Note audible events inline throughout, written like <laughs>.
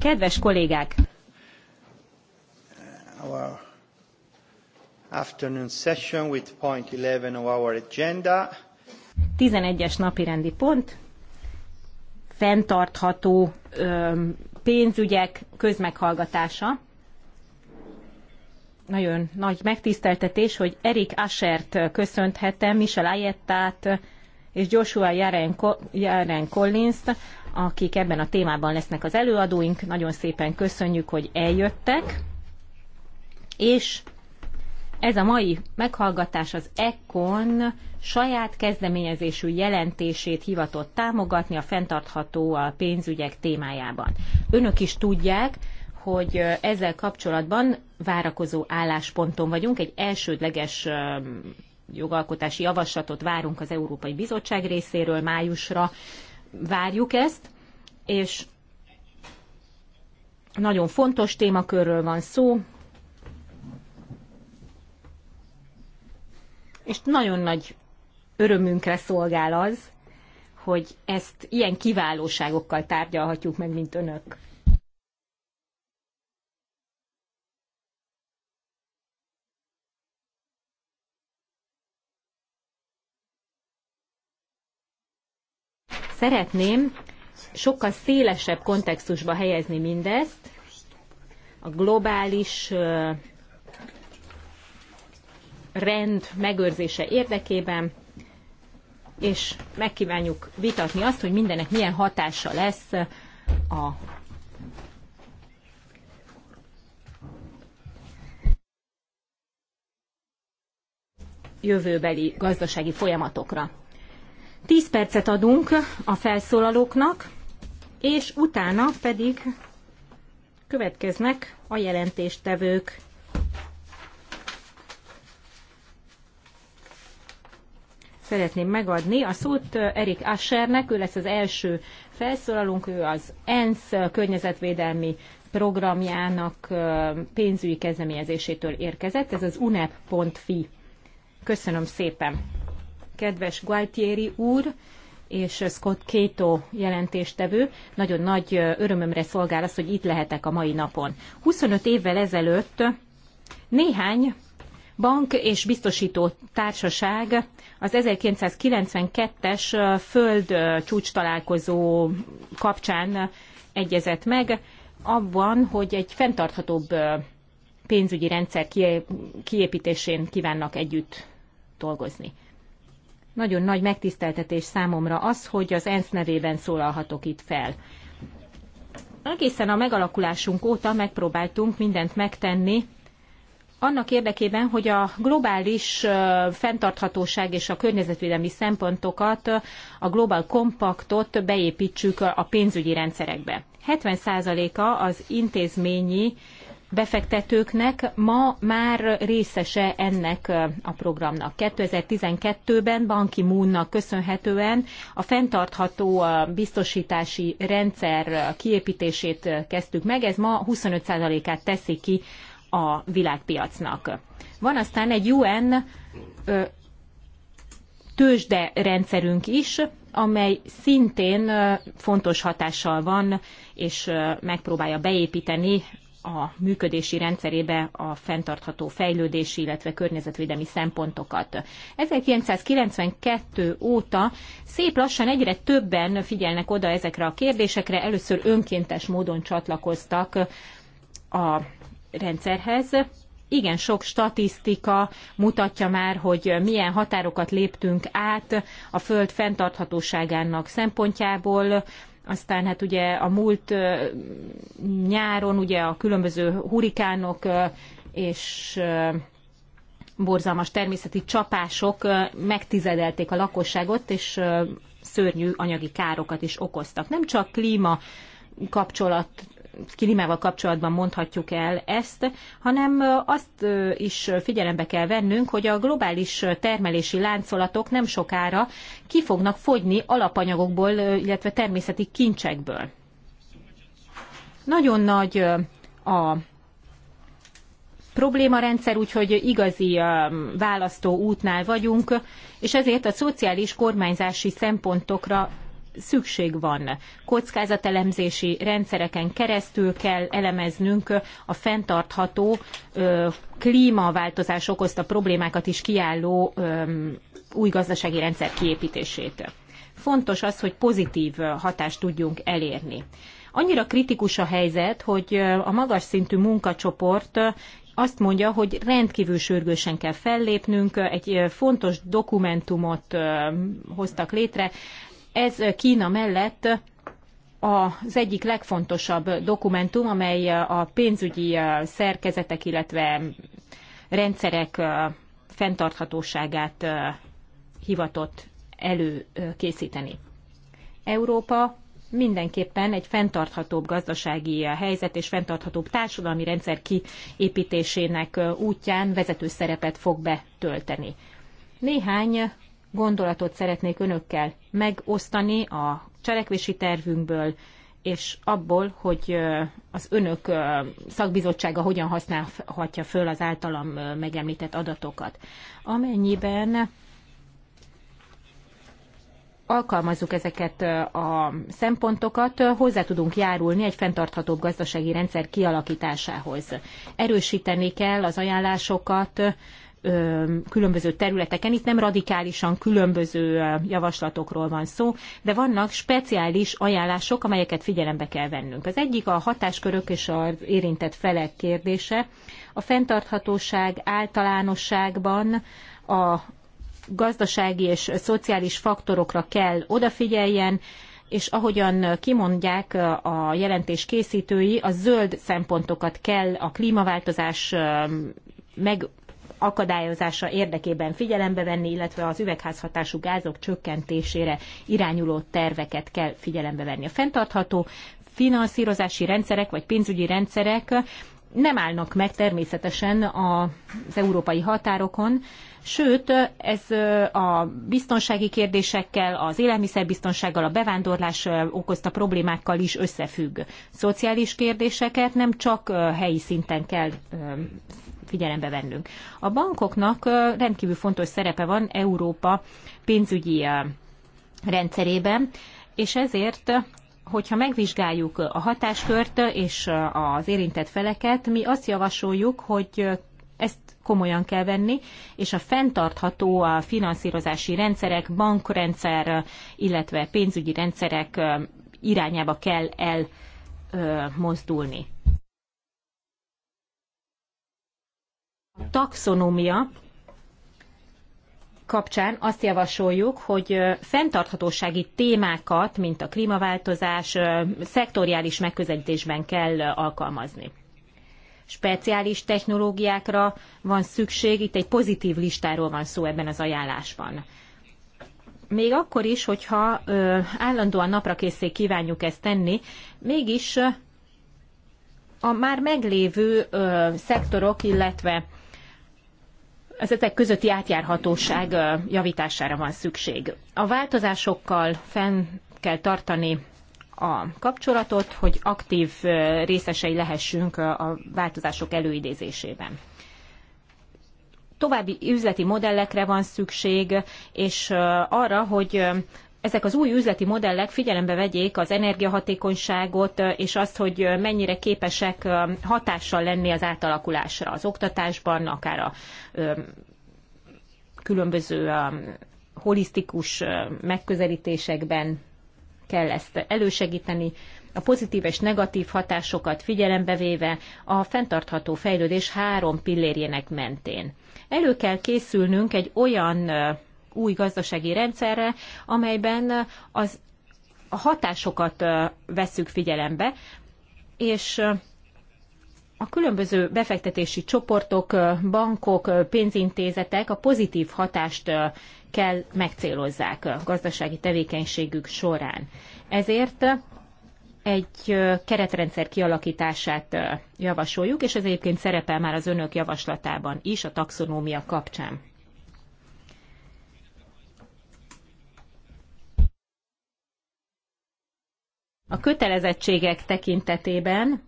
Kedves kollégák! Our afternoon session with point 11 of our agenda. 11-es napirendi pont, fenntartható ö, pénzügyek közmeghallgatása. Nagyon nagy megtiszteltetés, hogy Erik Asert köszönthetem, Michel Ayettát, és Joshua Jaren, Jaren collins akik ebben a témában lesznek az előadóink. Nagyon szépen köszönjük, hogy eljöttek. És ez a mai meghallgatás az ECON saját kezdeményezésű jelentését hivatott támogatni a fenntartható a pénzügyek témájában. Önök is tudják, hogy ezzel kapcsolatban várakozó állásponton vagyunk, egy elsődleges jogalkotási javaslatot várunk az Európai Bizottság részéről, májusra várjuk ezt, és nagyon fontos témakörről van szó, és nagyon nagy örömünkre szolgál az, hogy ezt ilyen kiválóságokkal tárgyalhatjuk meg, mint önök. Szeretném sokkal szélesebb kontextusba helyezni mindezt, a globális rend megőrzése érdekében, és megkívánjuk vitatni azt, hogy mindenek milyen hatása lesz a jövőbeli gazdasági folyamatokra. 10 percet adunk a felszólalóknak, és utána pedig következnek a jelentéstevők. Szeretném megadni a szót Erik Ashernek, ő lesz az első felszólalónk, ő az ENSZ környezetvédelmi programjának pénzügyi kezdeményezésétől érkezett, ez az unep.fi. Köszönöm szépen! kedves Gualtieri úr és Scott Kato jelentéstevő. Nagyon nagy örömömre szolgál az, hogy itt lehetek a mai napon. 25 évvel ezelőtt néhány bank és biztosító társaság az 1992-es föld csúcs találkozó kapcsán egyezett meg abban, hogy egy fenntarthatóbb pénzügyi rendszer kiépítésén kívánnak együtt dolgozni. Nagyon nagy megtiszteltetés számomra az, hogy az ENSZ nevében szólalhatok itt fel. Egészen a megalakulásunk óta megpróbáltunk mindent megtenni, annak érdekében, hogy a globális fenntarthatóság és a környezetvédelmi szempontokat, a Global Compactot beépítsük a pénzügyi rendszerekbe. 70%-a az intézményi befektetőknek ma már részese ennek a programnak. 2012-ben Banki Moonnak köszönhetően a fenntartható biztosítási rendszer kiépítését kezdtük meg, ez ma 25%-át teszi ki a világpiacnak. Van aztán egy UN tőzsde rendszerünk is, amely szintén fontos hatással van, és megpróbálja beépíteni a működési rendszerébe a fenntartható fejlődési, illetve környezetvédelmi szempontokat. 1992 óta szép lassan egyre többen figyelnek oda ezekre a kérdésekre, először önkéntes módon csatlakoztak a rendszerhez, igen sok statisztika mutatja már, hogy milyen határokat léptünk át a Föld fenntarthatóságának szempontjából, aztán hát ugye a múlt nyáron ugye a különböző hurikánok és borzalmas természeti csapások megtizedelték a lakosságot, és szörnyű anyagi károkat is okoztak. Nem csak klíma kapcsolat klímával kapcsolatban mondhatjuk el ezt, hanem azt is figyelembe kell vennünk, hogy a globális termelési láncolatok nem sokára ki fognak fogyni alapanyagokból, illetve természeti kincsekből. Nagyon nagy a problémarendszer, úgyhogy igazi választó útnál vagyunk, és ezért a szociális kormányzási szempontokra szükség van. Kockázatelemzési rendszereken keresztül kell elemeznünk a fenntartható klímaváltozás okozta problémákat is kiálló új gazdasági rendszer kiépítését. Fontos az, hogy pozitív hatást tudjunk elérni. Annyira kritikus a helyzet, hogy a magas szintű munkacsoport azt mondja, hogy rendkívül sürgősen kell fellépnünk, egy fontos dokumentumot hoztak létre ez Kína mellett az egyik legfontosabb dokumentum, amely a pénzügyi szerkezetek, illetve rendszerek fenntarthatóságát hivatott előkészíteni. Európa mindenképpen egy fenntarthatóbb gazdasági helyzet és fenntarthatóbb társadalmi rendszer kiépítésének útján vezető szerepet fog betölteni. Néhány gondolatot szeretnék önökkel megosztani a cselekvési tervünkből, és abból, hogy az önök szakbizottsága hogyan használhatja föl az általam megemlített adatokat. Amennyiben alkalmazzuk ezeket a szempontokat, hozzá tudunk járulni egy fenntarthatóbb gazdasági rendszer kialakításához. Erősíteni kell az ajánlásokat, különböző területeken. Itt nem radikálisan különböző javaslatokról van szó, de vannak speciális ajánlások, amelyeket figyelembe kell vennünk. Az egyik a hatáskörök és az érintett felek kérdése. A fenntarthatóság általánosságban a gazdasági és szociális faktorokra kell odafigyeljen, és ahogyan kimondják a jelentés készítői, a zöld szempontokat kell a klímaváltozás meg akadályozása érdekében figyelembe venni, illetve az üvegházhatású gázok csökkentésére irányuló terveket kell figyelembe venni. A fenntartható finanszírozási rendszerek vagy pénzügyi rendszerek nem állnak meg természetesen az európai határokon, sőt, ez a biztonsági kérdésekkel, az élelmiszerbiztonsággal, a bevándorlás okozta problémákkal is összefügg. Szociális kérdéseket nem csak helyi szinten kell figyelembe vennünk. A bankoknak rendkívül fontos szerepe van Európa pénzügyi rendszerében, és ezért hogyha megvizsgáljuk a hatáskört és az érintett feleket, mi azt javasoljuk, hogy ezt komolyan kell venni, és a fenntartható a finanszírozási rendszerek, bankrendszer, illetve pénzügyi rendszerek irányába kell elmozdulni. taxonómia kapcsán azt javasoljuk, hogy fenntarthatósági témákat, mint a klímaváltozás, szektoriális megközelítésben kell alkalmazni. Speciális technológiákra van szükség, itt egy pozitív listáról van szó ebben az ajánlásban. Még akkor is, hogyha állandóan naprakészé kívánjuk ezt tenni, mégis a már meglévő szektorok, illetve az ezek közötti átjárhatóság javítására van szükség. A változásokkal fenn kell tartani a kapcsolatot, hogy aktív részesei lehessünk a változások előidézésében. További üzleti modellekre van szükség, és arra, hogy ezek az új üzleti modellek figyelembe vegyék az energiahatékonyságot, és azt, hogy mennyire képesek hatással lenni az átalakulásra az oktatásban, akár a különböző holisztikus megközelítésekben kell ezt elősegíteni, a pozitív és negatív hatásokat figyelembe véve a fenntartható fejlődés három pillérjének mentén. Elő kell készülnünk egy olyan új gazdasági rendszerre, amelyben az a hatásokat vesszük figyelembe, és a különböző befektetési csoportok, bankok, pénzintézetek a pozitív hatást kell megcélozzák a gazdasági tevékenységük során. Ezért egy keretrendszer kialakítását javasoljuk, és ez egyébként szerepel már az önök javaslatában is a taxonómia kapcsán. A kötelezettségek tekintetében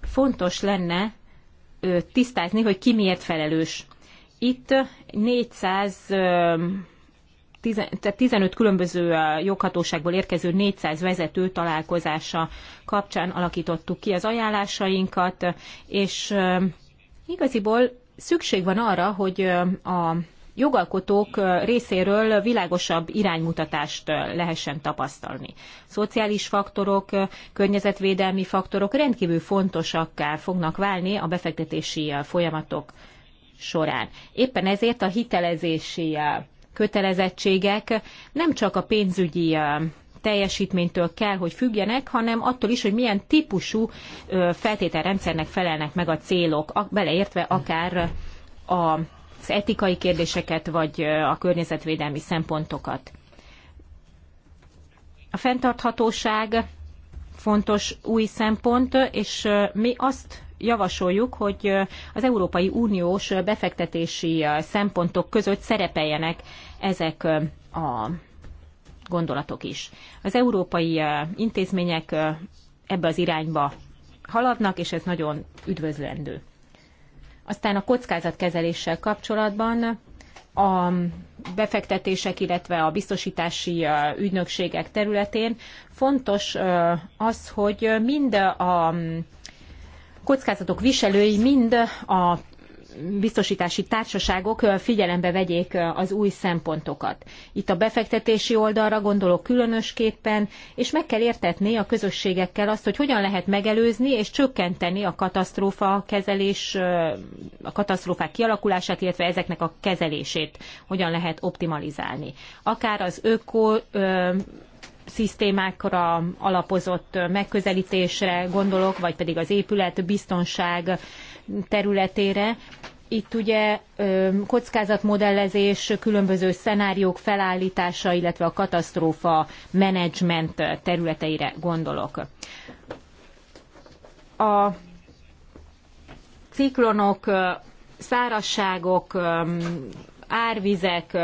fontos lenne tisztázni, hogy ki miért felelős. Itt 400 15 különböző joghatóságból érkező 400 vezető találkozása kapcsán alakítottuk ki az ajánlásainkat, és igaziból szükség van arra, hogy a jogalkotók részéről világosabb iránymutatást lehessen tapasztalni. Szociális faktorok, környezetvédelmi faktorok rendkívül fontosakká fognak válni a befektetési folyamatok során. Éppen ezért a hitelezési kötelezettségek nem csak a pénzügyi teljesítménytől kell, hogy függjenek, hanem attól is, hogy milyen típusú feltételrendszernek felelnek meg a célok, beleértve akár a az etikai kérdéseket, vagy a környezetvédelmi szempontokat. A fenntarthatóság fontos új szempont, és mi azt javasoljuk, hogy az Európai Uniós befektetési szempontok között szerepeljenek ezek a gondolatok is. Az európai intézmények ebbe az irányba haladnak, és ez nagyon üdvözlendő. Aztán a kockázatkezeléssel kapcsolatban a befektetések, illetve a biztosítási ügynökségek területén fontos az, hogy mind a mm, kockázatok viselői, mind a biztosítási társaságok figyelembe vegyék az új szempontokat. Itt a befektetési oldalra gondolok különösképpen, és meg kell értetni a közösségekkel azt, hogy hogyan lehet megelőzni és csökkenteni a katasztrófa kezelés, a katasztrófák kialakulását, illetve ezeknek a kezelését hogyan lehet optimalizálni. Akár az öko szisztémákra alapozott megközelítésre gondolok, vagy pedig az épület biztonság területére, itt ugye kockázatmodellezés, különböző szenáriók felállítása, illetve a katasztrófa menedzsment területeire gondolok. A ciklonok, szárazságok, árvizek,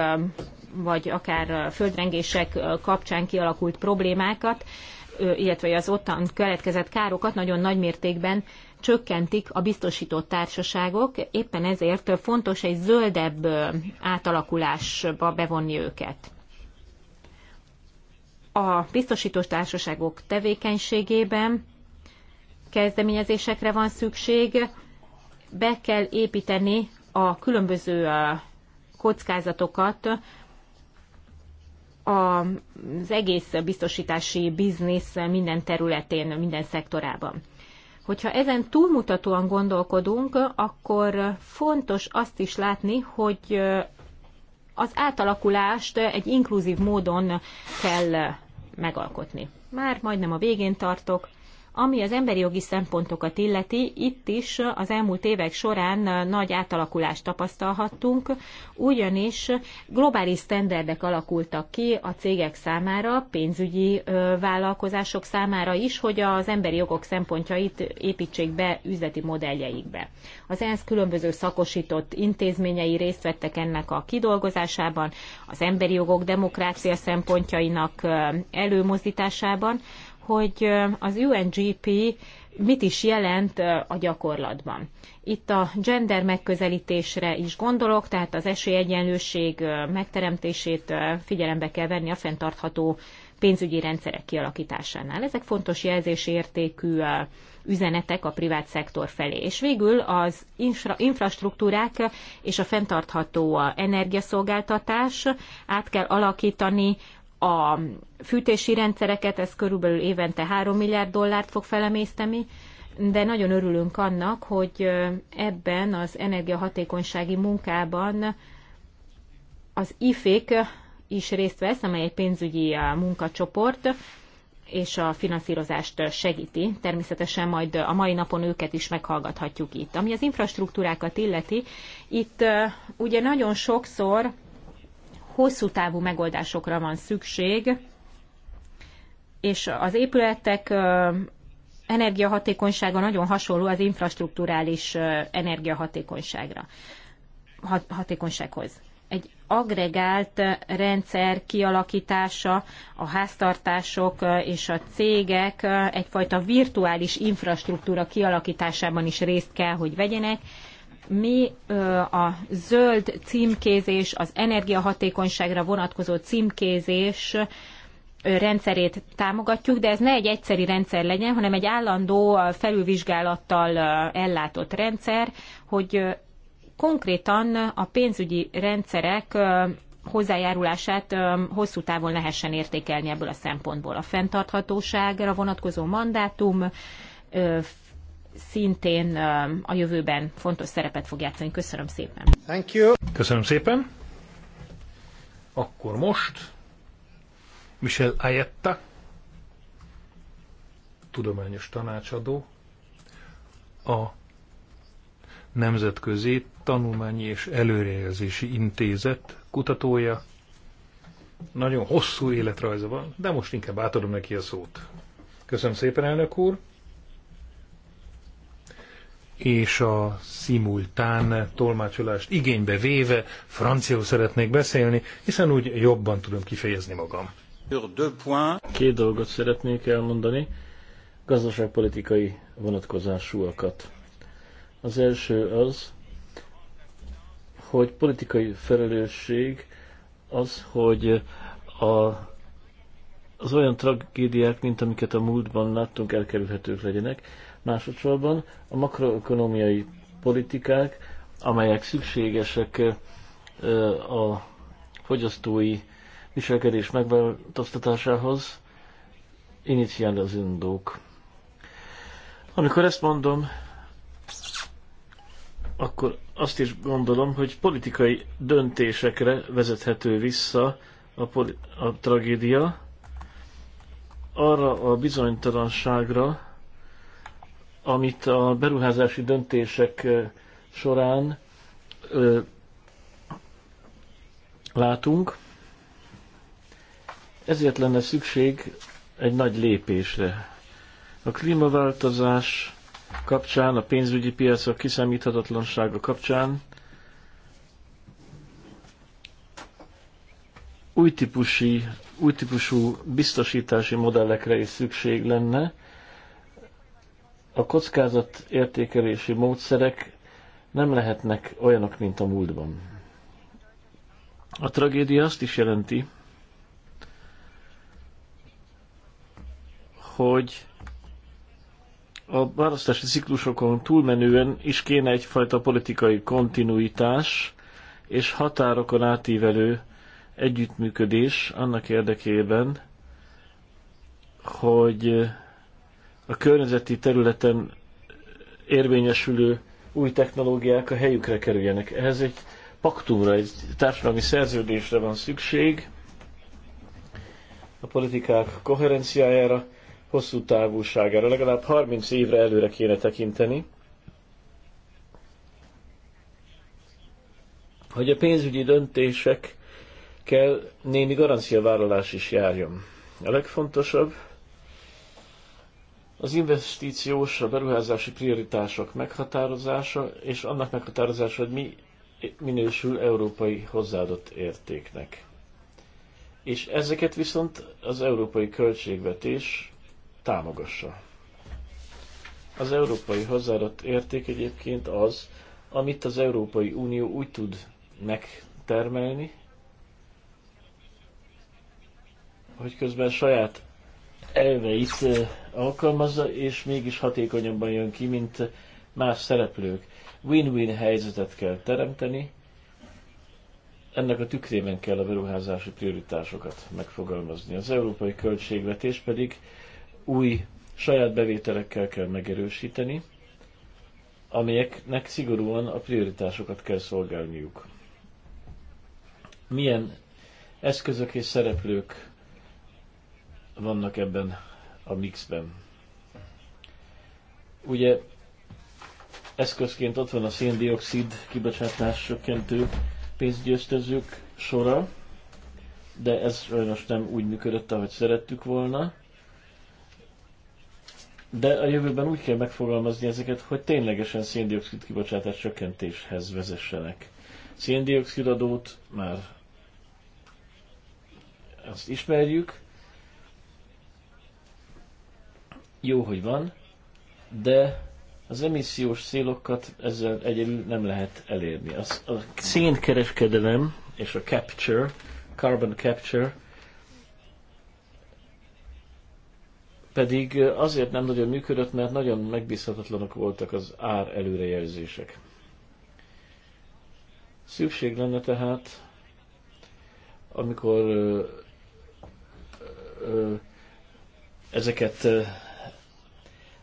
vagy akár földrengések kapcsán kialakult problémákat, illetve az ottan keletkezett károkat nagyon nagy mértékben csökkentik a biztosított társaságok, éppen ezért fontos egy zöldebb átalakulásba bevonni őket. A biztosítós társaságok tevékenységében kezdeményezésekre van szükség, be kell építeni a különböző kockázatokat az egész biztosítási biznisz minden területén, minden szektorában. Hogyha ezen túlmutatóan gondolkodunk, akkor fontos azt is látni, hogy az átalakulást egy inkluzív módon kell megalkotni. Már majdnem a végén tartok. Ami az emberi jogi szempontokat illeti, itt is az elmúlt évek során nagy átalakulást tapasztalhattunk, ugyanis globális sztenderdek alakultak ki a cégek számára, pénzügyi vállalkozások számára is, hogy az emberi jogok szempontjait építsék be üzleti modelljeikbe. Az ENSZ különböző szakosított intézményei részt vettek ennek a kidolgozásában, az emberi jogok demokrácia szempontjainak előmozdításában, hogy az UNGP mit is jelent a gyakorlatban. Itt a gender megközelítésre is gondolok, tehát az esélyegyenlőség megteremtését figyelembe kell venni a fenntartható pénzügyi rendszerek kialakításánál. Ezek fontos jelzésértékű üzenetek a privát szektor felé. És végül az infra, infrastruktúrák és a fenntartható energiaszolgáltatás át kell alakítani a fűtési rendszereket, ez körülbelül évente 3 milliárd dollárt fog felemészteni, de nagyon örülünk annak, hogy ebben az energiahatékonysági munkában az IFÉK is részt vesz, amely egy pénzügyi munkacsoport, és a finanszírozást segíti. Természetesen majd a mai napon őket is meghallgathatjuk itt. Ami az infrastruktúrákat illeti, itt ugye nagyon sokszor hosszú távú megoldásokra van szükség, és az épületek energiahatékonysága nagyon hasonló az infrastruktúrális energiahatékonyságra, hatékonysághoz. Egy agregált rendszer kialakítása, a háztartások és a cégek egyfajta virtuális infrastruktúra kialakításában is részt kell, hogy vegyenek, mi a zöld címkézés, az energiahatékonyságra vonatkozó címkézés rendszerét támogatjuk, de ez ne egy egyszeri rendszer legyen, hanem egy állandó felülvizsgálattal ellátott rendszer, hogy konkrétan a pénzügyi rendszerek hozzájárulását hosszú távon lehessen értékelni ebből a szempontból. A fenntarthatóságra vonatkozó mandátum szintén a jövőben fontos szerepet fog játszani. Köszönöm szépen. Thank you. Köszönöm szépen. Akkor most Michel Ayetta, tudományos tanácsadó, a Nemzetközi Tanulmányi és Előrejelzési Intézet kutatója. Nagyon hosszú életrajza van, de most inkább átadom neki a szót. Köszönöm szépen, elnök úr! és a szimultán tolmácsolást igénybe véve franciául szeretnék beszélni, hiszen úgy jobban tudom kifejezni magam. Két dolgot szeretnék elmondani, gazdaságpolitikai vonatkozásúakat. Az első az, hogy politikai felelősség az, hogy a, az olyan tragédiák, mint amiket a múltban láttunk, elkerülhetők legyenek Másodszorban a makroökonomiai politikák, amelyek szükségesek a fogyasztói viselkedés megváltoztatásához, iniciál az indók. Amikor ezt mondom, akkor azt is gondolom, hogy politikai döntésekre vezethető vissza a, poli- a tragédia, arra a bizonytalanságra, amit a beruházási döntések során ö, látunk. Ezért lenne szükség egy nagy lépésre. A klímaváltozás kapcsán, a pénzügyi piacok kiszámíthatatlansága kapcsán új, típusi, új típusú biztosítási modellekre is szükség lenne, a kockázat értékelési módszerek nem lehetnek olyanok, mint a múltban. A tragédia azt is jelenti, hogy a választási ciklusokon túlmenően is kéne egyfajta politikai kontinuitás és határokon átívelő együttműködés annak érdekében, hogy a környezeti területen érvényesülő új technológiák a helyükre kerüljenek. Ehhez egy paktumra, egy társadalmi szerződésre van szükség, a politikák koherenciájára, hosszú távúságára. Legalább 30 évre előre kéne tekinteni, hogy a pénzügyi döntésekkel némi garanciavállalás is járjon. A legfontosabb, az investíciós, a beruházási prioritások meghatározása, és annak meghatározása, hogy mi minősül európai hozzáadott értéknek. És ezeket viszont az európai költségvetés támogassa. Az európai hozzáadott érték egyébként az, amit az Európai Unió úgy tud megtermelni, hogy közben saját elveit alkalmazza, és mégis hatékonyabban jön ki, mint más szereplők. Win-win helyzetet kell teremteni, ennek a tükrében kell a beruházási prioritásokat megfogalmazni. Az európai költségvetés pedig új saját bevételekkel kell megerősíteni, amelyeknek szigorúan a prioritásokat kell szolgálniuk. Milyen eszközök és szereplők vannak ebben a mixben. Ugye eszközként ott van a széndiokszid kibocsátás csökkentő pénzgyőztezők sora, de ez sajnos nem úgy működött, ahogy szerettük volna. De a jövőben úgy kell megfogalmazni ezeket, hogy ténylegesen széndiokszid kibocsátás csökkentéshez vezessenek. Széndiokszid adót már azt ismerjük, jó, hogy van, de az emissziós célokat ezzel egyedül nem lehet elérni. Az, a szénkereskedelem és a capture, carbon capture pedig azért nem nagyon működött, mert nagyon megbízhatatlanok voltak az ár előrejelzések. Szükség lenne tehát, amikor ö, ö, ezeket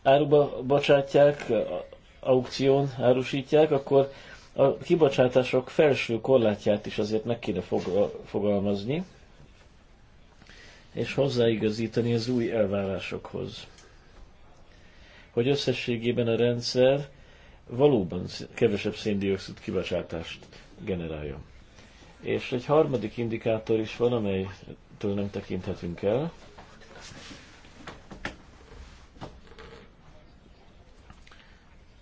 áruba bocsátják, aukción árusítják, akkor a kibocsátások felső korlátját is azért meg kéne fogalmazni, és hozzáigazítani az új elvárásokhoz. Hogy összességében a rendszer valóban kevesebb széndiokszid kibocsátást generáljon. És egy harmadik indikátor is van, amelytől nem tekinthetünk el,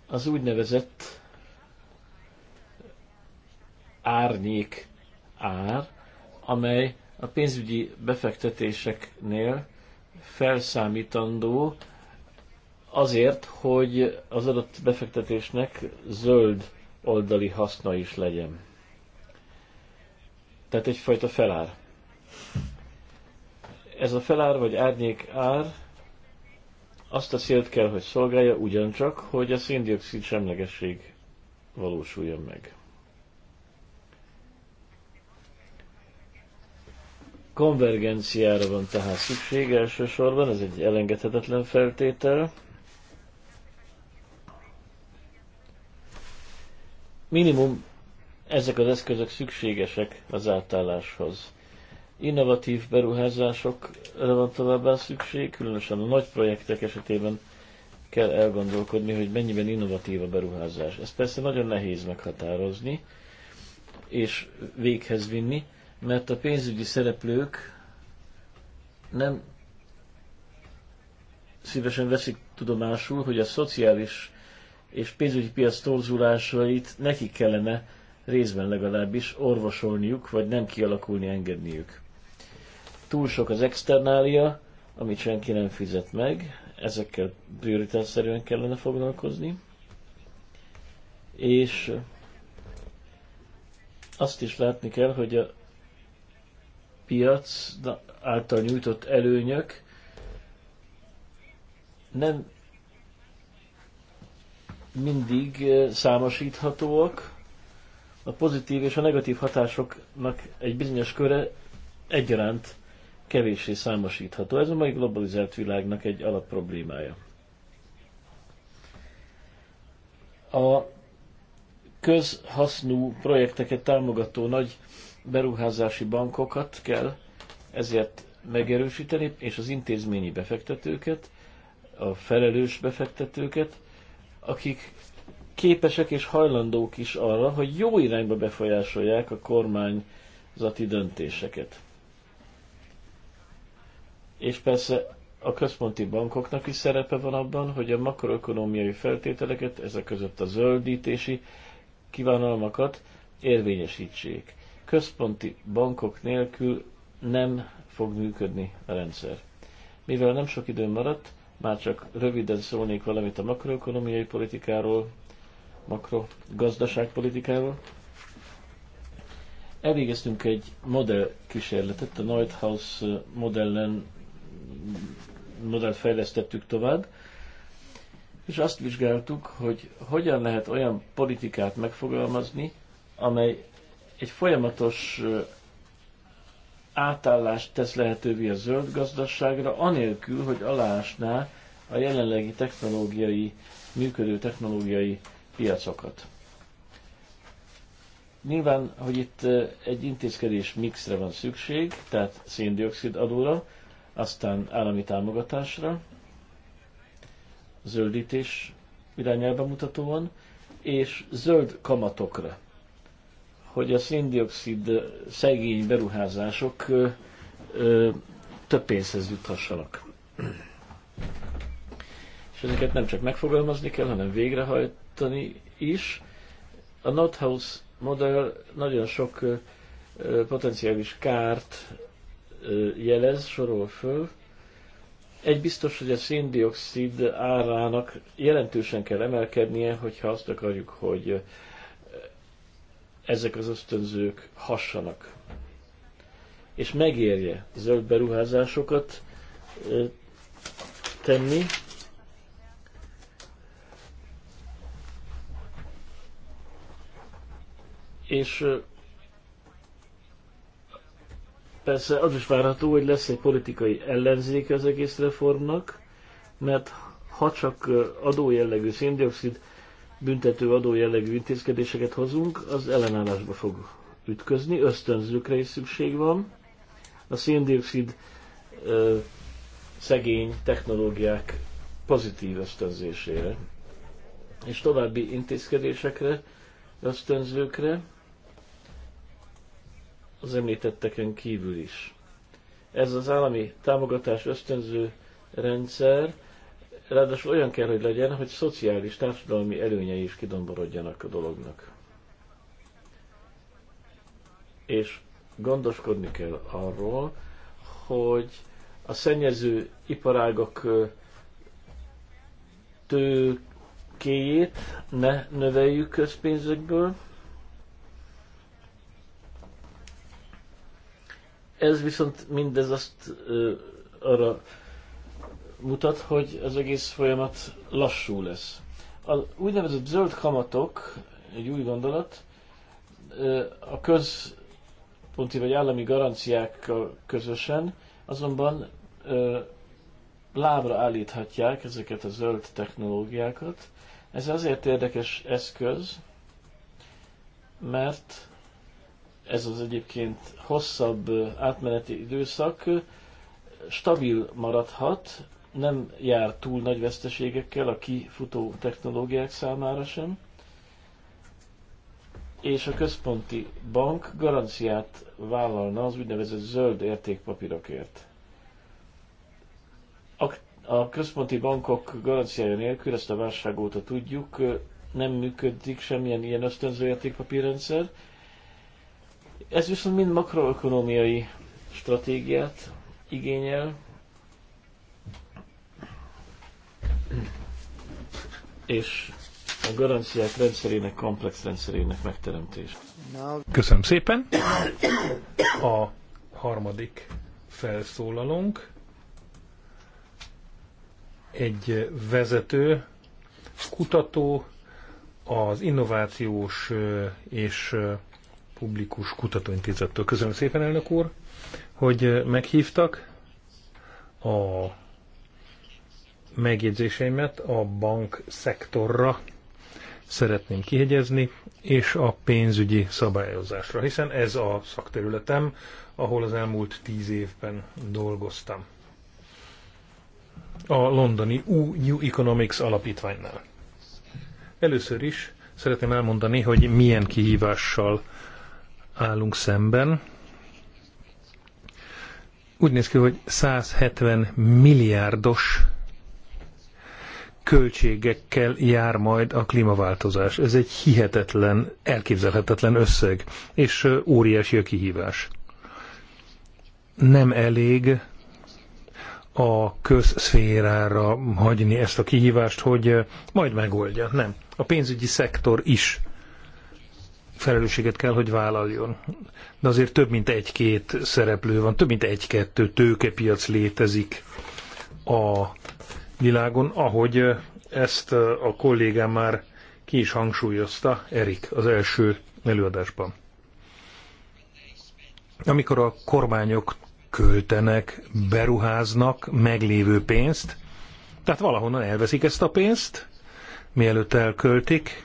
az úgynevezett árnyék ár, amely a pénzügyi befektetéseknél felszámítandó azért, hogy az adott befektetésnek zöld oldali haszna is legyen. Tehát egyfajta felár. Ez a felár vagy árnyék ár azt a célt kell, hogy szolgálja ugyancsak, hogy a széndiokszid semlegesség valósuljon meg. Konvergenciára van tehát szükség elsősorban, ez egy elengedhetetlen feltétel. Minimum ezek az eszközök szükségesek az átálláshoz. Innovatív beruházásokra van továbbá szükség, különösen a nagy projektek esetében kell elgondolkodni, hogy mennyiben innovatív a beruházás. Ez persze nagyon nehéz meghatározni és véghez vinni, mert a pénzügyi szereplők nem szívesen veszik tudomásul, hogy a szociális és pénzügyi piac torzulásait nekik kellene részben legalábbis orvosolniuk, vagy nem kialakulni engedniük túl sok az externália, amit senki nem fizet meg, ezekkel prioritásszerűen kellene foglalkozni, és eh, azt is látni kell, hogy a piac által nyújtott előnyök nem mindig eh, számosíthatóak, a pozitív és a negatív hatásoknak egy bizonyos köre egyaránt kevéssé számosítható. Ez a mai globalizált világnak egy alapproblémája. A közhasznú projekteket támogató nagy beruházási bankokat kell ezért megerősíteni, és az intézményi befektetőket, a felelős befektetőket, akik képesek és hajlandók is arra, hogy jó irányba befolyásolják a kormányzati döntéseket és persze a központi bankoknak is szerepe van abban, hogy a makroökonomiai feltételeket, ezek között a zöldítési kívánalmakat érvényesítsék. Központi bankok nélkül nem fog működni a rendszer. Mivel nem sok időm maradt, már csak röviden szólnék valamit a makroökonomiai politikáról, makrogazdaságpolitikáról. Elvégeztünk egy modellkísérletet, a Neuhaus modellen modellt fejlesztettük tovább, és azt vizsgáltuk, hogy hogyan lehet olyan politikát megfogalmazni, amely egy folyamatos átállást tesz lehetővé a zöld gazdaságra, anélkül, hogy aláásná a jelenlegi technológiai, működő technológiai piacokat. Nyilván, hogy itt egy intézkedés mixre van szükség, tehát széndiokszid adóra, aztán állami támogatásra, zöldítés irányába mutatóan, és zöld kamatokra, hogy a széndiokszid szegény beruházások ö, ö, több pénzhez juthassanak. És ezeket nem csak megfogalmazni kell, hanem végrehajtani is. A Nothouse modell nagyon sok ö, potenciális kárt jelez, sorol föl. Egy biztos, hogy a széndiokszid árának jelentősen kell emelkednie, hogyha azt akarjuk, hogy ezek az ösztönzők hassanak. És megérje zöld beruházásokat tenni, és persze az is várható, hogy lesz egy politikai ellenzéke az egész reformnak, mert ha csak adójellegű széndiokszid büntető adójellegű intézkedéseket hozunk, az ellenállásba fog ütközni, ösztönzőkre is szükség van. A széndiokszid szegény technológiák pozitív ösztönzésére, és további intézkedésekre, ösztönzőkre, az említetteken kívül is. Ez az állami támogatás ösztönző rendszer, ráadásul olyan kell, hogy legyen, hogy szociális, társadalmi előnyei is kidomborodjanak a dolognak. És gondoskodni kell arról, hogy a szennyező iparágok tőkéjét ne növeljük közpénzekből, Ez viszont mindez azt ö, arra mutat, hogy az egész folyamat lassú lesz. A úgynevezett zöld kamatok, egy új gondolat, ö, a központi vagy állami garanciákkal közösen azonban ö, lábra állíthatják ezeket a zöld technológiákat. Ez azért érdekes eszköz, mert ez az egyébként hosszabb átmeneti időszak stabil maradhat, nem jár túl nagy veszteségekkel a kifutó technológiák számára sem, és a központi bank garanciát vállalna az úgynevezett zöld értékpapírokért. A, központi bankok garanciája nélkül, ezt a válság óta tudjuk, nem működik semmilyen ilyen ösztönző értékpapírrendszer, ez viszont mind makroökonomiai stratégiát igényel. És a garanciák rendszerének, komplex rendszerének megteremtés. Köszönöm szépen. A harmadik felszólalónk egy vezető, kutató, az innovációs és Publikus Kutatóintézettől. Köszönöm szépen, elnök úr, hogy meghívtak a megjegyzéseimet a bank szektorra szeretném kihegyezni, és a pénzügyi szabályozásra, hiszen ez a szakterületem, ahol az elmúlt tíz évben dolgoztam. A londoni U New Economics alapítványnál. Először is szeretném elmondani, hogy milyen kihívással állunk szemben. Úgy néz ki, hogy 170 milliárdos költségekkel jár majd a klímaváltozás. Ez egy hihetetlen, elképzelhetetlen összeg, és óriási a kihívás. Nem elég a közszférára hagyni ezt a kihívást, hogy majd megoldja. Nem. A pénzügyi szektor is felelősséget kell, hogy vállaljon. De azért több mint egy-két szereplő van, több mint egy-kettő tőkepiac létezik a világon, ahogy ezt a kollégám már ki is hangsúlyozta, Erik, az első előadásban. Amikor a kormányok költenek, beruháznak meglévő pénzt, tehát valahonnan elveszik ezt a pénzt, mielőtt elköltik,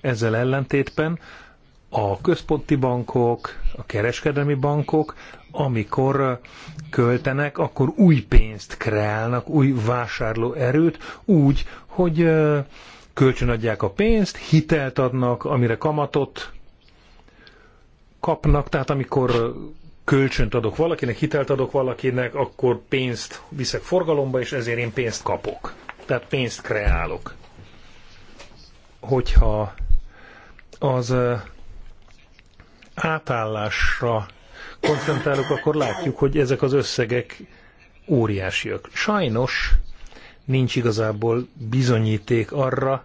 ezzel ellentétben a központi bankok, a kereskedelmi bankok, amikor költenek, akkor új pénzt kreálnak, új vásárlóerőt, úgy, hogy kölcsönadják a pénzt, hitelt adnak, amire kamatot kapnak, tehát amikor kölcsönt adok valakinek, hitelt adok valakinek, akkor pénzt viszek forgalomba, és ezért én pénzt kapok. Tehát pénzt kreálok. Hogyha az átállásra koncentrálok, akkor látjuk, hogy ezek az összegek óriásiak. Sajnos nincs igazából bizonyíték arra,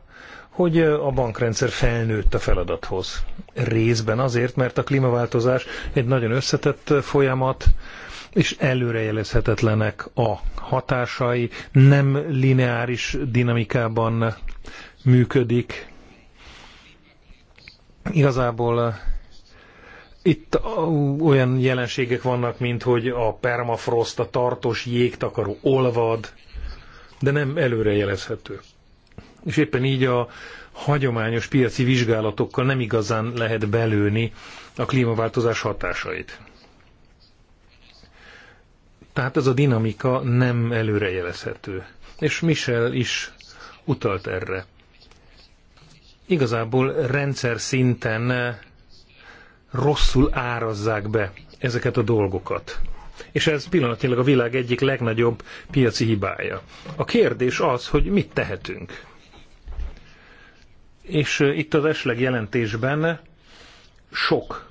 hogy a bankrendszer felnőtt a feladathoz. Részben azért, mert a klímaváltozás egy nagyon összetett folyamat, és előrejelezhetetlenek a hatásai, nem lineáris dinamikában működik. Igazából itt olyan jelenségek vannak, mint hogy a permafrost, a tartós jégtakaró olvad, de nem előrejelezhető. És éppen így a hagyományos piaci vizsgálatokkal nem igazán lehet belőni a klímaváltozás hatásait. Tehát ez a dinamika nem előrejelezhető. És Michel is utalt erre. Igazából rendszer szinten rosszul árazzák be ezeket a dolgokat. És ez pillanatnyilag a világ egyik legnagyobb piaci hibája. A kérdés az, hogy mit tehetünk. És itt az esleg jelentésben sok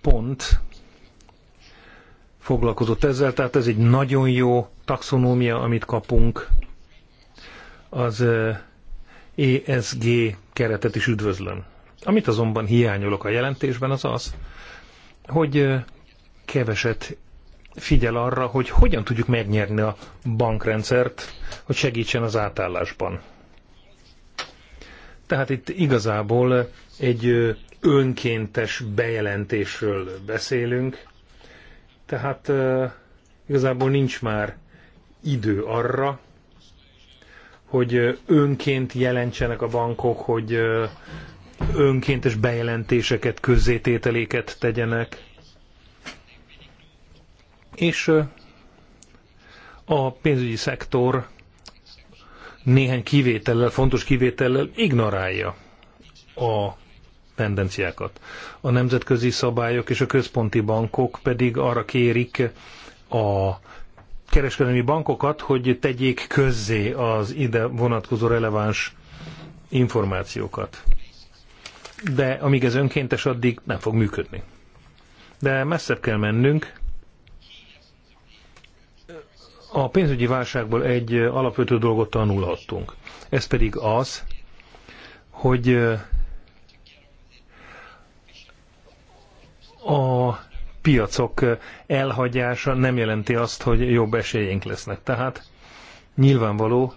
pont foglalkozott ezzel, tehát ez egy nagyon jó taxonómia, amit kapunk. Az ESG keretet is üdvözlöm. Amit azonban hiányolok a jelentésben az az, hogy keveset figyel arra, hogy hogyan tudjuk megnyerni a bankrendszert, hogy segítsen az átállásban. Tehát itt igazából egy önkéntes bejelentésről beszélünk, tehát igazából nincs már idő arra, hogy önként jelentsenek a bankok, hogy önkéntes bejelentéseket, közzétételéket tegyenek. És a pénzügyi szektor néhány kivétellel, fontos kivétellel ignorálja a tendenciákat. A nemzetközi szabályok és a központi bankok pedig arra kérik a kereskedelmi bankokat, hogy tegyék közzé az ide vonatkozó releváns információkat de amíg ez önkéntes, addig nem fog működni. De messzebb kell mennünk. A pénzügyi válságból egy alapvető dolgot tanulhattunk. Ez pedig az, hogy a piacok elhagyása nem jelenti azt, hogy jobb esélyénk lesznek. Tehát nyilvánvaló,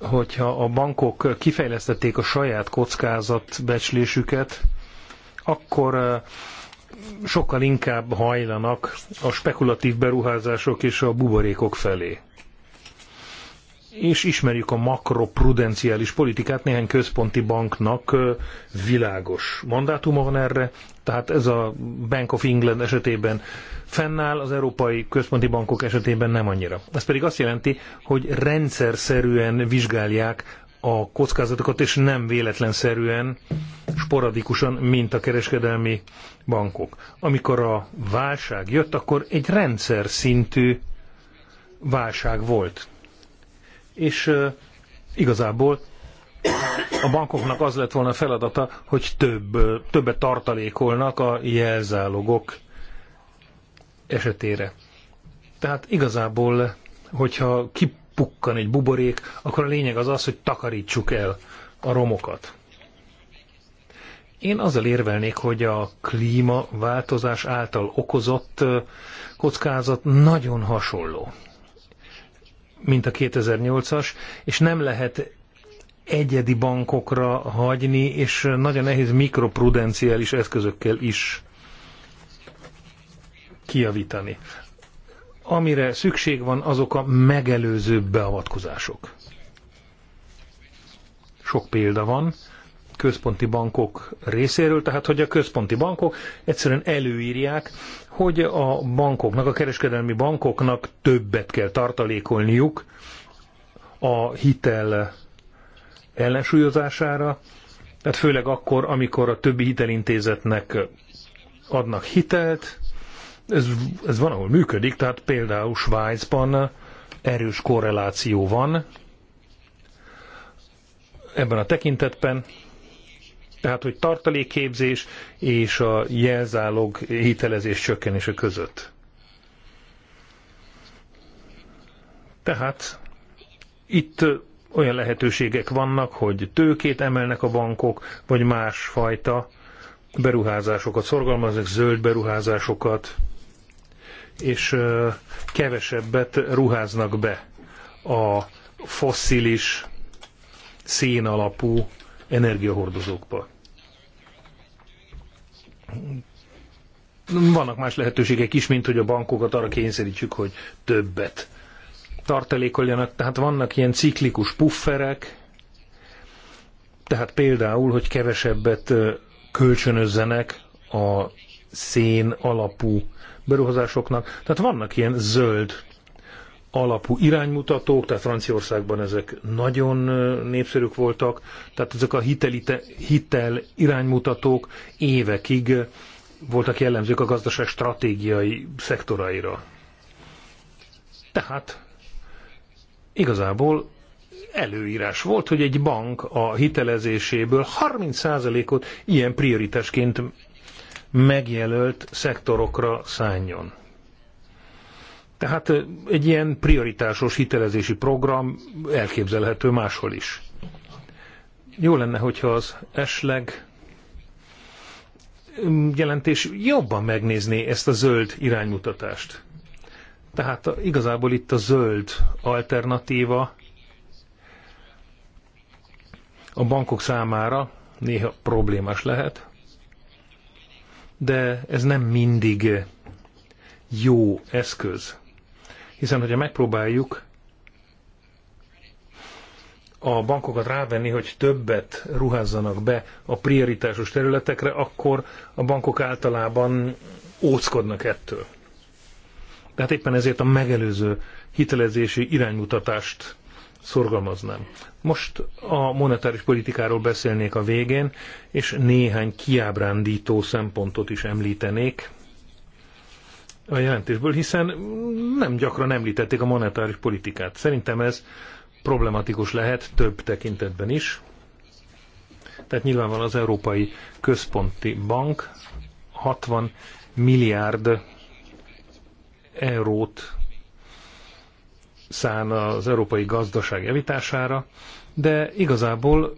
hogyha a bankok kifejlesztették a saját kockázatbecslésüket, akkor eh, sokkal inkább hajlanak a spekulatív beruházások és a buborékok felé és ismerjük a makroprudenciális politikát, néhány központi banknak világos mandátuma van erre, tehát ez a Bank of England esetében fennáll, az európai központi bankok esetében nem annyira. Ez pedig azt jelenti, hogy rendszer szerűen vizsgálják a kockázatokat, és nem véletlenszerűen, sporadikusan, mint a kereskedelmi bankok. Amikor a válság jött, akkor egy rendszer szintű válság volt és igazából a bankoknak az lett volna feladata, hogy több, többet tartalékolnak a jelzálogok esetére. Tehát igazából, hogyha kipukkan egy buborék, akkor a lényeg az az, hogy takarítsuk el a romokat. Én azzal érvelnék, hogy a klímaváltozás által okozott kockázat nagyon hasonló mint a 2008-as, és nem lehet egyedi bankokra hagyni, és nagyon nehéz mikroprudenciális eszközökkel is kiavítani. Amire szükség van, azok a megelőző beavatkozások. Sok példa van, központi bankok részéről, tehát hogy a központi bankok egyszerűen előírják, hogy a bankoknak, a kereskedelmi bankoknak többet kell tartalékolniuk a hitel ellensúlyozására, tehát főleg akkor, amikor a többi hitelintézetnek adnak hitelt, ez, ez van, ahol működik, tehát például Svájcban erős korreláció van ebben a tekintetben, tehát hogy tartalékképzés és a jelzálog hitelezés csökkenése között. Tehát itt olyan lehetőségek vannak, hogy tőkét emelnek a bankok, vagy másfajta beruházásokat szorgalmaznak, zöld beruházásokat, és kevesebbet ruháznak be a fosszilis szén alapú energiahordozókba. Vannak más lehetőségek is, mint hogy a bankokat arra kényszerítsük, hogy többet tartalékoljanak. Tehát vannak ilyen ciklikus pufferek, tehát például, hogy kevesebbet kölcsönözzenek a szén alapú beruházásoknak. Tehát vannak ilyen zöld alapú iránymutatók, tehát Franciaországban ezek nagyon népszerűk voltak, tehát ezek a hitelite, hitel iránymutatók évekig voltak jellemzők a gazdaság stratégiai szektoraira. Tehát igazából előírás volt, hogy egy bank a hitelezéséből 30%-ot ilyen prioritásként megjelölt szektorokra szálljon. Tehát egy ilyen prioritásos hitelezési program elképzelhető máshol is. Jó lenne, hogyha az esleg jelentés jobban megnézné ezt a zöld iránymutatást. Tehát a, igazából itt a zöld alternatíva a bankok számára néha problémás lehet, de ez nem mindig jó eszköz. Hiszen, hogyha megpróbáljuk a bankokat rávenni, hogy többet ruházzanak be a prioritásos területekre, akkor a bankok általában óckodnak ettől. Tehát éppen ezért a megelőző hitelezési iránymutatást szorgalmaznám. Most a monetáris politikáról beszélnék a végén, és néhány kiábrándító szempontot is említenék, a jelentésből, hiszen nem gyakran említették a monetáris politikát. Szerintem ez problematikus lehet több tekintetben is. Tehát nyilvánvalóan az Európai Központi Bank 60 milliárd eurót szán az európai gazdaság javítására, de igazából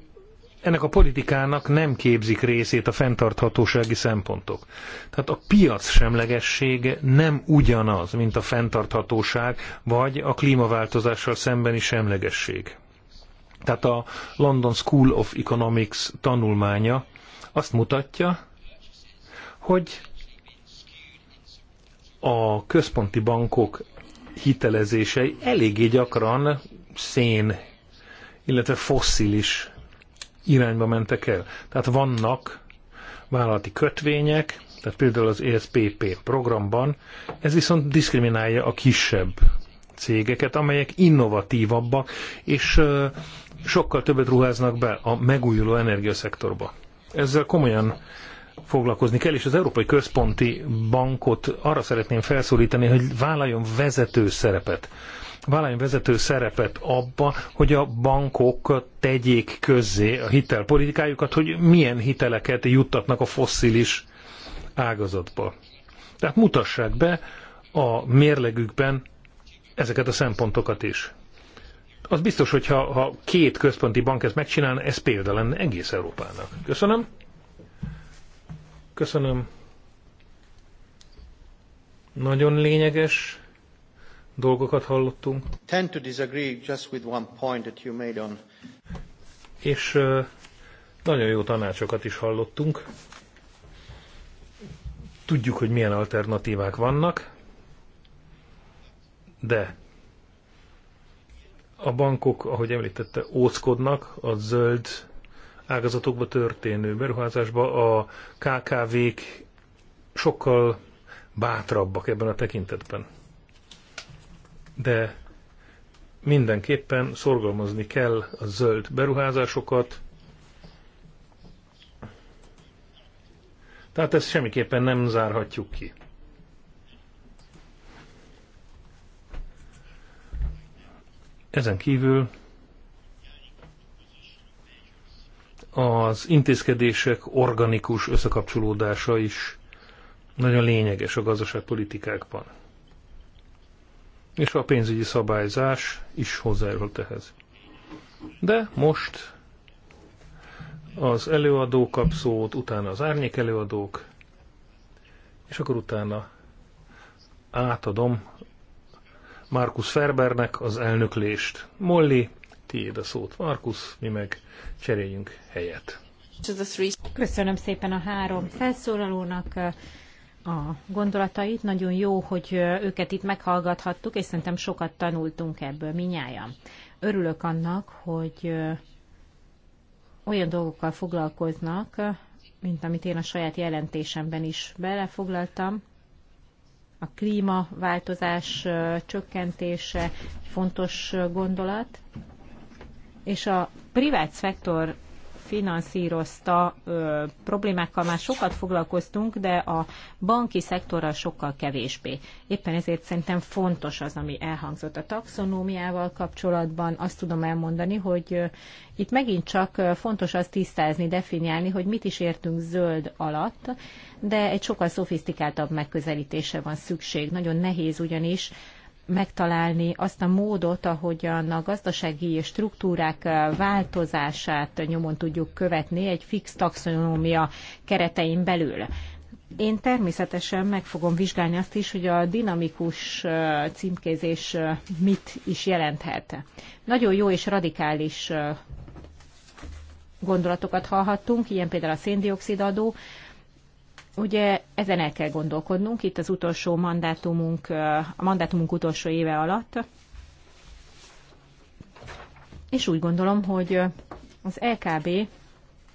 ennek a politikának nem képzik részét a fenntarthatósági szempontok. Tehát a piac semlegesség nem ugyanaz, mint a fenntarthatóság, vagy a klímaváltozással szembeni semlegesség. Tehát a London School of Economics tanulmánya azt mutatja, hogy a központi bankok hitelezései eléggé gyakran szén, illetve fosszilis irányba mentek el. Tehát vannak vállalati kötvények, tehát például az ESPP programban, ez viszont diszkriminálja a kisebb cégeket, amelyek innovatívabbak, és sokkal többet ruháznak be a megújuló energiaszektorba. Ezzel komolyan foglalkozni kell, és az Európai Központi Bankot arra szeretném felszólítani, hogy vállaljon vezető szerepet valami vezető szerepet abba, hogy a bankok tegyék közzé a hitelpolitikájukat, hogy milyen hiteleket juttatnak a fosszilis ágazatba. Tehát mutassák be a mérlegükben ezeket a szempontokat is. Az biztos, hogy ha, ha két központi bank ezt megcsinálna, ez példa lenne egész Európának. Köszönöm. Köszönöm. Nagyon lényeges dolgokat hallottunk. Tend to disagree just with one point that you made on. És nagyon jó tanácsokat is hallottunk. Tudjuk, hogy milyen alternatívák vannak, de a bankok, ahogy említette, óckodnak a zöld ágazatokba történő beruházásba, a KKV-k sokkal bátrabbak ebben a tekintetben de mindenképpen szorgalmazni kell a zöld beruházásokat. Tehát ezt semmiképpen nem zárhatjuk ki. Ezen kívül az intézkedések organikus összekapcsolódása is nagyon lényeges a gazdaságpolitikákban és a pénzügyi szabályzás is hozzájárult ehhez. De most az előadó kap szót, utána az árnyék előadók, és akkor utána átadom Markus Ferbernek az elnöklést. Molly, tiéd a szót, Markus, mi meg cseréljünk helyet. Köszönöm szépen a három felszólalónak a gondolatait. Nagyon jó, hogy őket itt meghallgathattuk, és szerintem sokat tanultunk ebből minnyáján. Örülök annak, hogy olyan dolgokkal foglalkoznak, mint amit én a saját jelentésemben is belefoglaltam. A klímaváltozás csökkentése fontos gondolat, és a privát szektor finanszírozta ö, problémákkal már sokat foglalkoztunk, de a banki szektorral sokkal kevésbé. Éppen ezért szerintem fontos az, ami elhangzott a taxonómiával kapcsolatban. Azt tudom elmondani, hogy ö, itt megint csak fontos azt tisztázni, definiálni, hogy mit is értünk zöld alatt, de egy sokkal szofisztikáltabb megközelítése van szükség. Nagyon nehéz ugyanis megtalálni azt a módot, ahogyan a gazdasági struktúrák eh, változását nyomon tudjuk követni egy fix taxonómia keretein belül. Én természetesen meg fogom vizsgálni azt is, hogy a dinamikus eh, címkézés eh, mit is jelenthet. Nagyon jó és radikális gondolatokat hallhattunk, ilyen például a széndiokszid adó, Ugye ezen el kell gondolkodnunk itt az utolsó mandátumunk, a mandátumunk utolsó éve alatt. És úgy gondolom, hogy az LKB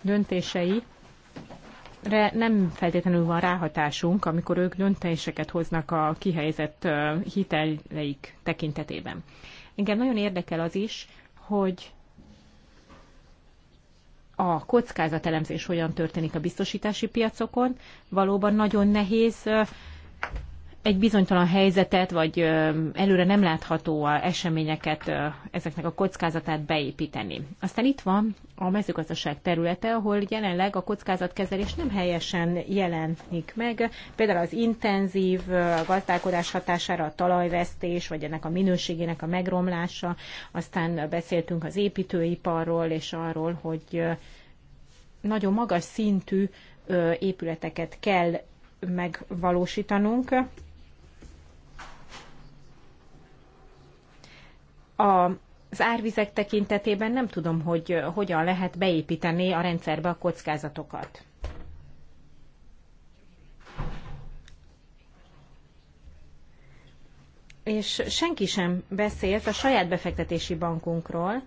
döntései re nem feltétlenül van ráhatásunk, amikor ők döntéseket hoznak a kihelyezett hiteleik tekintetében. Engem nagyon érdekel az is, hogy a kockázatelemzés hogyan történik a biztosítási piacokon. Valóban nagyon nehéz egy bizonytalan helyzetet, vagy előre nem látható eseményeket, ezeknek a kockázatát beépíteni. Aztán itt van a mezőgazdaság területe, ahol jelenleg a kockázatkezelés nem helyesen jelenik meg. Például az intenzív gazdálkodás hatására a talajvesztés, vagy ennek a minőségének a megromlása. Aztán beszéltünk az építőiparról, és arról, hogy nagyon magas szintű épületeket kell megvalósítanunk. a az árvizek tekintetében nem tudom, hogy hogyan lehet beépíteni a rendszerbe a kockázatokat. És senki sem beszélt a saját befektetési bankunkról,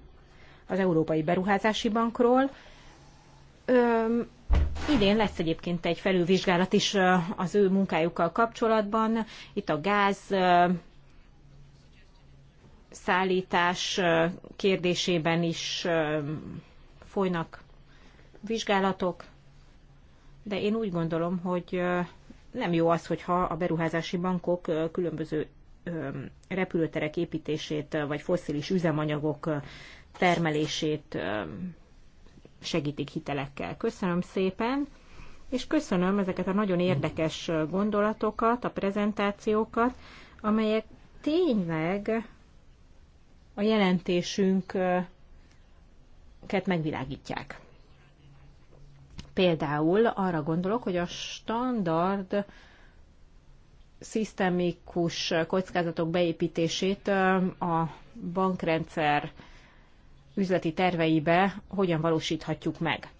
az Európai Beruházási Bankról. Öm, idén lesz egyébként egy felülvizsgálat is az ő munkájukkal kapcsolatban. Itt a gáz szállítás kérdésében is folynak vizsgálatok, de én úgy gondolom, hogy nem jó az, hogyha a beruházási bankok különböző repülőterek építését vagy fosszilis üzemanyagok termelését segítik hitelekkel. Köszönöm szépen, és köszönöm ezeket a nagyon érdekes gondolatokat, a prezentációkat, amelyek tényleg a jelentésünket megvilágítják. Például arra gondolok, hogy a standard szisztemikus kockázatok beépítését a bankrendszer üzleti terveibe hogyan valósíthatjuk meg.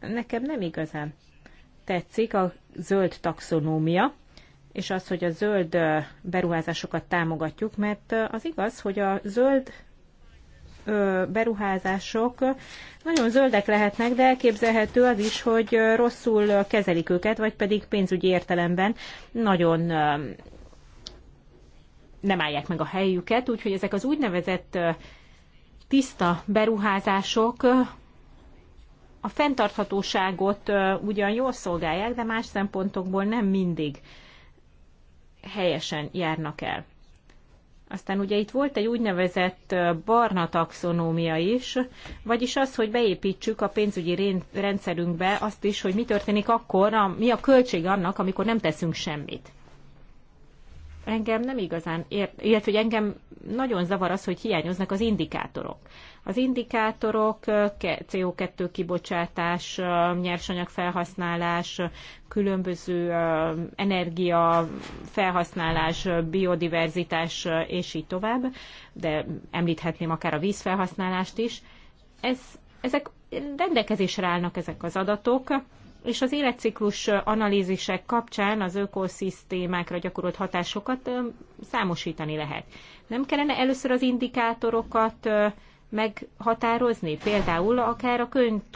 Nekem nem igazán tetszik a zöld taxonómia, és az, hogy a zöld beruházásokat támogatjuk, mert az igaz, hogy a zöld beruházások nagyon zöldek lehetnek, de elképzelhető az is, hogy rosszul kezelik őket, vagy pedig pénzügyi értelemben nagyon nem állják meg a helyüket, úgyhogy ezek az úgynevezett tiszta beruházások a fenntarthatóságot ugyan jól szolgálják, de más szempontokból nem mindig helyesen járnak el. Aztán ugye itt volt egy úgynevezett barna taxonómia is, vagyis az, hogy beépítsük a pénzügyi rendszerünkbe azt is, hogy mi történik akkor, a, mi a költség annak, amikor nem teszünk semmit. Engem nem igazán ért, illetve hogy engem nagyon zavar az, hogy hiányoznak az indikátorok. Az indikátorok CO2 kibocsátás, nyersanyag felhasználás, különböző energia felhasználás, biodiverzitás és így tovább, de említhetném akár a vízfelhasználást is. Ez, ezek rendelkezésre állnak ezek az adatok, és az életciklus analízisek kapcsán az ökoszisztémákra gyakorolt hatásokat számosítani lehet. Nem kellene először az indikátorokat meghatározni, például akár a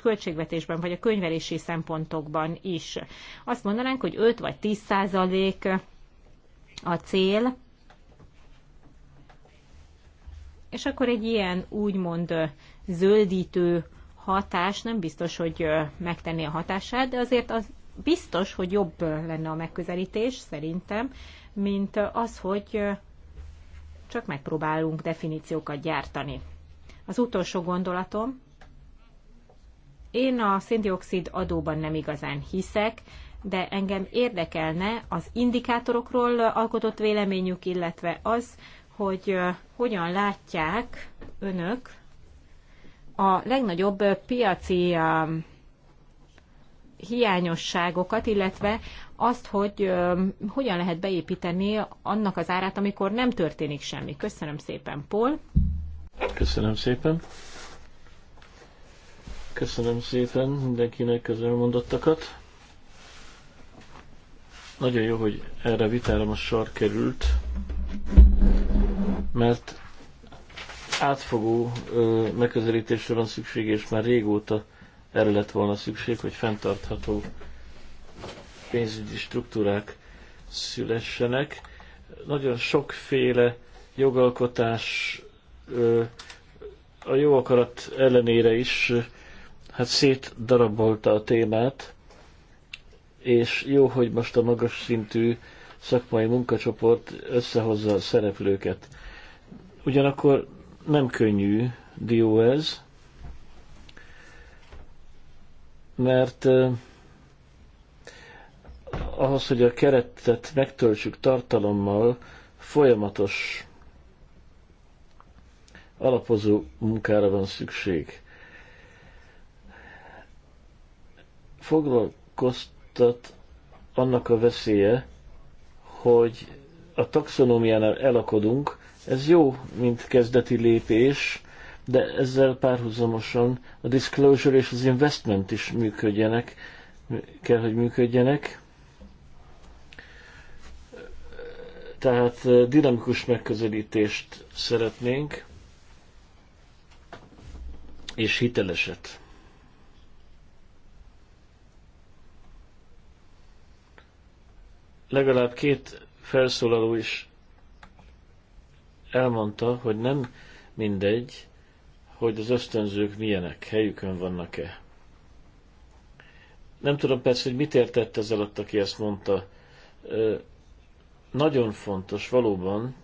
költségvetésben, vagy a könyvelési szempontokban is. Azt mondanánk, hogy 5 vagy 10 százalék a cél, és akkor egy ilyen úgymond zöldítő hatás nem biztos, hogy megtenni a hatását, de azért az biztos, hogy jobb lenne a megközelítés szerintem, mint az, hogy csak megpróbálunk definíciókat gyártani. Az utolsó gondolatom, én a széndiokszid adóban nem igazán hiszek, de engem érdekelne az indikátorokról alkotott véleményük, illetve az, hogy hogyan látják önök a legnagyobb piaci hiányosságokat, illetve azt, hogy hogyan lehet beépíteni annak az árát, amikor nem történik semmi. Köszönöm szépen, Paul. Köszönöm szépen. Köszönöm szépen mindenkinek az elmondottakat. Nagyon jó, hogy erre vitára most sor került, mert átfogó megközelítésre van szükség, és már régóta erre lett volna szükség, hogy fenntartható pénzügyi struktúrák szülessenek. Nagyon sokféle jogalkotás a jó akarat ellenére is hát szétdarabolta a témát, és jó, hogy most a magas szintű szakmai munkacsoport összehozza a szereplőket. Ugyanakkor nem könnyű dió ez, mert ahhoz, hogy a keretet megtöltsük tartalommal, folyamatos alapozó munkára van szükség. Foglalkoztat annak a veszélye, hogy a taxonómiánál elakadunk, ez jó, mint kezdeti lépés, de ezzel párhuzamosan a disclosure és az investment is működjenek, kell, hogy működjenek. Tehát dinamikus megközelítést szeretnénk és hiteleset. Legalább két felszólaló is elmondta, hogy nem mindegy, hogy az ösztönzők milyenek, helyükön vannak-e. Nem tudom persze, hogy mit értett ez alatt, aki ezt mondta. Ö, nagyon fontos valóban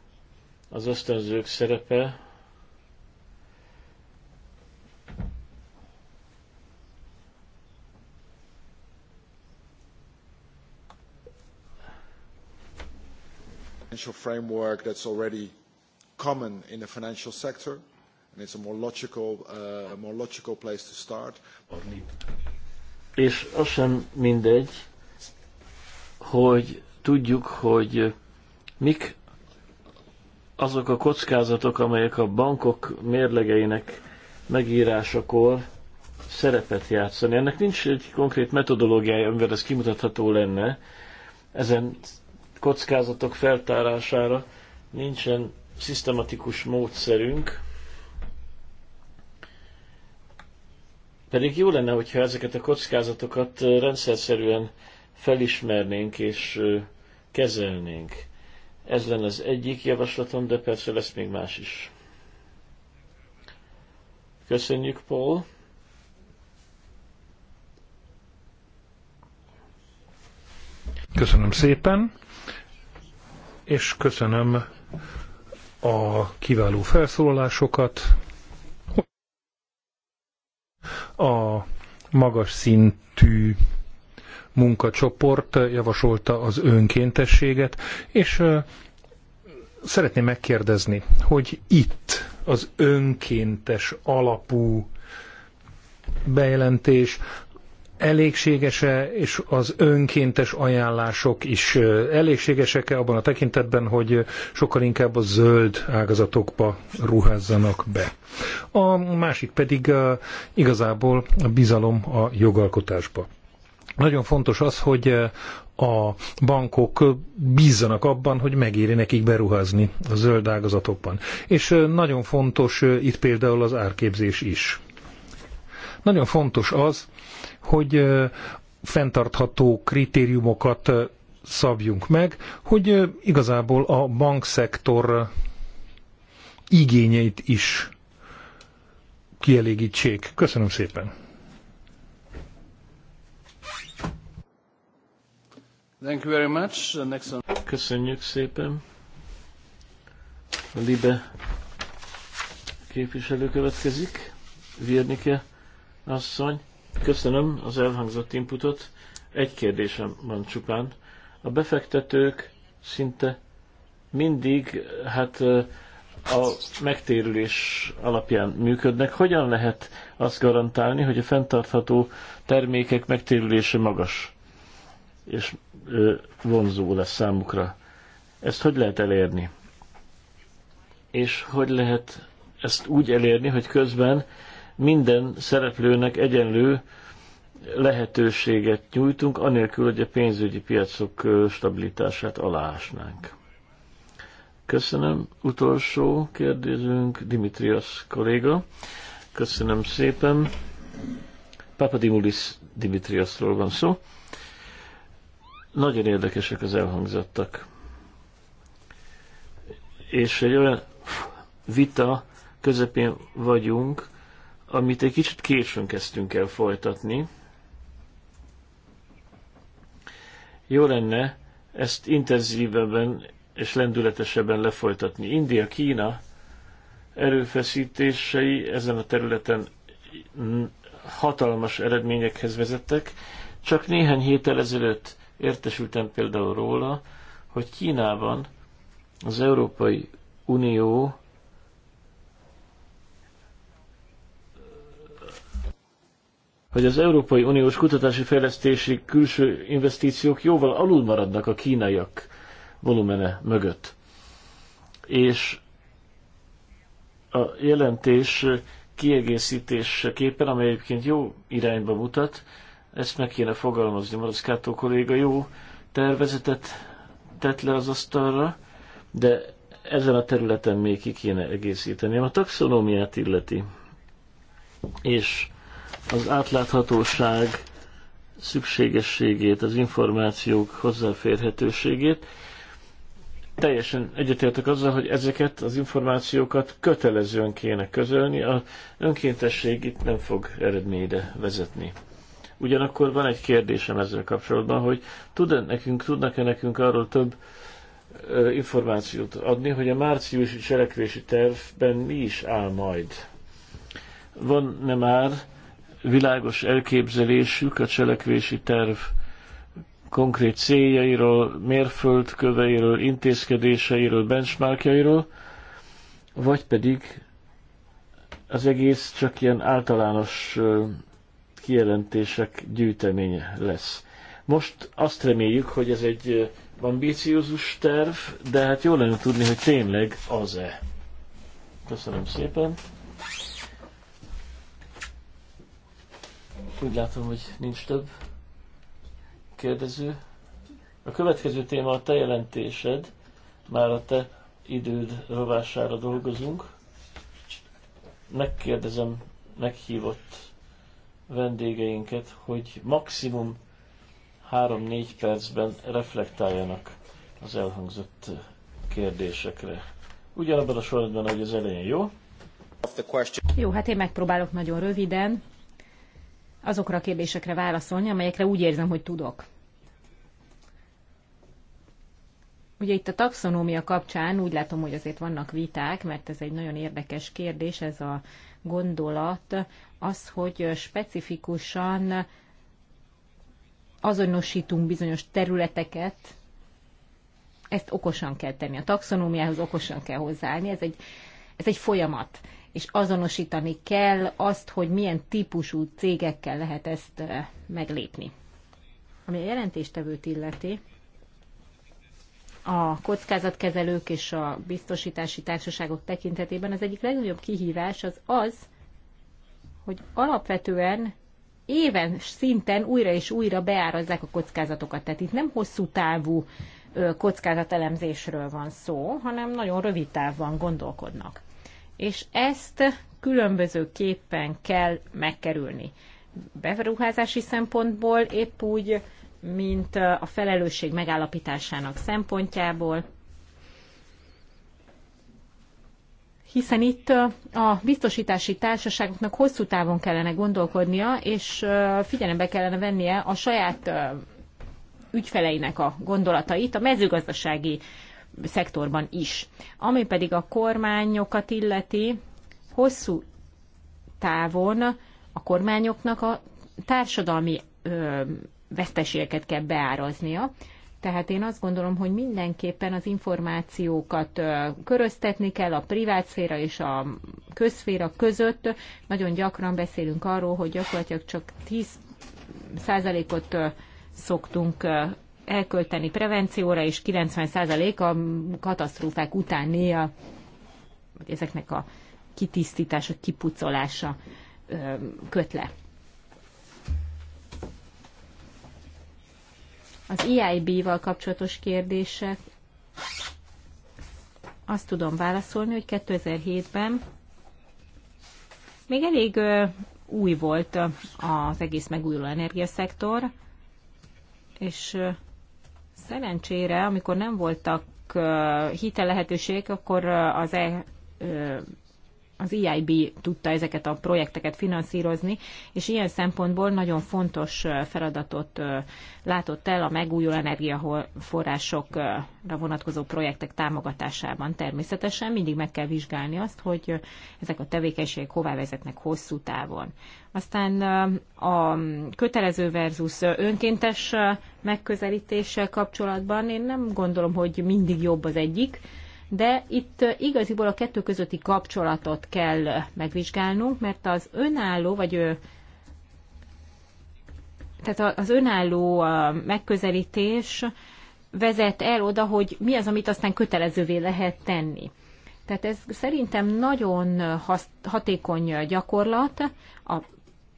az ösztönzők szerepe, financial framework that's already common in the financial sector, and it's a more logical, uh, a more logical place to start. És az sem mindegy, hogy tudjuk, hogy mik azok a kockázatok, amelyek a bankok mérlegeinek megírásakor szerepet játszani. Ennek nincs egy konkrét metodológiája, amivel ez kimutatható lenne. Ezen kockázatok feltárására nincsen szisztematikus módszerünk, pedig jó lenne, hogyha ezeket a kockázatokat rendszerszerűen felismernénk és kezelnénk. Ez lenne az egyik javaslatom, de persze lesz még más is. Köszönjük, Paul! Köszönöm szépen! és köszönöm a kiváló felszólalásokat. A magas szintű munkacsoport javasolta az önkéntességet, és szeretném megkérdezni, hogy itt az önkéntes alapú bejelentés elégséges-e, és az önkéntes ajánlások is elégségesek-e abban a tekintetben, hogy sokkal inkább a zöld ágazatokba ruházzanak be. A másik pedig igazából a bizalom a jogalkotásba. Nagyon fontos az, hogy a bankok bízzanak abban, hogy megéri nekik beruházni a zöld ágazatokban. És nagyon fontos itt például az árképzés is. Nagyon fontos az, hogy fenntartható kritériumokat szabjunk meg, hogy igazából a bankszektor igényeit is kielégítsék. Köszönöm szépen! Thank you very much. The next one. Köszönjük szépen. A Libe képviselő következik. Virnike asszony. Köszönöm az elhangzott inputot. Egy kérdésem van csupán. A befektetők szinte mindig hát a megtérülés alapján működnek. Hogyan lehet azt garantálni, hogy a fenntartható termékek megtérülése magas és vonzó lesz számukra? Ezt hogy lehet elérni? És hogy lehet ezt úgy elérni, hogy közben minden szereplőnek egyenlő lehetőséget nyújtunk, anélkül, hogy a pénzügyi piacok stabilitását aláásnánk. Köszönöm. Utolsó kérdésünk, Dimitrios kolléga. Köszönöm szépen. Papadimulis Dimitriosról van szó. Nagyon érdekesek az elhangzottak. És egy olyan vita közepén vagyunk, amit egy kicsit későn kezdtünk el folytatni. Jó lenne ezt intenzívebben és lendületesebben lefolytatni. India, Kína erőfeszítései ezen a területen hatalmas eredményekhez vezettek. Csak néhány héttel ezelőtt értesültem például róla, hogy Kínában az Európai Unió hogy az Európai Uniós kutatási fejlesztési külső investíciók jóval alul maradnak a kínaiak volumene mögött. És a jelentés kiegészítésképpen, amely egyébként jó irányba mutat, ezt meg kéne fogalmazni, Maraszkátó kolléga jó tervezetet tett le az asztalra, de ezen a területen még ki kéne egészíteni. A taxonómiát illeti, és az átláthatóság szükségességét, az információk hozzáférhetőségét. Teljesen egyetértek azzal, hogy ezeket az információkat kötelezően kéne közölni, a önkéntesség itt nem fog eredményre vezetni. Ugyanakkor van egy kérdésem ezzel kapcsolatban, hogy tud -e nekünk, tudnak-e nekünk arról több ö, információt adni, hogy a márciusi cselekvési tervben mi is áll majd? Van-e már világos elképzelésük a cselekvési terv konkrét céljairól, mérföldköveiről, intézkedéseiről, benchmarkjairól, vagy pedig az egész csak ilyen általános kijelentések gyűjteménye lesz. Most azt reméljük, hogy ez egy ambíciózus terv, de hát jó lenne tudni, hogy tényleg az-e. Köszönöm szépen! Úgy látom, hogy nincs több kérdező. A következő téma a te jelentésed, már a te időd rovására dolgozunk. Megkérdezem meghívott vendégeinket, hogy maximum 3-4 percben reflektáljanak az elhangzott kérdésekre. Ugyanabban a sorban hogy az elején, jó? Jó, hát én megpróbálok nagyon röviden azokra a kérdésekre válaszolni, amelyekre úgy érzem, hogy tudok. Ugye itt a taxonómia kapcsán úgy látom, hogy azért vannak viták, mert ez egy nagyon érdekes kérdés, ez a gondolat, az, hogy specifikusan azonosítunk bizonyos területeket, ezt okosan kell tenni. A taxonómiához okosan kell hozzáállni, ez egy, ez egy folyamat és azonosítani kell azt, hogy milyen típusú cégekkel lehet ezt meglépni. Ami a jelentéstevőt illeti, a kockázatkezelők és a biztosítási társaságok tekintetében az egyik legnagyobb kihívás az az, hogy alapvetően éven szinten újra és újra beárazzák a kockázatokat. Tehát itt nem hosszú távú kockázatelemzésről van szó, hanem nagyon rövid távban gondolkodnak és ezt különbözőképpen kell megkerülni. Beruházási szempontból épp úgy, mint a felelősség megállapításának szempontjából, hiszen itt a biztosítási társaságoknak hosszú távon kellene gondolkodnia, és figyelembe kellene vennie a saját ügyfeleinek a gondolatait a mezőgazdasági szektorban is. Ami pedig a kormányokat illeti, hosszú távon a kormányoknak a társadalmi ö, veszteségeket kell beáraznia. Tehát én azt gondolom, hogy mindenképpen az információkat ö, köröztetni kell a privátszféra és a közszféra között. Nagyon gyakran beszélünk arról, hogy gyakorlatilag csak 10 százalékot szoktunk elkölteni prevencióra, és 90% a katasztrófák utáni, a, vagy ezeknek a kitisztítása, kipucolása köt le. Az EIB-val kapcsolatos kérdések azt tudom válaszolni, hogy 2007-ben még elég ö, új volt az egész megújuló energiaszektor, és Szerencsére, amikor nem voltak hitelehetőségek, akkor az e az EIB tudta ezeket a projekteket finanszírozni, és ilyen szempontból nagyon fontos feladatot látott el a megújuló energiaforrásokra vonatkozó projektek támogatásában. Természetesen mindig meg kell vizsgálni azt, hogy ezek a tevékenységek hová vezetnek hosszú távon. Aztán a kötelező versus önkéntes megközelítéssel kapcsolatban én nem gondolom, hogy mindig jobb az egyik, de itt igaziból a kettő közötti kapcsolatot kell megvizsgálnunk, mert az önálló, vagy tehát az önálló megközelítés vezet el oda, hogy mi az, amit aztán kötelezővé lehet tenni. Tehát ez szerintem nagyon hatékony gyakorlat a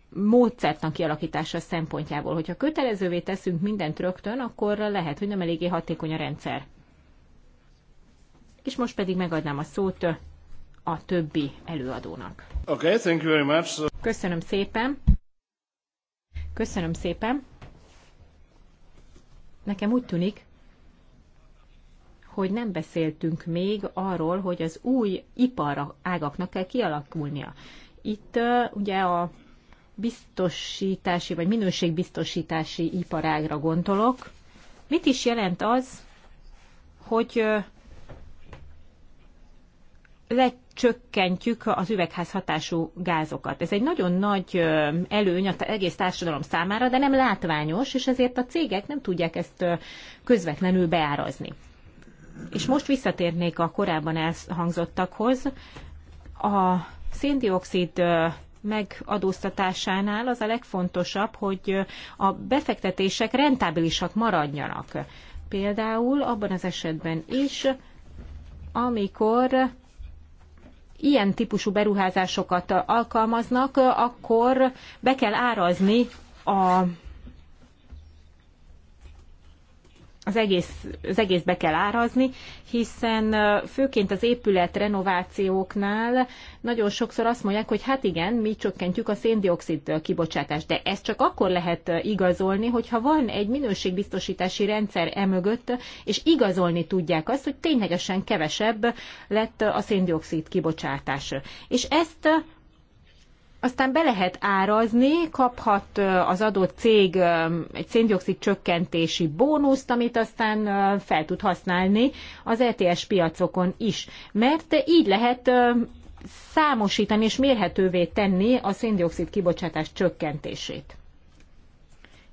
módszertan kialakítása szempontjából. Hogyha kötelezővé teszünk mindent rögtön, akkor lehet, hogy nem eléggé hatékony a rendszer és most pedig megadnám a szót a többi előadónak. Okay, thank you very much. Köszönöm szépen. Köszönöm szépen. Nekem úgy tűnik, hogy nem beszéltünk még arról, hogy az új ipar ágaknak kell kialakulnia. Itt ugye a biztosítási vagy minőségbiztosítási iparágra gondolok. Mit is jelent az, hogy lecsökkentjük az üvegházhatású gázokat. Ez egy nagyon nagy előny az egész társadalom számára, de nem látványos, és ezért a cégek nem tudják ezt közvetlenül beárazni. És most visszatérnék a korábban elhangzottakhoz. A széndiokszid megadóztatásánál az a legfontosabb, hogy a befektetések rentábilisak maradjanak. Például abban az esetben is, amikor ilyen típusú beruházásokat alkalmaznak, akkor be kell árazni a az, egész, az egész be kell árazni, hiszen főként az épület renovációknál nagyon sokszor azt mondják, hogy hát igen, mi csökkentjük a széndiokszid kibocsátást, de ezt csak akkor lehet igazolni, hogyha van egy minőségbiztosítási rendszer emögött, és igazolni tudják azt, hogy ténylegesen kevesebb lett a széndiokszid kibocsátás. És ezt aztán be lehet árazni, kaphat az adott cég egy széndiokszid csökkentési bónuszt, amit aztán fel tud használni az ETS piacokon is. Mert így lehet számosítani és mérhetővé tenni a széndiokszid kibocsátás csökkentését.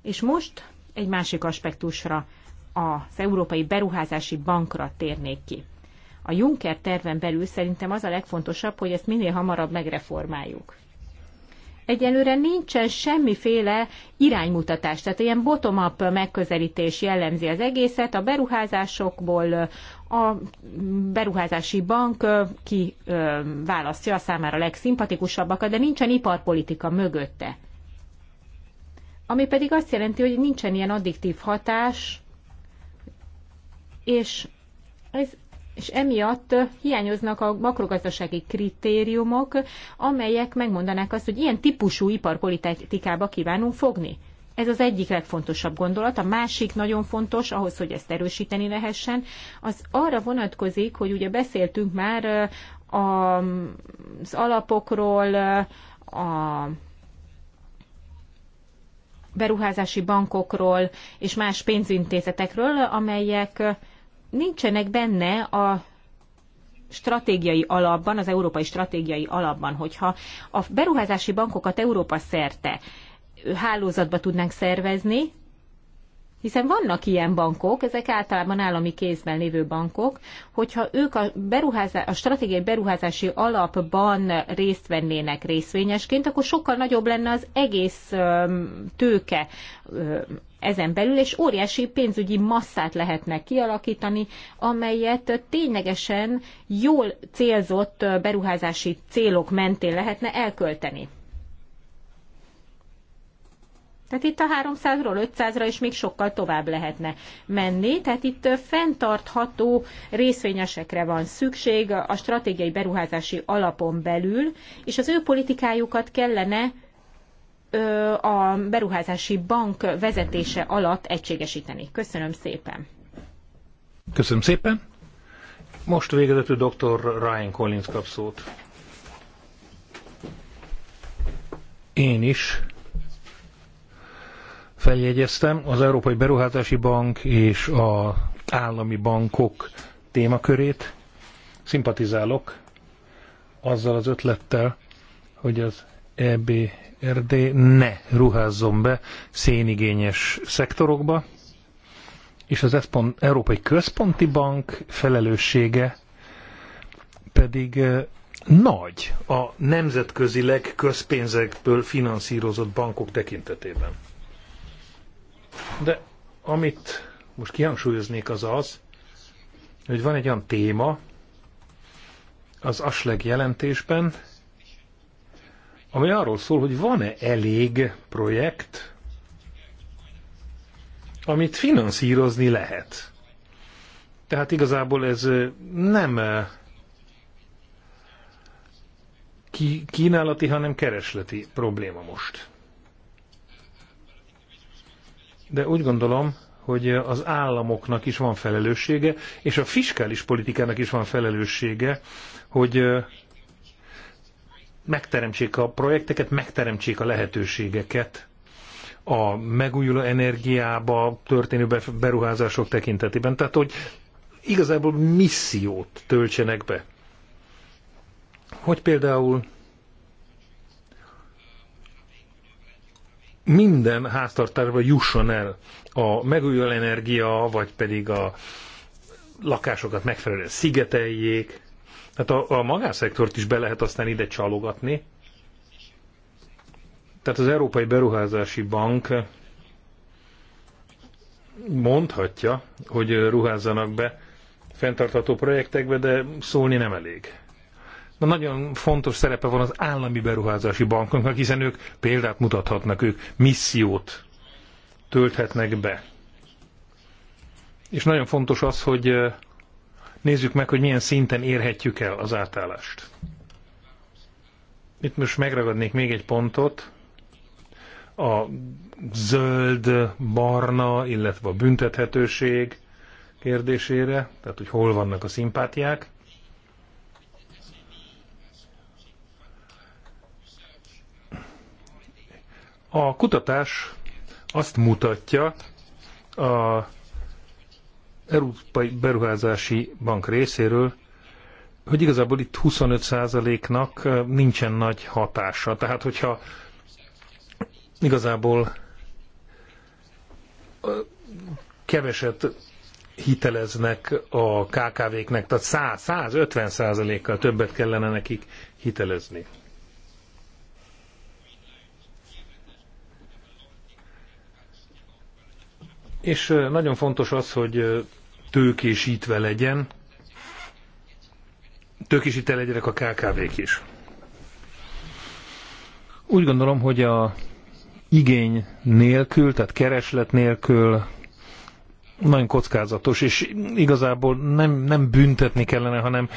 És most egy másik aspektusra, az Európai Beruházási Bankra térnék ki. A Juncker terven belül szerintem az a legfontosabb, hogy ezt minél hamarabb megreformáljuk egyelőre nincsen semmiféle iránymutatás, tehát ilyen bottom-up megközelítés jellemzi az egészet, a beruházásokból a beruházási bank ki választja a számára legszimpatikusabbakat, de nincsen iparpolitika mögötte. Ami pedig azt jelenti, hogy nincsen ilyen addiktív hatás, és ez és emiatt hiányoznak a makrogazdasági kritériumok, amelyek megmondanák azt, hogy ilyen típusú iparpolitikába kívánunk fogni. Ez az egyik legfontosabb gondolat. A másik nagyon fontos, ahhoz, hogy ezt erősíteni lehessen, az arra vonatkozik, hogy ugye beszéltünk már az alapokról, a beruházási bankokról és más pénzintézetekről, amelyek nincsenek benne a stratégiai alapban, az európai stratégiai alapban, hogyha a beruházási bankokat Európa szerte hálózatba tudnánk szervezni, hiszen vannak ilyen bankok, ezek általában állami kézben lévő bankok, hogyha ők a, beruházás, a stratégiai beruházási alapban részt vennének részvényesként, akkor sokkal nagyobb lenne az egész tőke ezen belül, és óriási pénzügyi masszát lehetne kialakítani, amelyet ténylegesen jól célzott beruházási célok mentén lehetne elkölteni. Tehát itt a 300-ról 500-ra is még sokkal tovább lehetne menni. Tehát itt fenntartható részvényesekre van szükség a stratégiai beruházási alapon belül, és az ő politikájukat kellene a beruházási bank vezetése alatt egységesíteni. Köszönöm szépen. Köszönöm szépen. Most végezetül dr. Ryan Collins kap szót. Én is feljegyeztem, az Európai Beruházási Bank és az állami bankok témakörét. Szimpatizálok azzal az ötlettel, hogy az EBRD ne ruházzon be szénigényes szektorokba, és az Európai Központi Bank felelőssége pedig nagy a nemzetközileg közpénzekből finanszírozott bankok tekintetében. De amit most kihangsúlyoznék az az, hogy van egy olyan téma az Asleg jelentésben, ami arról szól, hogy van-e elég projekt, amit finanszírozni lehet. Tehát igazából ez nem kínálati, hanem keresleti probléma most de úgy gondolom, hogy az államoknak is van felelőssége, és a fiskális politikának is van felelőssége, hogy megteremtsék a projekteket, megteremtsék a lehetőségeket a megújuló energiába történő beruházások tekintetében. Tehát, hogy igazából missziót töltsenek be. Hogy például minden háztartásba jusson el a megújuló energia, vagy pedig a lakásokat megfelelően szigeteljék. Tehát a, a magánszektort is be lehet aztán ide csalogatni. Tehát az Európai Beruházási Bank mondhatja, hogy ruházzanak be fenntartható projektekbe, de szólni nem elég. Na, nagyon fontos szerepe van az állami beruházási bankoknak, hiszen ők példát mutathatnak, ők missziót tölthetnek be. És nagyon fontos az, hogy nézzük meg, hogy milyen szinten érhetjük el az átállást. Itt most megragadnék még egy pontot, a zöld, barna, illetve a büntethetőség kérdésére, tehát hogy hol vannak a szimpátiák. A kutatás azt mutatja a Európai Beruházási Bank részéről, hogy igazából itt 25%-nak nincsen nagy hatása. Tehát, hogyha igazából keveset hiteleznek a KKV-knek, tehát 100-150 százalékkal többet kellene nekik hitelezni. És nagyon fontos az, hogy tőkésítve legyen, tőkésítve legyenek a KKV-k is. Úgy gondolom, hogy a igény nélkül, tehát kereslet nélkül nagyon kockázatos, és igazából nem, nem büntetni kellene, hanem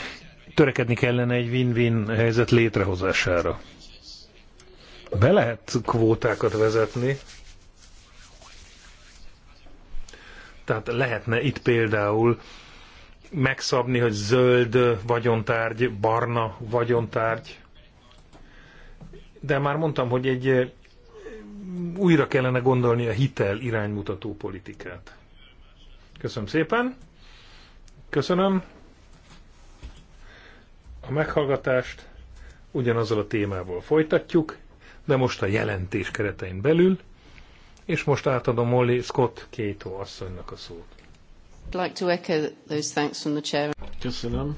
törekedni kellene egy win-win helyzet létrehozására. Be lehet kvótákat vezetni, Tehát lehetne itt például megszabni, hogy zöld vagyontárgy, barna vagyontárgy. De már mondtam, hogy egy eh, újra kellene gondolni a hitel iránymutató politikát. Köszönöm szépen. Köszönöm a meghallgatást. Ugyanazzal a témával folytatjuk, de most a jelentés keretein belül. És most átadom Molly Scott Kétó asszonynak a szót. Like to echo those thanks from the chair. Köszönöm.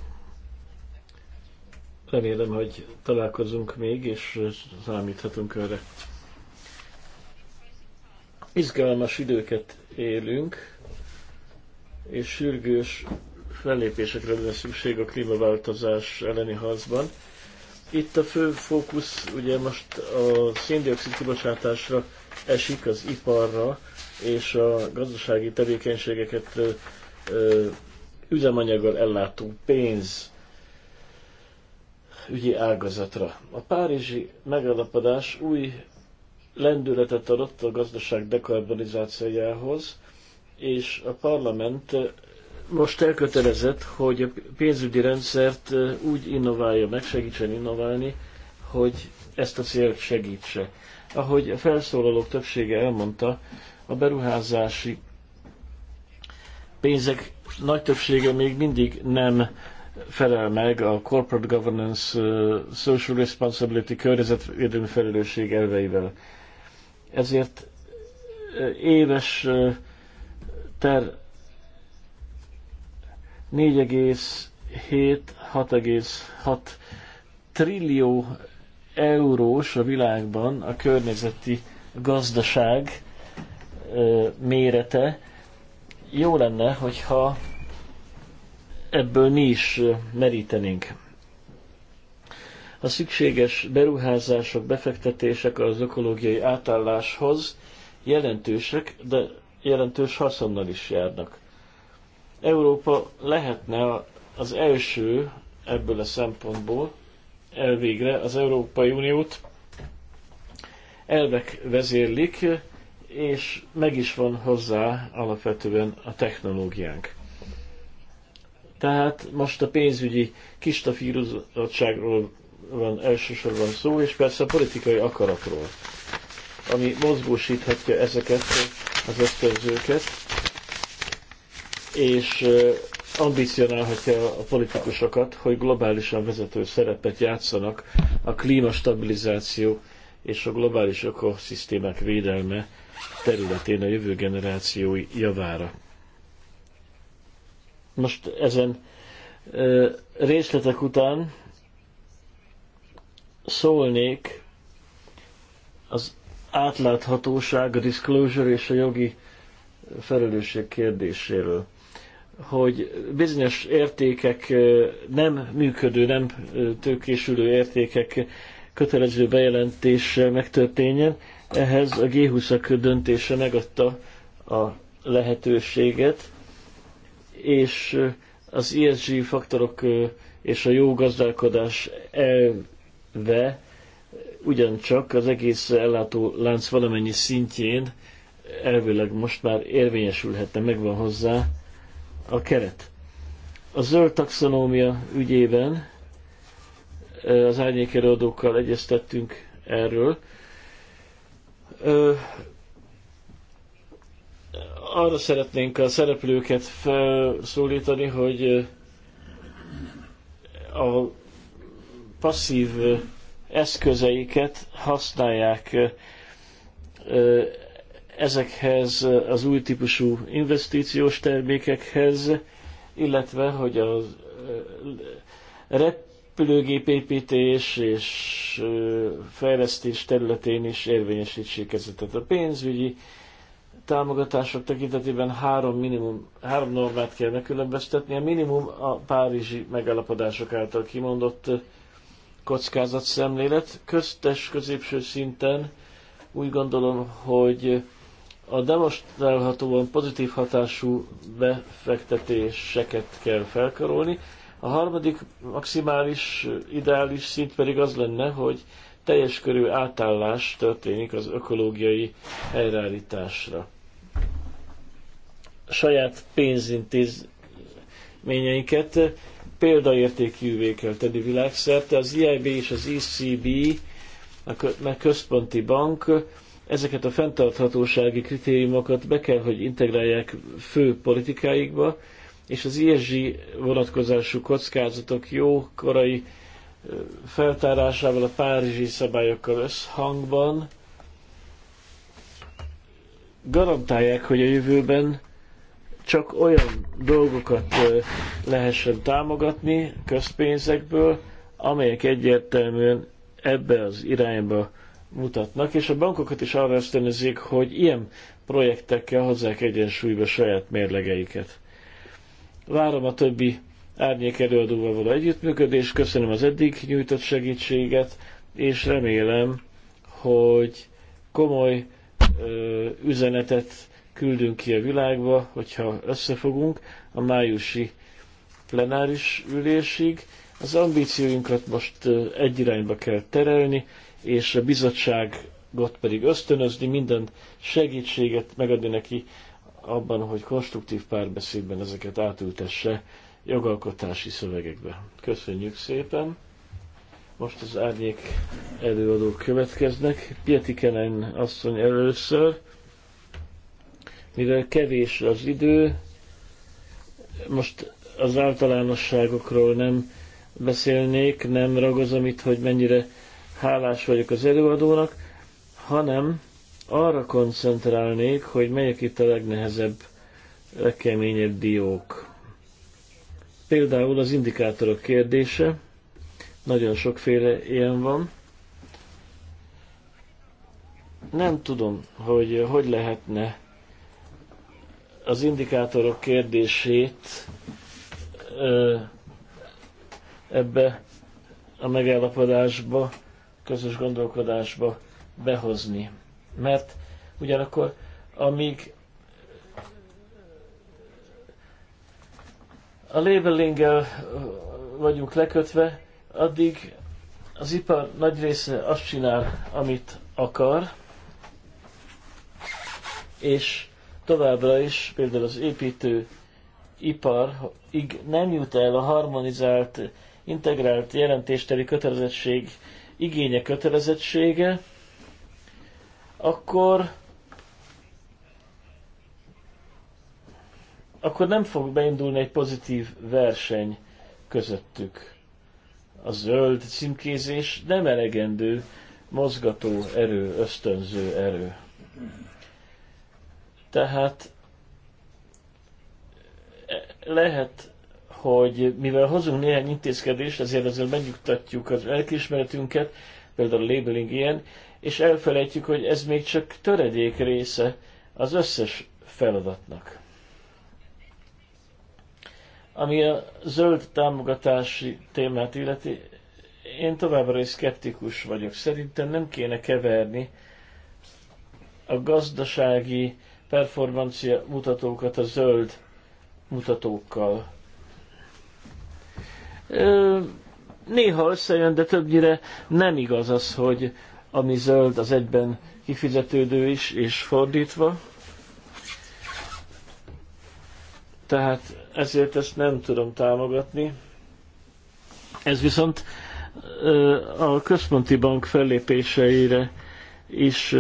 Remélem, hogy találkozunk még, és számíthatunk erre. Izgalmas időket élünk, és sürgős fellépésekre lenne szükség a klímaváltozás elleni harcban. Itt a fő fókusz ugye most a széndiokszid kibocsátásra esik az iparra, és a gazdasági tevékenységeket üzemanyaggal ellátó pénz ügyi ágazatra. A párizsi megállapodás új lendületet adott a gazdaság dekarbonizációjához, és a parlament most elkötelezett, hogy a pénzügyi rendszert úgy innoválja, megsegítsen innoválni, hogy ezt a célt segítse. Ahogy a felszólalók többsége elmondta, a beruházási pénzek nagy többsége még mindig nem felel meg a corporate governance, social responsibility, környezetvédelmi felelősség elveivel. Ezért éves ter 4,7-6,6 trillió eurós a világban a környezeti gazdaság mérete, jó lenne, hogyha ebből mi is merítenénk. A szükséges beruházások, befektetések az ökológiai átálláshoz jelentősek, de jelentős haszonnal is járnak. Európa lehetne az első ebből a szempontból, elvégre az Európai Uniót elvek vezérlik, és meg is van hozzá alapvetően a technológiánk. Tehát most a pénzügyi kistafírozottságról van elsősorban szó, és persze a politikai akaratról, ami mozgósíthatja ezeket az ösztönzőket, és ambicionálhatja a politikusokat, hogy globálisan vezető szerepet játszanak a klímastabilizáció és a globális ökoszisztémák védelme területén a jövő generációi javára. Most ezen részletek után szólnék az átláthatóság, a disclosure és a jogi felelősség kérdéséről hogy bizonyos értékek nem működő, nem tőkésülő értékek kötelező bejelentés megtörténjen. Ehhez a G20-ak döntése megadta a lehetőséget, és az ESG faktorok és a jó gazdálkodás elve ugyancsak az egész ellátó lánc valamennyi szintjén elvileg most már érvényesülhetne, megvan hozzá a keret. A zöld taxonómia ügyében az árnyékelőadókkal egyeztettünk erről. Arra szeretnénk a szereplőket felszólítani, hogy a passzív eszközeiket használják ezekhez eh, az új típusú investíciós termékekhez, illetve hogy a eh, repülőgép építés és eh, fejlesztés területén is érvényesítsék ezeket. A pénzügyi támogatások tekintetében három, minimum, három normát kell megkülönböztetni. A minimum a párizsi megállapodások által kimondott kockázatszemlélet. Köztes, középső szinten úgy gondolom, hogy a demonstrálhatóan pozitív hatású befektetéseket kell felkarolni. A harmadik maximális, ideális szint pedig az lenne, hogy teljes körű átállás történik az ökológiai helyreállításra. Saját pénzintézményeinket példaértékűvé kell tenni világszerte. Az EIB és az ECB, a központi bank ezeket a fenntarthatósági kritériumokat be kell, hogy integrálják fő politikáikba, és az ESG vonatkozású kockázatok jó korai feltárásával a párizsi szabályokkal összhangban garantálják, hogy a jövőben csak olyan dolgokat lehessen támogatni közpénzekből, amelyek egyértelműen ebbe az irányba mutatnak, és a bankokat is arra ösztönözik, hogy ilyen projektekkel hozzák egyensúlyba saját mérlegeiket. Várom a többi árnyék előadóval való együttműködést, köszönöm az eddig nyújtott segítséget, és remélem, hogy komoly ö, üzenetet küldünk ki a világba, hogyha összefogunk a májusi plenáris ülésig. Az ambícióinkat most egy irányba kell terelni, és a bizottságot pedig ösztönözni, minden segítséget megadni neki abban, hogy konstruktív párbeszédben ezeket átültesse jogalkotási szövegekbe. Köszönjük szépen! Most az árnyék előadók következnek. Pietikenen asszony először, mivel kevés az idő, most az általánosságokról nem beszélnék, nem ragozom itt, hogy mennyire hálás vagyok az előadónak, hanem arra koncentrálnék, hogy melyek itt a legnehezebb, legkeményebb diók. Például az indikátorok kérdése, nagyon sokféle ilyen van. Nem tudom, hogy hogy lehetne az indikátorok kérdését ebbe a megállapodásba közös gondolkodásba behozni. Mert ugyanakkor, amíg a labelinggel vagyunk lekötve, addig az ipar nagy része azt csinál, amit akar, és továbbra is például az építő ig nem jut el a harmonizált, integrált jelentésteli kötelezettség igénye, kötelezettsége, akkor akkor nem fog beindulni egy pozitív verseny közöttük. A zöld címkézés nem elegendő mozgató erő, ösztönző erő. Tehát lehet hogy mivel hozunk néhány intézkedést, ezért ezzel megnyugtatjuk az elkismeretünket, például a labeling ilyen, és elfelejtjük, hogy ez még csak töredék része az összes feladatnak. Ami a zöld támogatási témát illeti, én továbbra is szkeptikus vagyok. Szerintem nem kéne keverni a gazdasági performancia mutatókat a zöld mutatókkal. Néha összejön, de többnyire nem igaz az, hogy ami zöld, az egyben kifizetődő is, és fordítva. Tehát ezért ezt nem tudom támogatni. Ez viszont a központi bank fellépéseire is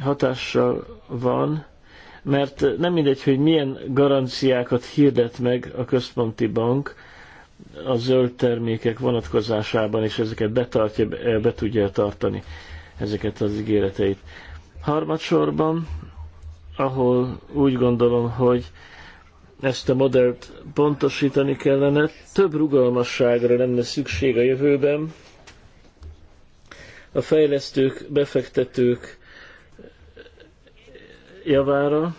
hatással van, mert nem mindegy, hogy milyen garanciákat hirdet meg a központi bank, a zöld termékek vonatkozásában, és ezeket betartja, be tudja tartani ezeket az ígéreteit. Harmadsorban, ahol úgy gondolom, hogy ezt a modellt pontosítani kellene, több rugalmasságra lenne szükség a jövőben. A fejlesztők, befektetők javára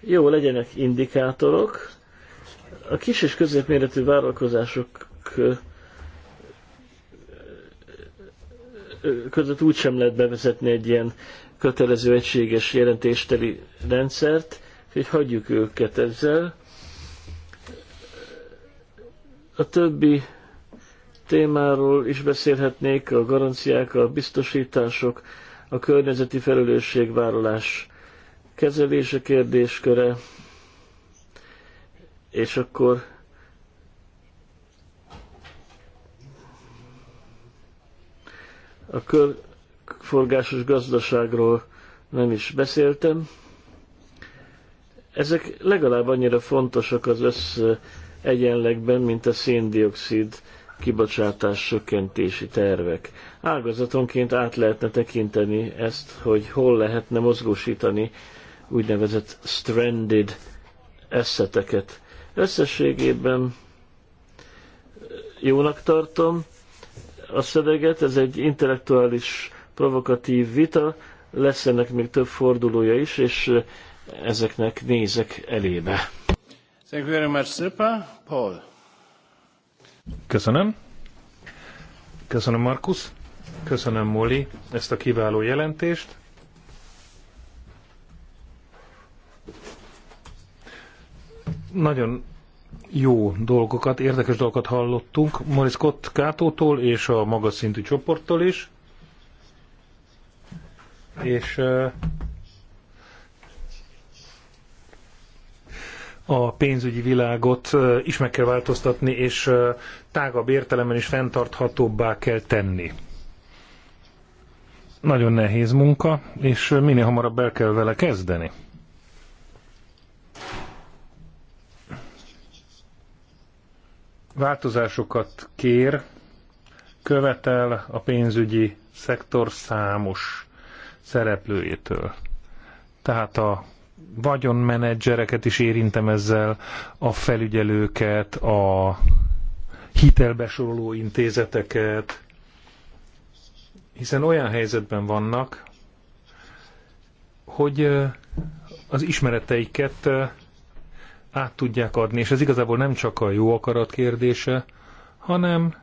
jó legyenek indikátorok, a kis és középméretű vállalkozások között úgy sem lehet bevezetni egy ilyen kötelező egységes jelentésteli rendszert, hogy hagyjuk őket ezzel. A többi témáról is beszélhetnék, a garanciák, a biztosítások, a környezeti felelősségvállalás kezelése kérdésköre, és akkor a körforgásos gazdaságról nem is beszéltem. Ezek legalább annyira fontosak az össz egyenlegben, mint a széndiokszid kibocsátás csökkentési tervek. Ágazatonként át lehetne tekinteni ezt, hogy hol lehetne mozgósítani úgynevezett stranded eszeteket. Összességében jónak tartom a szöveget, ez egy intellektuális, provokatív vita, lesz ennek még több fordulója is, és ezeknek nézek elébe. Thank you very much, Sripa. Paul. Köszönöm. Köszönöm, Markus. Köszönöm, Moli, ezt a kiváló jelentést. Nagyon jó dolgokat, érdekes dolgokat hallottunk Morris Scott Kátótól és a magas szintű csoporttól is. És a pénzügyi világot is meg kell változtatni, és tágabb értelemben is fenntarthatóbbá kell tenni. Nagyon nehéz munka, és minél hamarabb el kell vele kezdeni. változásokat kér, követel a pénzügyi szektor számos szereplőjétől. Tehát a vagyonmenedzsereket is érintem ezzel, a felügyelőket, a hitelbesoroló intézeteket, hiszen olyan helyzetben vannak, hogy az ismereteiket át tudják adni, és ez igazából nem csak a jó akarat kérdése, hanem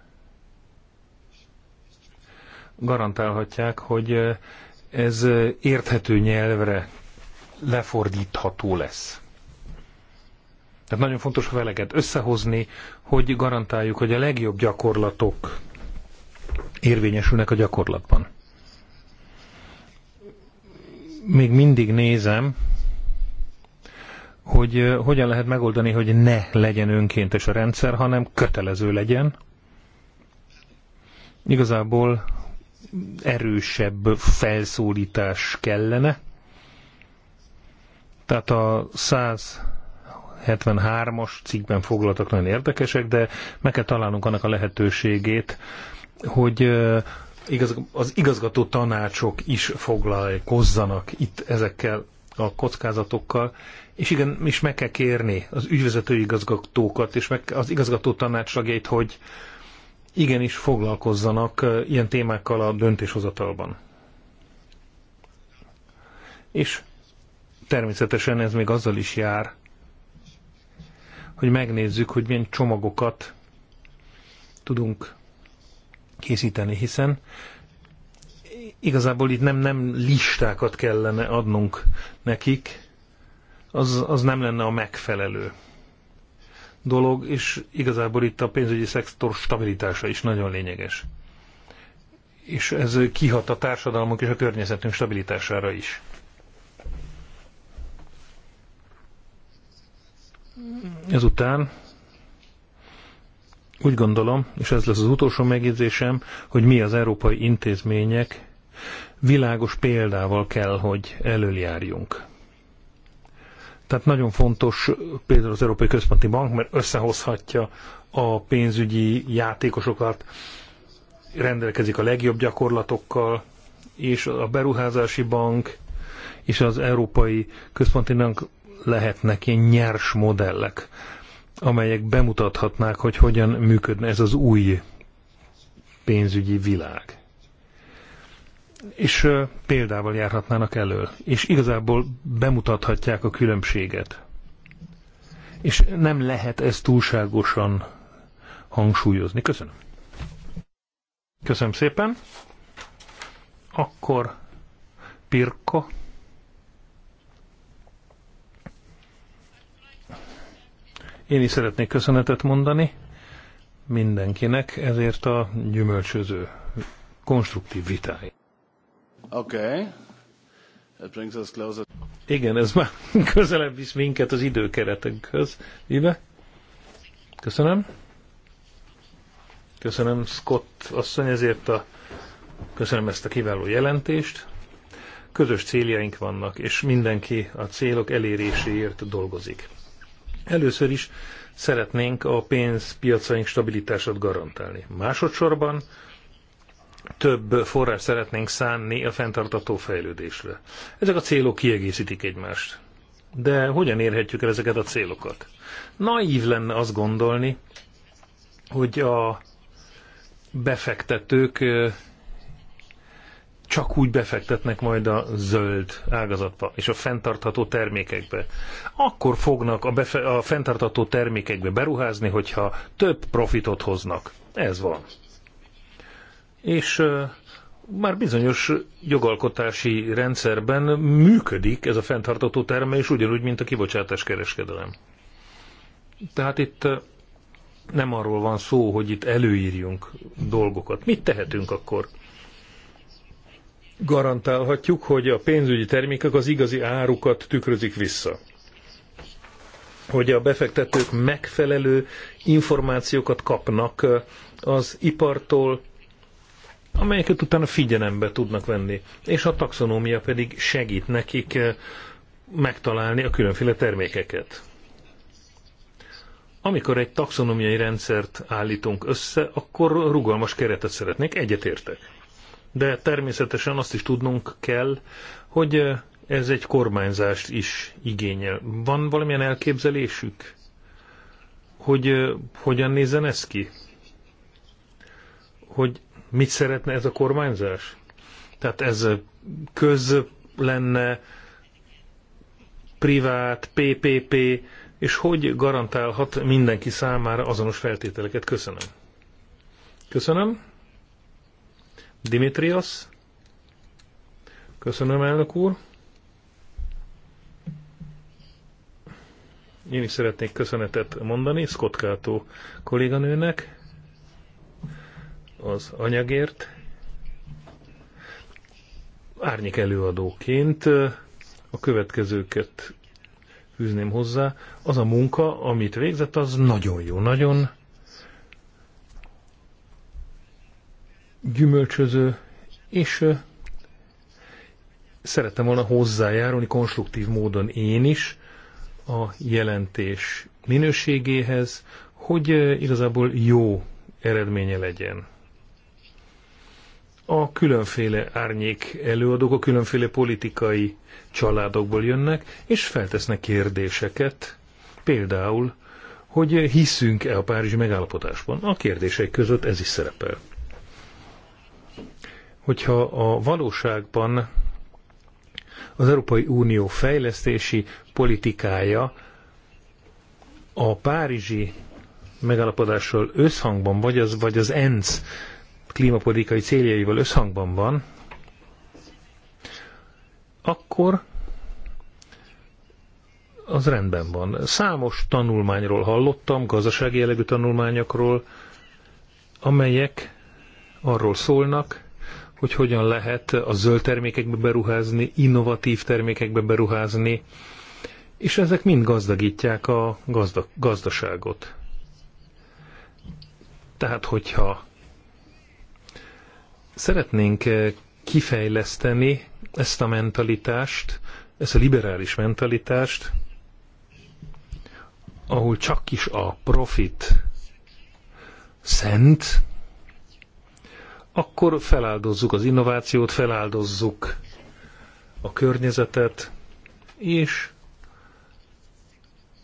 garantálhatják, hogy ez érthető nyelvre lefordítható lesz. Tehát nagyon fontos a veleget összehozni, hogy garantáljuk, hogy a legjobb gyakorlatok érvényesülnek a gyakorlatban. Még mindig nézem hogy hogyan lehet megoldani, hogy ne legyen önkéntes a rendszer, hanem kötelező legyen. Igazából erősebb felszólítás kellene. Tehát a 173-as cikkben foglaltak nagyon érdekesek, de meg kell találnunk annak a lehetőségét, hogy az igazgató tanácsok is foglalkozzanak itt ezekkel a kockázatokkal, és igen, is meg kell kérni az ügyvezető igazgatókat és meg az igazgató tanácsagjait, hogy igenis foglalkozzanak ilyen témákkal a döntéshozatalban. És természetesen ez még azzal is jár, hogy megnézzük, hogy milyen csomagokat tudunk készíteni, hiszen Igazából itt nem, nem listákat kellene adnunk nekik, az, az nem lenne a megfelelő dolog, és igazából itt a pénzügyi szektor stabilitása is nagyon lényeges. És ez kihat a társadalmunk és a környezetünk stabilitására is. Ezután úgy gondolom, és ez lesz az utolsó megjegyzésem, hogy mi az európai intézmények világos példával kell, hogy előjárjunk. Tehát nagyon fontos például az Európai Központi Bank, mert összehozhatja a pénzügyi játékosokat, rendelkezik a legjobb gyakorlatokkal, és a beruházási bank és az Európai Központi Bank lehetnek ilyen nyers modellek, amelyek bemutathatnák, hogy hogyan működne ez az új pénzügyi világ és példával járhatnának elől, és igazából bemutathatják a különbséget. És nem lehet ezt túlságosan hangsúlyozni. Köszönöm. Köszönöm szépen. Akkor Pirko. Én is szeretnék köszönetet mondani mindenkinek ezért a gyümölcsöző konstruktív vitáért. Okay. That brings us closer. Igen, ez már <laughs> közelebb visz minket az időkeretünkhöz. Ibe? Köszönöm. Köszönöm Scott asszony ezért a köszönöm ezt a kiváló jelentést. Közös céljaink vannak, és mindenki a célok eléréséért dolgozik. Először is szeretnénk a pénzpiacaink stabilitását garantálni. Másodszorban több forrás szeretnénk szánni a fenntartató fejlődésre. Ezek a célok kiegészítik egymást. De hogyan érhetjük el ezeket a célokat? Naív lenne azt gondolni, hogy a befektetők csak úgy befektetnek majd a zöld ágazatba és a fenntartható termékekbe. Akkor fognak a, befe- a fenntartható termékekbe beruházni, hogyha több profitot hoznak. Ez van és már bizonyos jogalkotási rendszerben működik ez a fenntartató termelés, ugyanúgy, mint a kibocsátás kereskedelem. Tehát itt nem arról van szó, hogy itt előírjunk dolgokat. Mit tehetünk akkor? Garantálhatjuk, hogy a pénzügyi termékek az igazi árukat tükrözik vissza. Hogy a befektetők megfelelő információkat kapnak az ipartól, amelyeket utána figyelembe tudnak venni, és a taxonómia pedig segít nekik eh, megtalálni a különféle termékeket. Amikor egy taxonomiai rendszert állítunk össze, akkor rugalmas keretet szeretnék, egyetértek. De természetesen azt is tudnunk kell, hogy eh, ez egy kormányzást is igényel. Van valamilyen elképzelésük, hogy eh, hogyan nézzen ez ki? Hogy mit szeretne ez a kormányzás? Tehát ez köz lenne, privát, PPP, és hogy garantálhat mindenki számára azonos feltételeket? Köszönöm. Köszönöm. Dimitrios. Köszönöm, elnök úr. Én is szeretnék köszönetet mondani Scott Kato kolléganőnek az anyagért. Árnyék előadóként a következőket fűzném hozzá. Az a munka, amit végzett, az nagyon jó, nagyon gyümölcsöző, és szerettem volna hozzájárulni konstruktív módon én is a jelentés minőségéhez, hogy igazából jó eredménye legyen a különféle árnyék előadók a különféle politikai családokból jönnek, és feltesznek kérdéseket, például, hogy hiszünk-e a Párizsi megállapodásban. A kérdések között ez is szerepel. Hogyha a valóságban az Európai Unió fejlesztési politikája a Párizsi megállapodással összhangban, vagy az, vagy az ENSZ klímapolitikai céljaival összhangban van, akkor az rendben van. Számos tanulmányról hallottam, gazdasági jellegű tanulmányokról, amelyek arról szólnak, hogy hogyan lehet a zöld termékekbe beruházni, innovatív termékekbe beruházni, és ezek mind gazdagítják a gazda, gazdaságot. Tehát, hogyha Szeretnénk eh, kifejleszteni ezt a mentalitást, ezt a liberális mentalitást, ahol csak is a profit szent, akkor feláldozzuk az innovációt, feláldozzuk a környezetet, és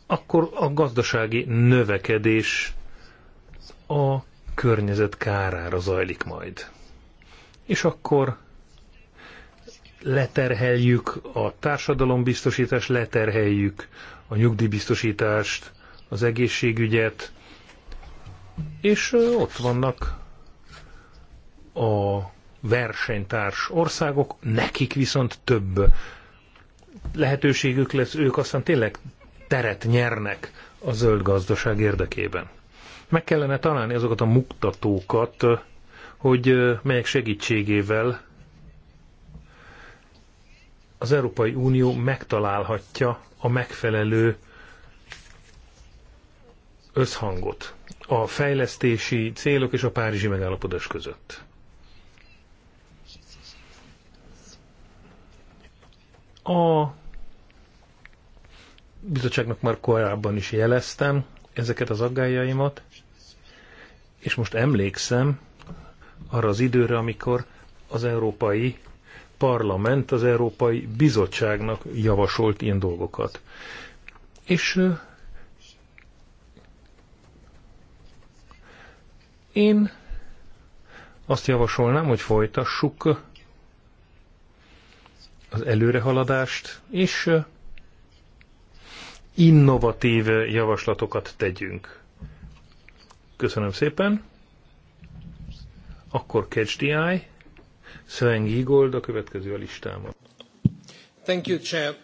akkor a gazdasági növekedés a környezet kárára zajlik majd és akkor leterheljük a társadalombiztosítást, leterheljük a nyugdíjbiztosítást, az egészségügyet, és ott vannak a versenytárs országok, nekik viszont több lehetőségük lesz, ők aztán tényleg teret nyernek a zöld gazdaság érdekében. Meg kellene találni azokat a muktatókat, hogy melyek segítségével az Európai Unió megtalálhatja a megfelelő összhangot a fejlesztési célok és a párizsi megállapodás között. A bizottságnak már korábban is jeleztem ezeket az aggájaimat, és most emlékszem, arra az időre, amikor az Európai Parlament az Európai Bizottságnak javasolt ilyen dolgokat. És én azt javasolnám, hogy folytassuk az előrehaladást, és innovatív javaslatokat tegyünk. Köszönöm szépen! Akkor catch the eye. Sven Giegold a következő a listámon. Thank you, Chair.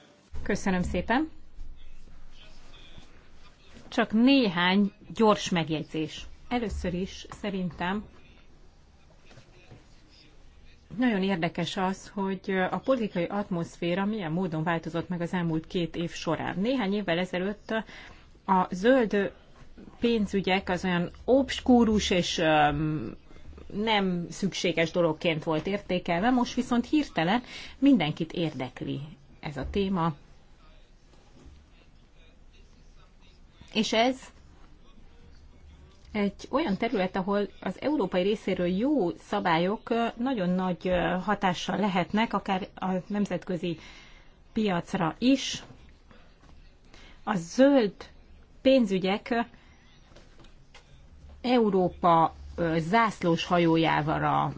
Köszönöm szépen. Csak néhány gyors megjegyzés. Először is szerintem nagyon érdekes az, hogy a politikai atmoszféra milyen módon változott meg az elmúlt két év során. Néhány évvel ezelőtt a zöld pénzügyek az olyan obskúrus és nem szükséges dologként volt értékelve, most viszont hirtelen mindenkit érdekli ez a téma. És ez egy olyan terület, ahol az európai részéről jó szabályok nagyon nagy hatással lehetnek, akár a nemzetközi piacra is. A zöld pénzügyek Európa zászlós hajójával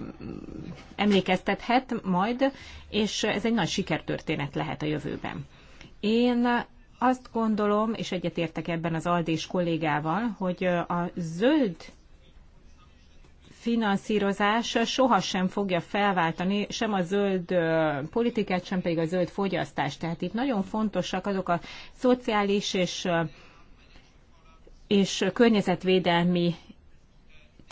emlékeztethet majd, és ez egy nagy sikertörténet lehet a jövőben. Én azt gondolom, és egyetértek ebben az Aldés kollégával, hogy a zöld finanszírozás sohasem fogja felváltani sem a zöld politikát, sem pedig a zöld fogyasztást. Tehát itt nagyon fontosak azok a szociális és, és környezetvédelmi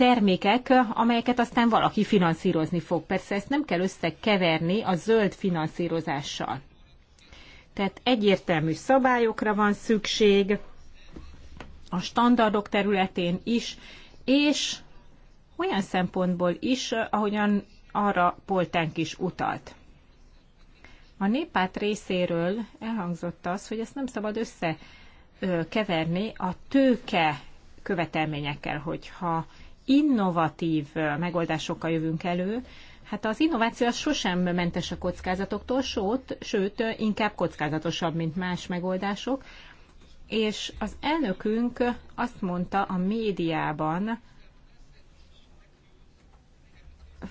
termékek, amelyeket aztán valaki finanszírozni fog. Persze ezt nem kell összekeverni a zöld finanszírozással. Tehát egyértelmű szabályokra van szükség a standardok területén is, és olyan szempontból is, ahogyan arra Poltánk is utalt. A néppárt részéről elhangzott az, hogy ezt nem szabad összekeverni a tőke követelményekkel, hogyha innovatív megoldásokkal jövünk elő, hát az innováció az sosem mentes a kockázatoktól, sőt, sőt, inkább kockázatosabb, mint más megoldások. És az elnökünk azt mondta a médiában,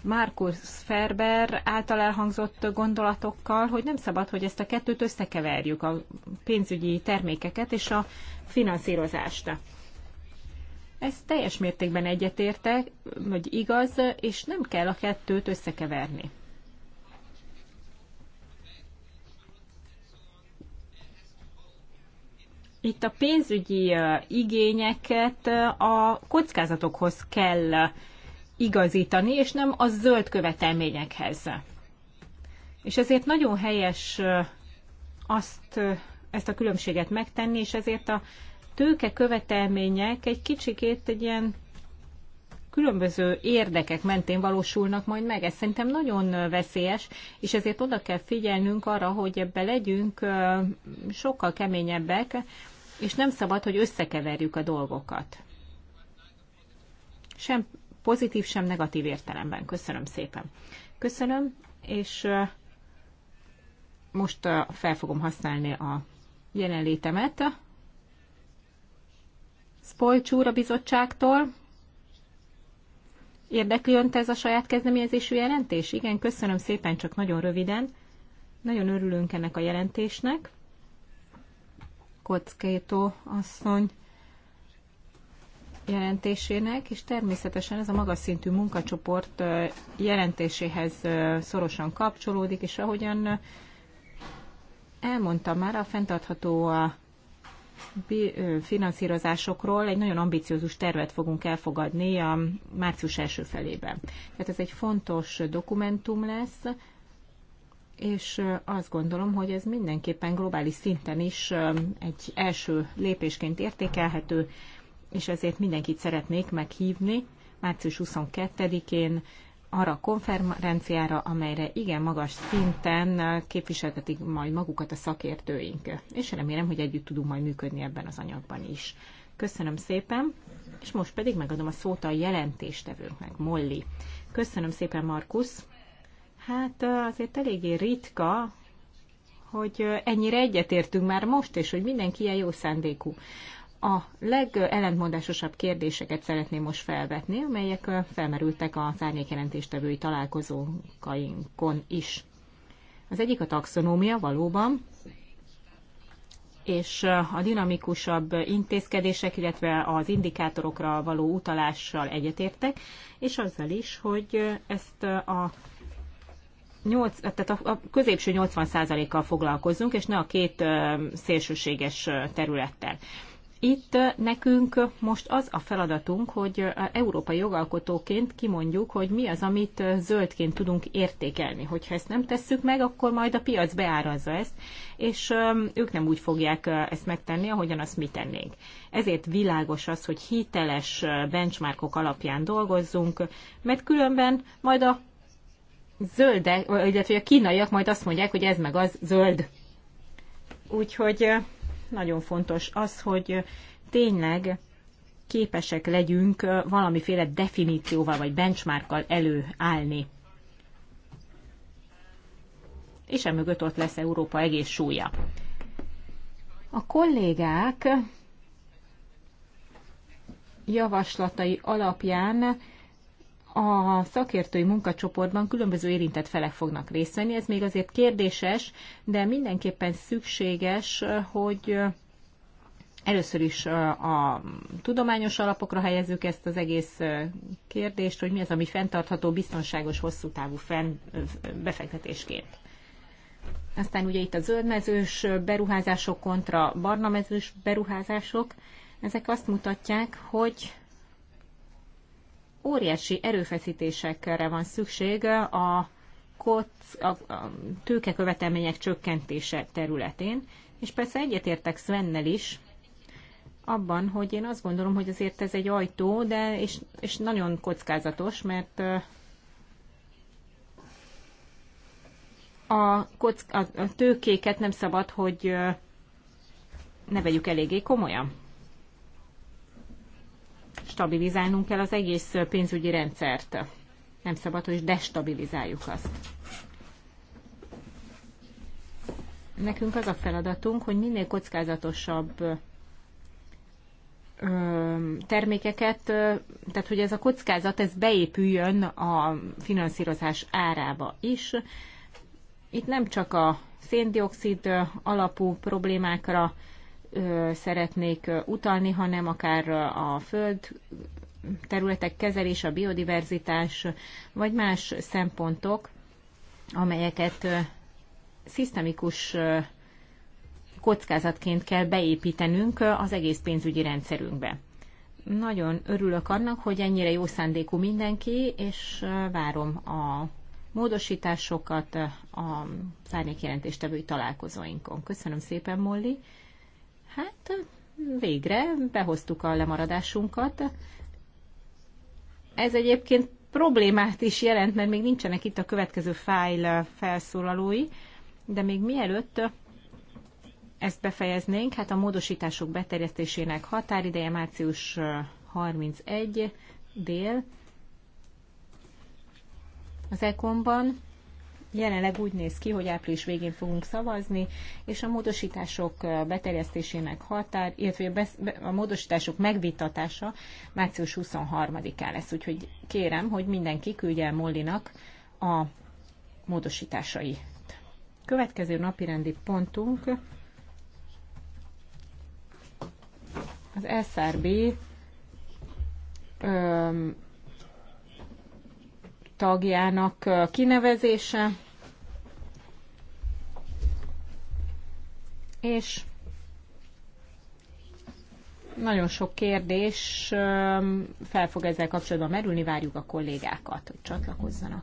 Markus Ferber által elhangzott gondolatokkal, hogy nem szabad, hogy ezt a kettőt összekeverjük, a pénzügyi termékeket és a finanszírozást. Ez teljes mértékben egyetértek, vagy igaz, és nem kell a kettőt összekeverni. Itt a pénzügyi igényeket a kockázatokhoz kell igazítani, és nem a zöld követelményekhez. És ezért nagyon helyes azt, ezt a különbséget megtenni, és ezért a tőke követelmények egy kicsikét egy ilyen különböző érdekek mentén valósulnak majd meg. Ez szerintem nagyon veszélyes, és ezért oda kell figyelnünk arra, hogy ebbe legyünk sokkal keményebbek, és nem szabad, hogy összekeverjük a dolgokat. Sem pozitív, sem negatív értelemben. Köszönöm szépen. Köszönöm, és most fel fogom használni a jelenlétemet. Szpolcs úr a bizottságtól. Érdekli önt ez a saját kezdeményezésű jelentés? Igen, köszönöm szépen, csak nagyon röviden. Nagyon örülünk ennek a jelentésnek. Kockétó asszony jelentésének, és természetesen ez a magas szintű munkacsoport jelentéséhez szorosan kapcsolódik, és ahogyan elmondtam már, a fenntartható a finanszírozásokról egy nagyon ambiciózus tervet fogunk elfogadni a március első felében. Tehát ez egy fontos dokumentum lesz, és azt gondolom, hogy ez mindenképpen globális szinten is egy első lépésként értékelhető, és ezért mindenkit szeretnék meghívni március 22-én arra a konferenciára, amelyre igen magas szinten képviseltetik majd magukat a szakértőink. És remélem, hogy együtt tudunk majd működni ebben az anyagban is. Köszönöm szépen, és most pedig megadom a szót a jelentéstevőnknek, Molly. Köszönöm szépen, Markus. Hát azért eléggé ritka, hogy ennyire egyetértünk már most, és hogy mindenki ilyen jó szándékú a legellentmondásosabb kérdéseket szeretném most felvetni, amelyek felmerültek a szárnyékjelentéstevői találkozókainkon is. Az egyik a taxonómia valóban, és a dinamikusabb intézkedések, illetve az indikátorokra való utalással egyetértek, és azzal is, hogy ezt a 8, tehát a, középső 80%-kal foglalkozunk, és ne a két szélsőséges területtel. Itt nekünk most az a feladatunk, hogy európai jogalkotóként kimondjuk, hogy mi az, amit zöldként tudunk értékelni. Hogyha ezt nem tesszük meg, akkor majd a piac beárazza ezt, és ők nem úgy fogják ezt megtenni, ahogyan azt mi tennénk. Ezért világos az, hogy hiteles benchmarkok alapján dolgozzunk, mert különben majd a zöldek, illetve a kínaiak majd azt mondják, hogy ez meg az zöld. Úgyhogy nagyon fontos az, hogy tényleg képesek legyünk valamiféle definícióval vagy benchmarkkal előállni. És emögött ott lesz Európa egész súlya. A kollégák javaslatai alapján a szakértői munkacsoportban különböző érintett felek fognak részt venni. Ez még azért kérdéses, de mindenképpen szükséges, hogy először is a tudományos alapokra helyezzük ezt az egész kérdést, hogy mi az, ami fenntartható, biztonságos, hosszú távú fenn, befektetésként. Aztán ugye itt a zöldmezős beruházások kontra barnamezős beruházások, ezek azt mutatják, hogy óriási erőfeszítésekre van szükség a, kocz, a, a tőkekövetelmények csökkentése területén, és persze egyetértek Svennel is, abban, hogy én azt gondolom, hogy azért ez egy ajtó, de és, és nagyon kockázatos, mert a, kock, a tőkéket nem szabad, hogy ne vegyük eléggé komolyan stabilizálnunk kell az egész pénzügyi rendszert. Nem szabad, hogy destabilizáljuk azt. Nekünk az a feladatunk, hogy minél kockázatosabb termékeket, tehát hogy ez a kockázat, ez beépüljön a finanszírozás árába is. Itt nem csak a széndiokszid alapú problémákra szeretnék utalni, hanem akár a föld területek kezelése, a biodiverzitás, vagy más szempontok, amelyeket szisztemikus kockázatként kell beépítenünk az egész pénzügyi rendszerünkbe. Nagyon örülök annak, hogy ennyire jó szándékú mindenki, és várom a módosításokat a szárnyékjelentéstevői találkozóinkon. Köszönöm szépen, Molly! Hát végre behoztuk a lemaradásunkat. Ez egyébként problémát is jelent, mert még nincsenek itt a következő fájl felszólalói, de még mielőtt ezt befejeznénk, hát a módosítások beterjesztésének határideje március 31 dél. Az ECOM-ban jelenleg úgy néz ki, hogy április végén fogunk szavazni, és a módosítások beterjesztésének határ, illetve a módosítások megvitatása március 23-án lesz. Úgyhogy kérem, hogy mindenki küldje el Mollinak a módosításait. Következő napirendi pontunk az SRB öm, tagjának kinevezése, és nagyon sok kérdés fel fog ezzel kapcsolatban merülni, várjuk a kollégákat, hogy csatlakozzanak.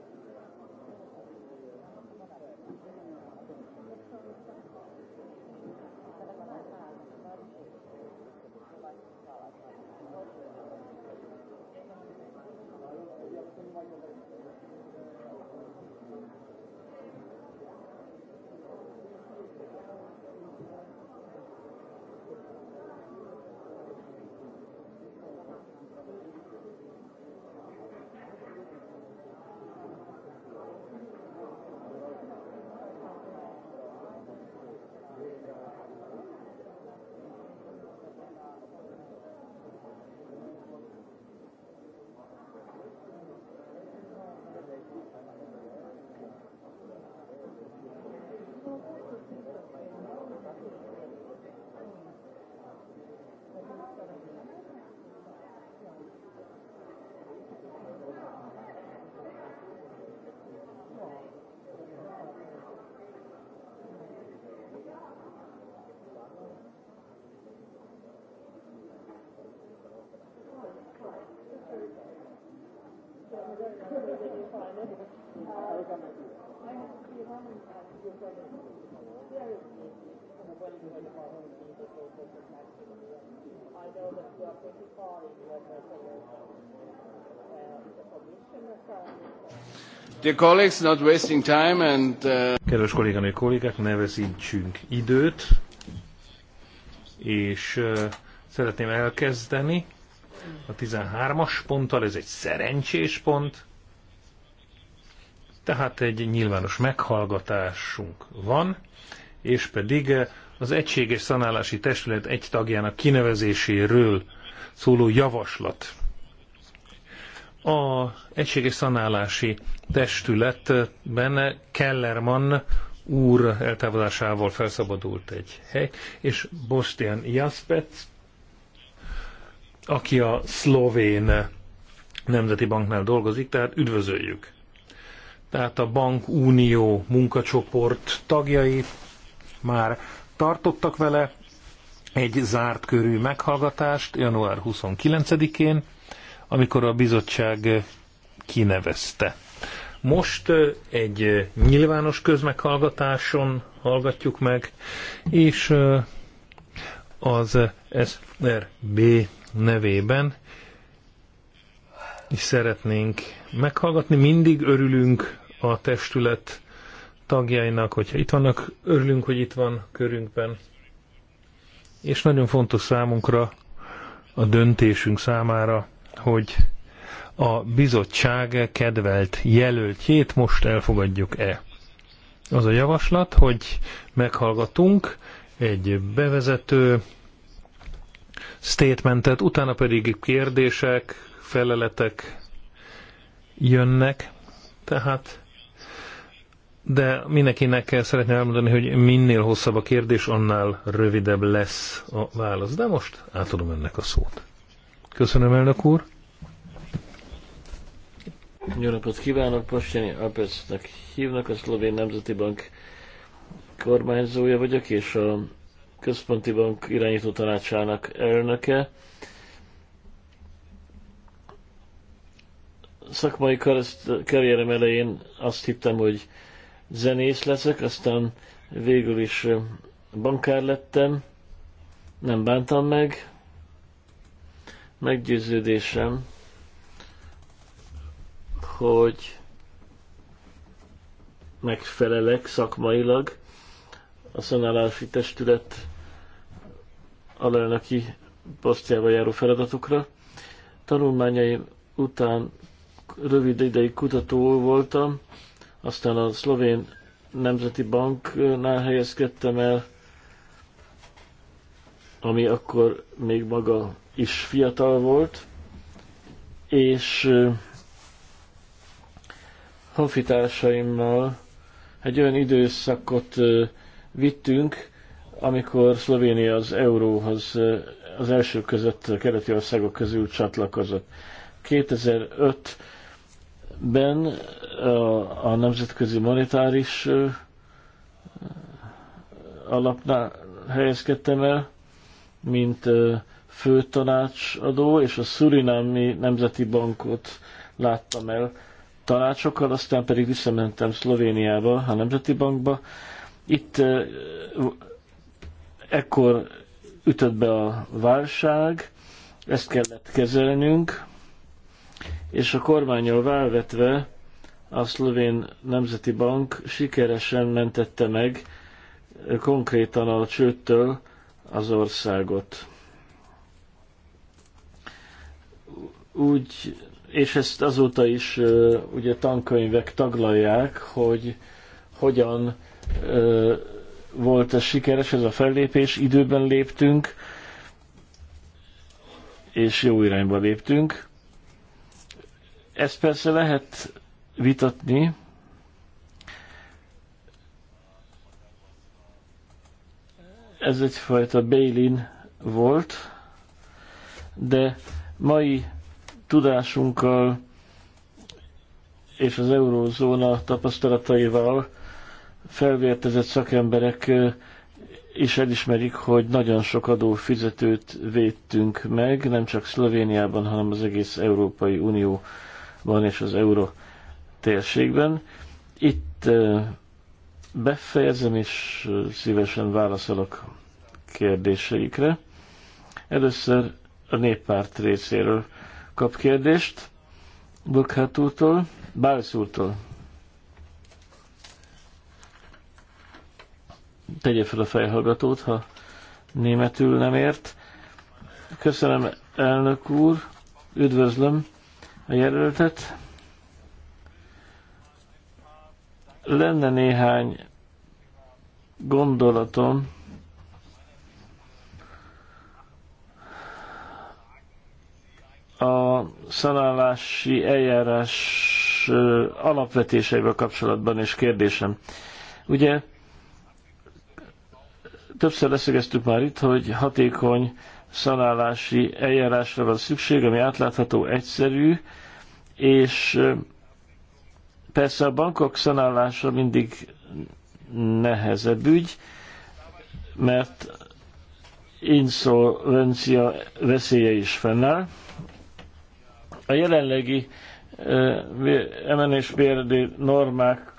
Dear colleagues, not wasting time and, uh, Kedves kolléganő kollégák, ne veszítsünk időt, és uh, szeretném elkezdeni a 13-as ponttal, ez egy szerencsés pont, tehát egy nyilvános meghallgatásunk van, és pedig az Egységes Szanálási Testület egy tagjának kinevezéséről szóló javaslat. A Egységes Szanálási Testületben Kellerman úr eltávozásával felszabadult egy hely, és Bostian Jaspec, aki a szlovén nemzeti banknál dolgozik, tehát üdvözöljük tehát a Bankunió munkacsoport tagjai már tartottak vele egy zárt körű meghallgatást január 29-én, amikor a bizottság kinevezte. Most egy nyilvános közmeghallgatáson hallgatjuk meg, és az SRB nevében is szeretnénk meghallgatni. Mindig örülünk a testület tagjainak, hogyha itt vannak, örülünk, hogy itt van körünkben. És nagyon fontos számunkra, a döntésünk számára, hogy a bizottság kedvelt jelöltjét most elfogadjuk-e. Az a javaslat, hogy meghallgatunk egy bevezető statementet, utána pedig kérdések, feleletek jönnek, tehát de mindenkinek szeretném elmondani, hogy minél hosszabb a kérdés, annál rövidebb lesz a válasz. De most átadom önnek a szót. Köszönöm, elnök úr. Jó napot kívánok, Postjani Apecnek hívnak, a Szlovén Nemzeti Bank kormányzója vagyok, és a Központi Bank irányító tanácsának elnöke. Szakmai karrierem elején azt hittem, hogy zenész leszek, aztán végül is bankár lettem, nem bántam meg, meggyőződésem, hogy megfelelek szakmailag a szanálási testület alelnöki posztjába járó feladatokra. Tanulmányaim után rövid ideig kutató voltam, aztán a szlovén nemzeti banknál helyezkedtem el, ami akkor még maga is fiatal volt, és honfitársaimmal egy olyan időszakot vittünk, amikor Szlovénia az euróhoz az első között keleti országok közül csatlakozott. 2005-ben a nemzetközi monetáris alapnál helyezkedtem el, mint főtanácsadó, és a Szurinami Nemzeti Bankot láttam el tanácsokkal, aztán pedig visszamentem Szlovéniába, a Nemzeti Bankba. Itt ekkor ütött be a válság, ezt kellett kezelnünk, és a kormányjal válvetve a szlovén nemzeti bank sikeresen mentette meg konkrétan a csőttől az országot. Úgy, és ezt azóta is ugye tankönyvek taglalják, hogy hogyan volt ez sikeres, ez a fellépés, időben léptünk, és jó irányba léptünk. Ez persze lehet vitatni. Ez egyfajta Bélin volt, de mai tudásunkkal és az eurózóna tapasztalataival felvértezett szakemberek is elismerik, hogy nagyon sok adófizetőt védtünk meg, nem csak Szlovéniában, hanem az egész Európai Unióban és az euró térségben. Itt befejezem, és szívesen válaszolok kérdéseikre. Először a néppárt részéről kap kérdést, Bukhát úrtól, Bálsz úrtól. Tegye fel a fejhallgatót, ha németül nem ért. Köszönöm, elnök úr, üdvözlöm a jelöltet. Lenne néhány gondolatom, a szanállási eljárás alapvetéseivel kapcsolatban és kérdésem. Ugye többször leszögeztük már itt, hogy hatékony szanálási eljárásra van szükség, ami átlátható, egyszerű, és Persze a bankok szanálása mindig nehezebb ügy, mert inszolvencia veszélye is fennáll. A jelenlegi MNSBRD normák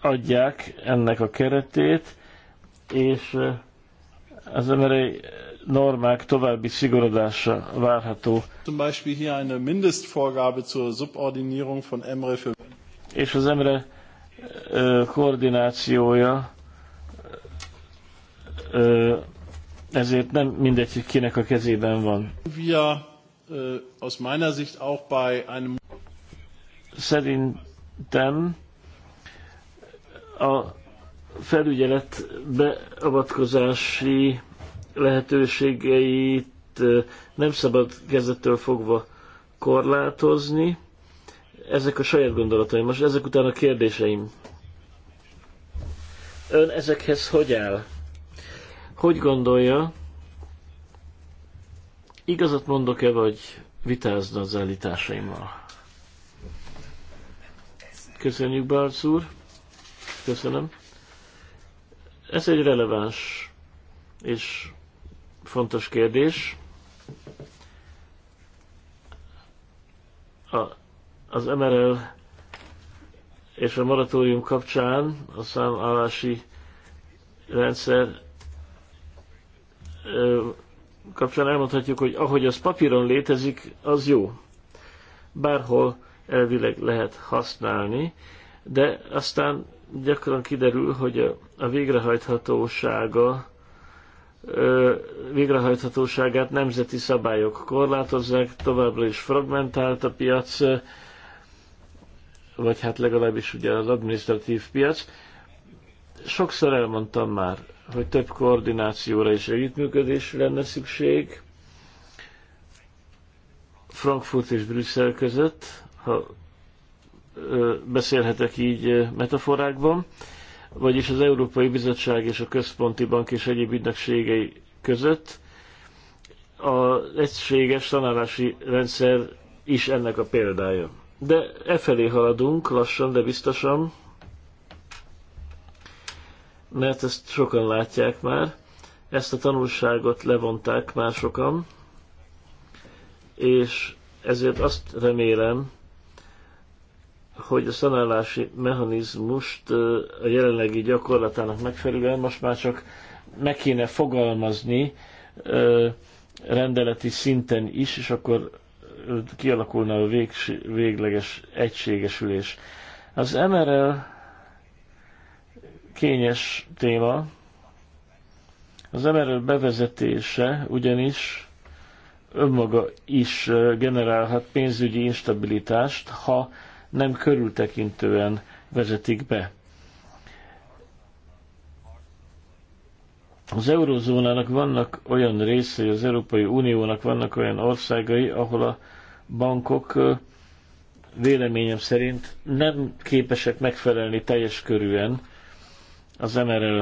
adják ennek a keretét, és az emberi normák további szigorodása várható. Zum Beispiel hier eine Mindestvorgabe zur Subordinierung von Emre für és az Emre ö, koordinációja ö, ezért nem mindegy, hogy kinek a kezében van. Wir ö, aus meiner Sicht auch bei einem Szerintem a felügyelet beavatkozási lehetőségeit nem szabad kezdettől fogva korlátozni. Ezek a saját gondolataim. Most ezek után a kérdéseim. Ön ezekhez hogy áll? Hogy gondolja, igazat mondok-e, vagy vitázna az állításaimmal? Köszönjük, Bárc úr. Köszönöm. Ez egy releváns és fontos kérdés. A, az MRL és a moratórium kapcsán a számállási rendszer kapcsán elmondhatjuk, hogy ahogy az papíron létezik, az jó. Bárhol elvileg lehet használni, de aztán gyakran kiderül, hogy a, a végrehajthatósága végrehajthatóságát nemzeti szabályok korlátozzák, továbbra is fragmentált a piac, vagy hát legalábbis ugye az administratív piac. Sokszor elmondtam már, hogy több koordinációra és együttműködésre lenne szükség Frankfurt és Brüsszel között, ha beszélhetek így metaforákban vagyis az Európai Bizottság és a Központi Bank és egyéb ügynökségei között. Az egységes tanálási rendszer is ennek a példája. De e felé haladunk lassan, de biztosan, mert ezt sokan látják már, ezt a tanulságot levonták már sokan, és ezért azt remélem, hogy a szanálási mechanizmust a jelenlegi gyakorlatának megfelelően most már csak meg kéne fogalmazni rendeleti szinten is, és akkor kialakulna a végs, végleges egységesülés. Az MRL kényes téma, az MRL bevezetése ugyanis önmaga is generálhat pénzügyi instabilitást, ha nem körültekintően vezetik be. Az eurozónának vannak olyan részei, az Európai Uniónak vannak olyan országai, ahol a bankok véleményem szerint nem képesek megfelelni teljes körűen az MRL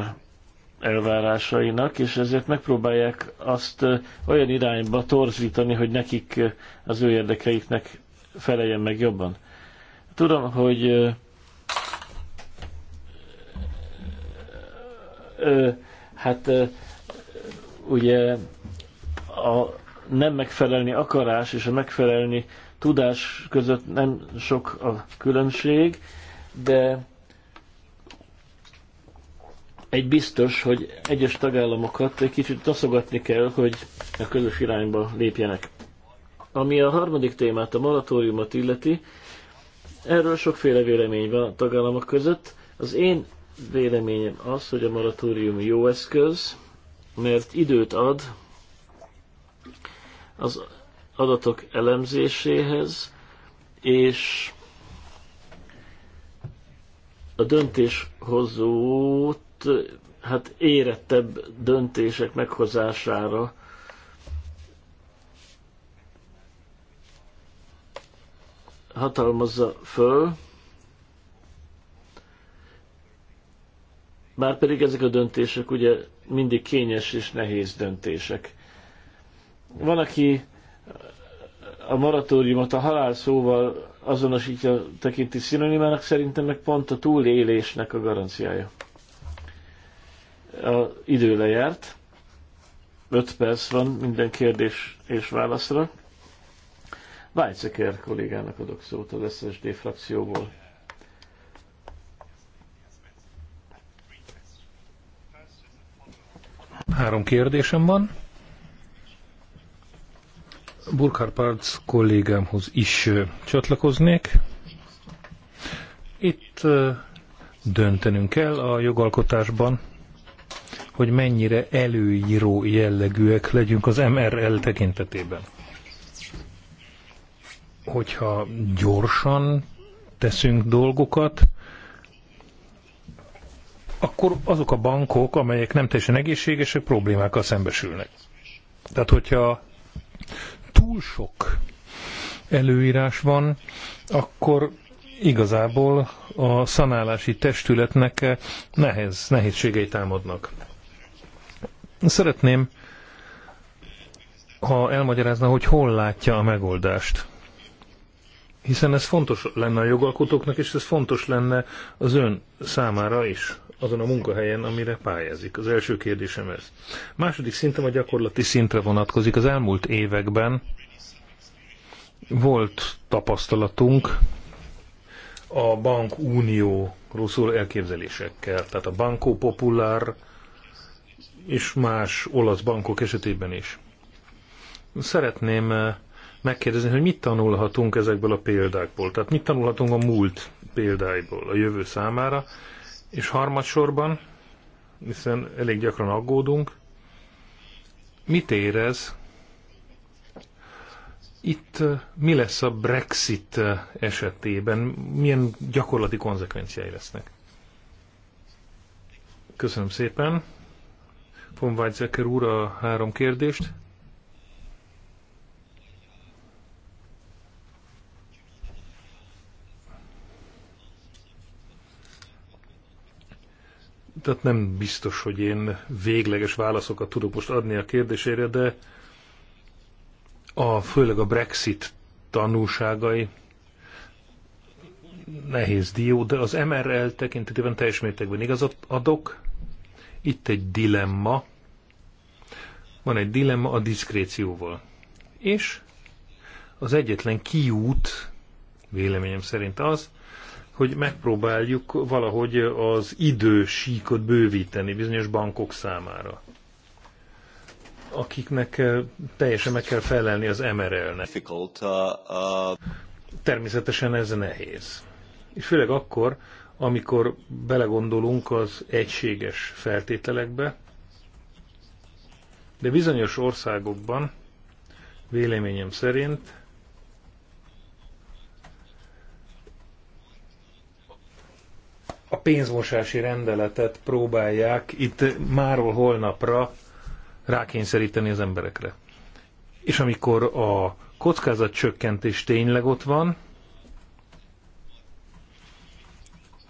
elvárásainak, és ezért megpróbálják azt olyan irányba torzítani, hogy nekik az ő érdekeiknek feleljen meg jobban. Tudom, hogy ö, ö, hát ö, ugye a nem megfelelni akarás és a megfelelni tudás között nem sok a különbség, de egy biztos, hogy egyes tagállamokat egy kicsit taszogatni kell, hogy a közös irányba lépjenek. Ami a harmadik témát, a moratóriumot illeti, Erről sokféle vélemény van a tagállamok között. Az én véleményem az, hogy a moratórium jó eszköz, mert időt ad az adatok elemzéséhez, és a döntéshozót hát érettebb döntések meghozására hatalmazza föl, Már pedig ezek a döntések ugye mindig kényes és nehéz döntések. Van, aki a moratóriumot a halál szóval azonosítja, tekinti szinonimának, szerintem meg pont a túlélésnek a garanciája. A idő lejárt. 5 perc van minden kérdés és válaszra. Weizsäcker kollégának adok szót az SSD frakcióból. Három kérdésem van. Burkhard Parts kollégámhoz is csatlakoznék. Itt döntenünk kell a jogalkotásban, hogy mennyire előíró jellegűek legyünk az MRL tekintetében hogyha gyorsan teszünk dolgokat, akkor azok a bankok, amelyek nem teljesen egészségesek, problémákkal szembesülnek. Tehát, hogyha túl sok előírás van, akkor igazából a szanálási testületnek nehéz, nehézségei támadnak. Szeretném, ha elmagyarázna, hogy hol látja a megoldást. Hiszen ez fontos lenne a jogalkotóknak, és ez fontos lenne az ön számára is, azon a munkahelyen, amire pályázik. Az első kérdésem ez. Második szintem a gyakorlati szintre vonatkozik. Az elmúlt években volt tapasztalatunk a bankunió rosszul elképzelésekkel, tehát a Banco Popular és más olasz bankok esetében is. Szeretném eh, megkérdezni, hogy mit tanulhatunk ezekből a példákból. Tehát mit tanulhatunk a múlt példáiból a jövő számára. És harmadsorban, hiszen elég gyakran aggódunk, mit érez itt mi lesz a Brexit esetében? Milyen gyakorlati konzekvenciái lesznek? Köszönöm szépen. Von Weizsäcker úr a három kérdést. Tehát nem biztos, hogy én végleges válaszokat tudok most adni a kérdésére, de a, főleg a Brexit tanulságai nehéz dió, de az MRL tekintetében teljes mértékben igazat adok. Itt egy dilemma. Van egy dilemma a diszkrécióval. És az egyetlen kiút, véleményem szerint az, hogy megpróbáljuk valahogy az idősíkot bővíteni bizonyos bankok számára, akiknek eh, teljesen meg kell felelni az MRL-nek. Uh, uh, Természetesen ez nehéz. És főleg akkor, amikor belegondolunk az egységes feltételekbe, de bizonyos országokban véleményem szerint a pénzmosási rendeletet próbálják itt máról holnapra rákényszeríteni az emberekre. És amikor a csökkentés tényleg ott van,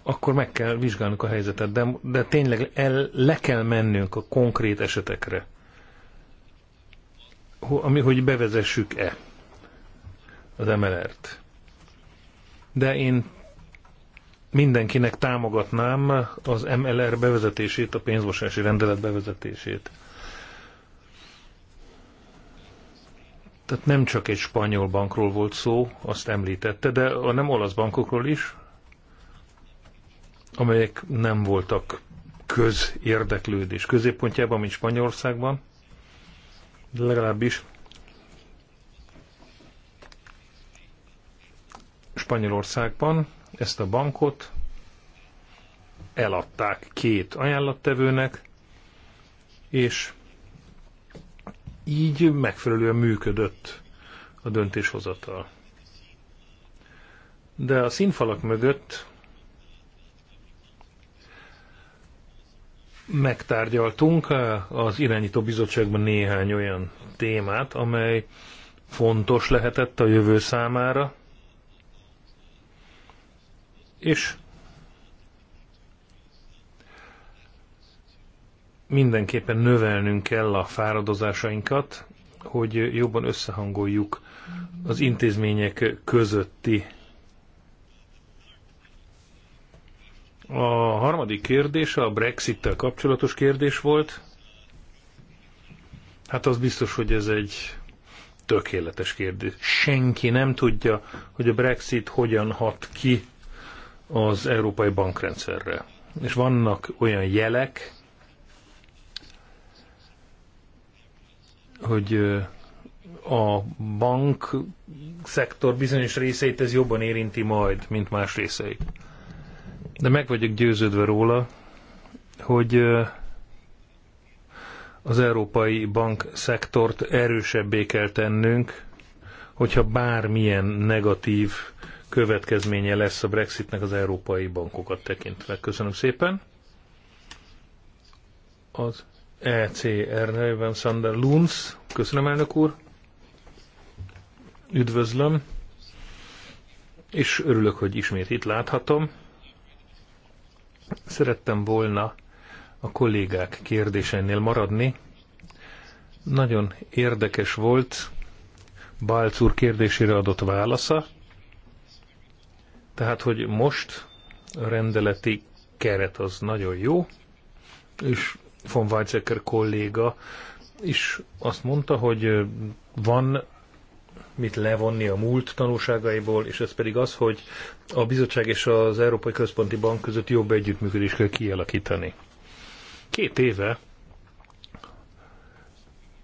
akkor meg kell vizsgálnunk a helyzetet, de, de tényleg el, le kell mennünk a konkrét esetekre, ami, hogy bevezessük-e az MLR-t. De én mindenkinek támogatnám az MLR bevezetését, a pénzmosási rendelet bevezetését. Tehát nem csak egy spanyol bankról volt szó, azt említette, de a nem olasz bankokról is, amelyek nem voltak közérdeklődés középpontjában, mint Spanyolországban, de legalábbis Spanyolországban ezt a bankot, eladták két ajánlattevőnek, és így megfelelően működött a döntéshozatal. De a színfalak mögött megtárgyaltunk az irányító bizottságban néhány olyan témát, amely fontos lehetett a jövő számára, és mindenképpen növelnünk kell a fáradozásainkat, hogy jobban összehangoljuk az intézmények közötti. A harmadik kérdés a Brexit-tel kapcsolatos kérdés volt. Hát az biztos, hogy ez egy tökéletes kérdés. Senki nem tudja, hogy a Brexit hogyan hat ki az európai bankrendszerre. És vannak olyan jelek, hogy a bank szektor bizonyos részeit ez jobban érinti majd, mint más részeit. De meg vagyok győződve róla, hogy az európai bank szektort erősebbé kell tennünk, hogyha bármilyen negatív következménye lesz a Brexitnek az európai bankokat tekintve. Köszönöm szépen. Az ECR nevében Sander Lunds. Köszönöm, elnök úr. Üdvözlöm. És örülök, hogy ismét itt láthatom. Szerettem volna a kollégák kérdéseinél maradni. Nagyon érdekes volt Balc úr kérdésére adott válasza, tehát, hogy most a rendeleti keret az nagyon jó, és von Weizsäcker kolléga is azt mondta, hogy van mit levonni a múlt tanulságaiból, és ez pedig az, hogy a bizottság és az Európai Központi Bank között jobb együttműködést kell kialakítani. Két éve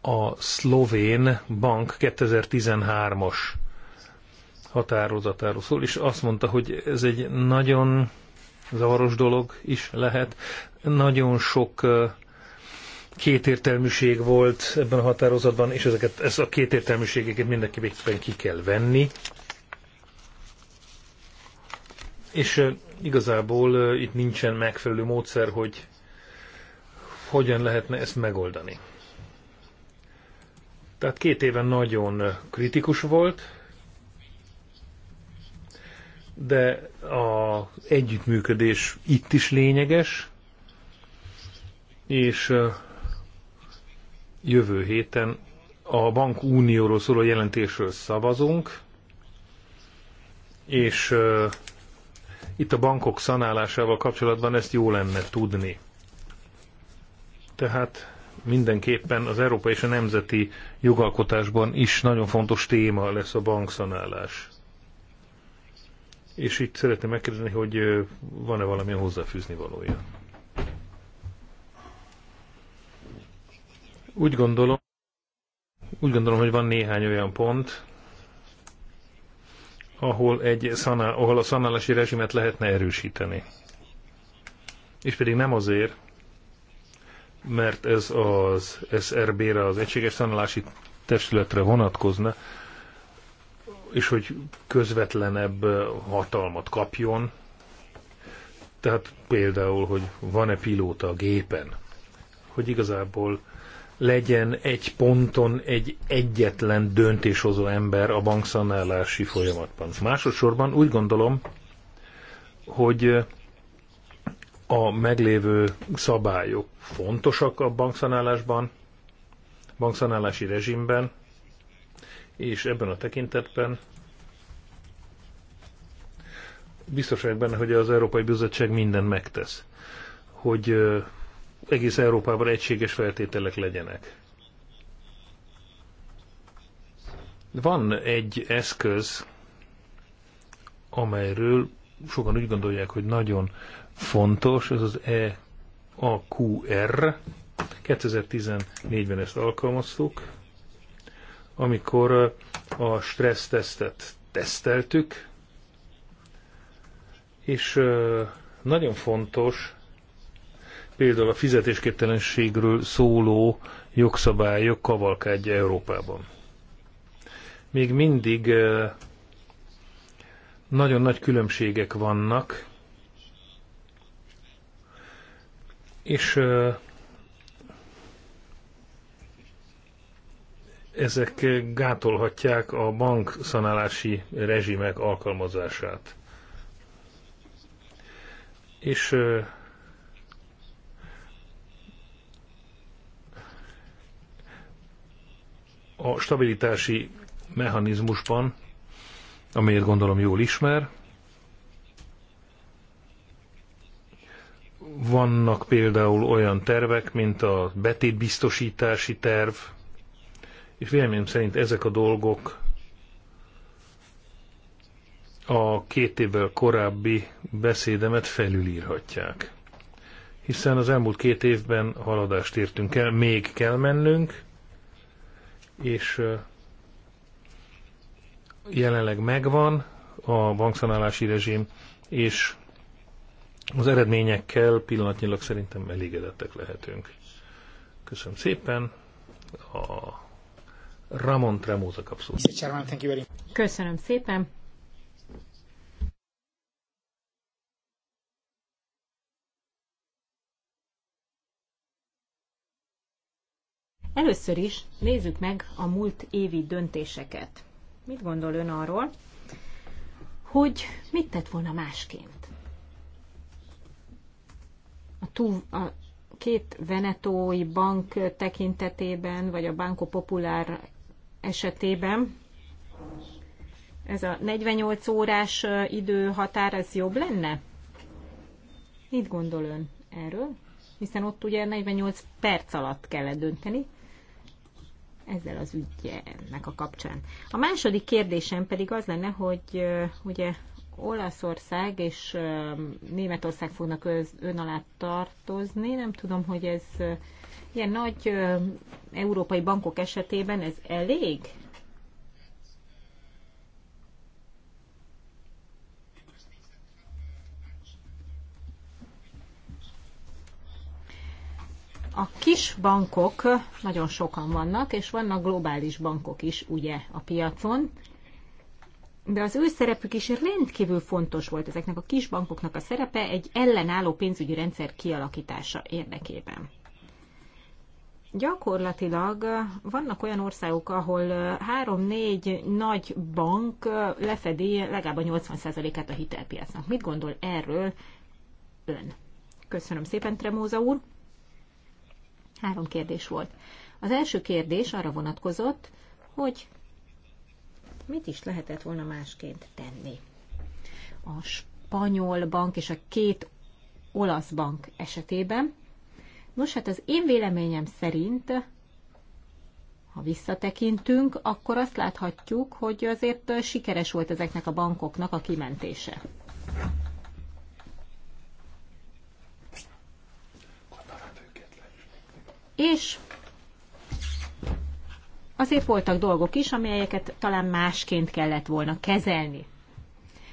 a szlovén bank 2013-as határozatáról szól, és azt mondta, hogy ez egy nagyon zavaros dolog is lehet. Nagyon sok kétértelműség volt ebben a határozatban, és ezeket, ez a kétértelműségeket mindenképpen ki kell venni. És igazából itt nincsen megfelelő módszer, hogy hogyan lehetne ezt megoldani. Tehát két éven nagyon kritikus volt, de az együttműködés itt is lényeges, és jövő héten a bankunióról szóló jelentésről szavazunk, és itt a bankok szanálásával kapcsolatban ezt jó lenne tudni. Tehát mindenképpen az európai és a nemzeti jogalkotásban is nagyon fontos téma lesz a bankszanálás és itt szeretném megkérdezni, hogy van-e valamilyen hozzáfűzni valója. Úgy gondolom, úgy gondolom, hogy van néhány olyan pont, ahol, egy szanál, ahol a szanálási rezsimet lehetne erősíteni. És pedig nem azért, mert ez az SRB-re, az Egységes Szanálási Testületre vonatkozna, és hogy közvetlenebb hatalmat kapjon. Tehát például, hogy van-e pilóta a gépen, hogy igazából legyen egy ponton egy egyetlen döntéshozó ember a bankszanálási folyamatban. Másodszorban úgy gondolom, hogy a meglévő szabályok fontosak a bankszanálásban, bankszanálási rezsimben, és ebben a tekintetben biztos vagyok benne, hogy az Európai Bizottság mindent megtesz, hogy egész Európában egységes feltételek legyenek. Van egy eszköz, amelyről sokan úgy gondolják, hogy nagyon fontos, ez az EAQR. 2014-ben ezt alkalmaztuk, amikor a stressztesztet teszteltük, és nagyon fontos például a fizetésképtelenségről szóló jogszabályok kavalkádja Európában. Még mindig nagyon nagy különbségek vannak, és ezek gátolhatják a bank szanálási rezsimek alkalmazását. És a stabilitási mechanizmusban, amelyet gondolom jól ismer, vannak például olyan tervek, mint a betétbiztosítási terv, és véleményem szerint ezek a dolgok a két évvel korábbi beszédemet felülírhatják. Hiszen az elmúlt két évben haladást értünk el, még kell mennünk, és jelenleg megvan a bankszanálási rezsim, és az eredményekkel pillanatnyilag szerintem elégedettek lehetünk. Köszönöm szépen a Ramon Tremóza kapszul. Köszönöm szépen. Először is nézzük meg a múlt évi döntéseket. Mit gondol ön arról, hogy mit tett volna másként? A, túl, a két venetói bank tekintetében, vagy a Banco Popular esetében ez a 48 órás időhatár, ez jobb lenne? Mit gondol ön erről? Hiszen ott ugye 48 perc alatt kellett dönteni ezzel az ügynek a kapcsán. A második kérdésem pedig az lenne, hogy ugye Olaszország és Németország fognak ön alá tartozni, nem tudom, hogy ez Ilyen nagy európai bankok esetében ez elég? A kis bankok nagyon sokan vannak, és vannak globális bankok is, ugye, a piacon. De az ő szerepük is rendkívül fontos volt ezeknek a kis bankoknak a szerepe egy ellenálló pénzügyi rendszer kialakítása érdekében. Gyakorlatilag vannak olyan országok, ahol három-négy nagy bank lefedi legalább a 80%-át a hitelpiacnak. Mit gondol erről ön? Köszönöm szépen, Tremóza úr. Három kérdés volt. Az első kérdés arra vonatkozott, hogy mit is lehetett volna másként tenni. A spanyol bank és a két olasz bank esetében Nos, hát az én véleményem szerint, ha visszatekintünk, akkor azt láthatjuk, hogy azért sikeres volt ezeknek a bankoknak a kimentése. És azért voltak dolgok is, amelyeket talán másként kellett volna kezelni.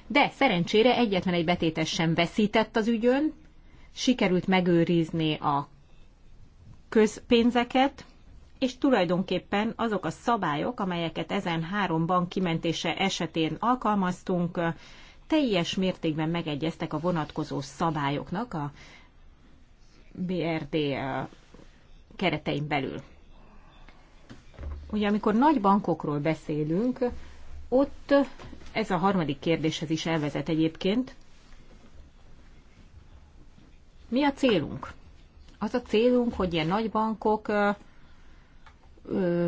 De szerencsére egyetlen egy betétes sem veszített az ügyön, sikerült megőrizni a közpénzeket, és tulajdonképpen azok a szabályok, amelyeket ezen három bank kimentése esetén alkalmaztunk, teljes mértékben megegyeztek a vonatkozó szabályoknak a BRD eh, keretein belül. Ugye amikor nagy bankokról beszélünk, ott ez a harmadik kérdéshez is elvezet egyébként. Mi a célunk? Az a célunk, hogy ilyen nagy bankok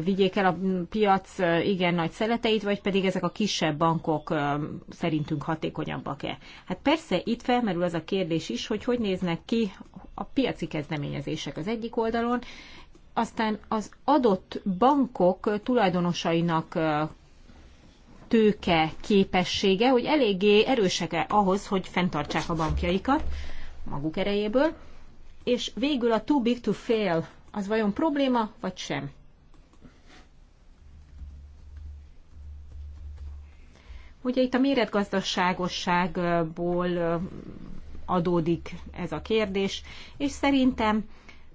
vigyék el a piac igen nagy szeleteit, vagy pedig ezek a kisebb bankok szerintünk hatékonyabbak-e? Hát persze itt felmerül az a kérdés is, hogy hogy néznek ki a piaci kezdeményezések az egyik oldalon, aztán az adott bankok tulajdonosainak tőke képessége, hogy eléggé erősek -e ahhoz, hogy fenntartsák a bankjaikat maguk erejéből, és végül a too big to fail, az vajon probléma, vagy sem? Ugye itt a méretgazdaságosságból adódik ez a kérdés, és szerintem,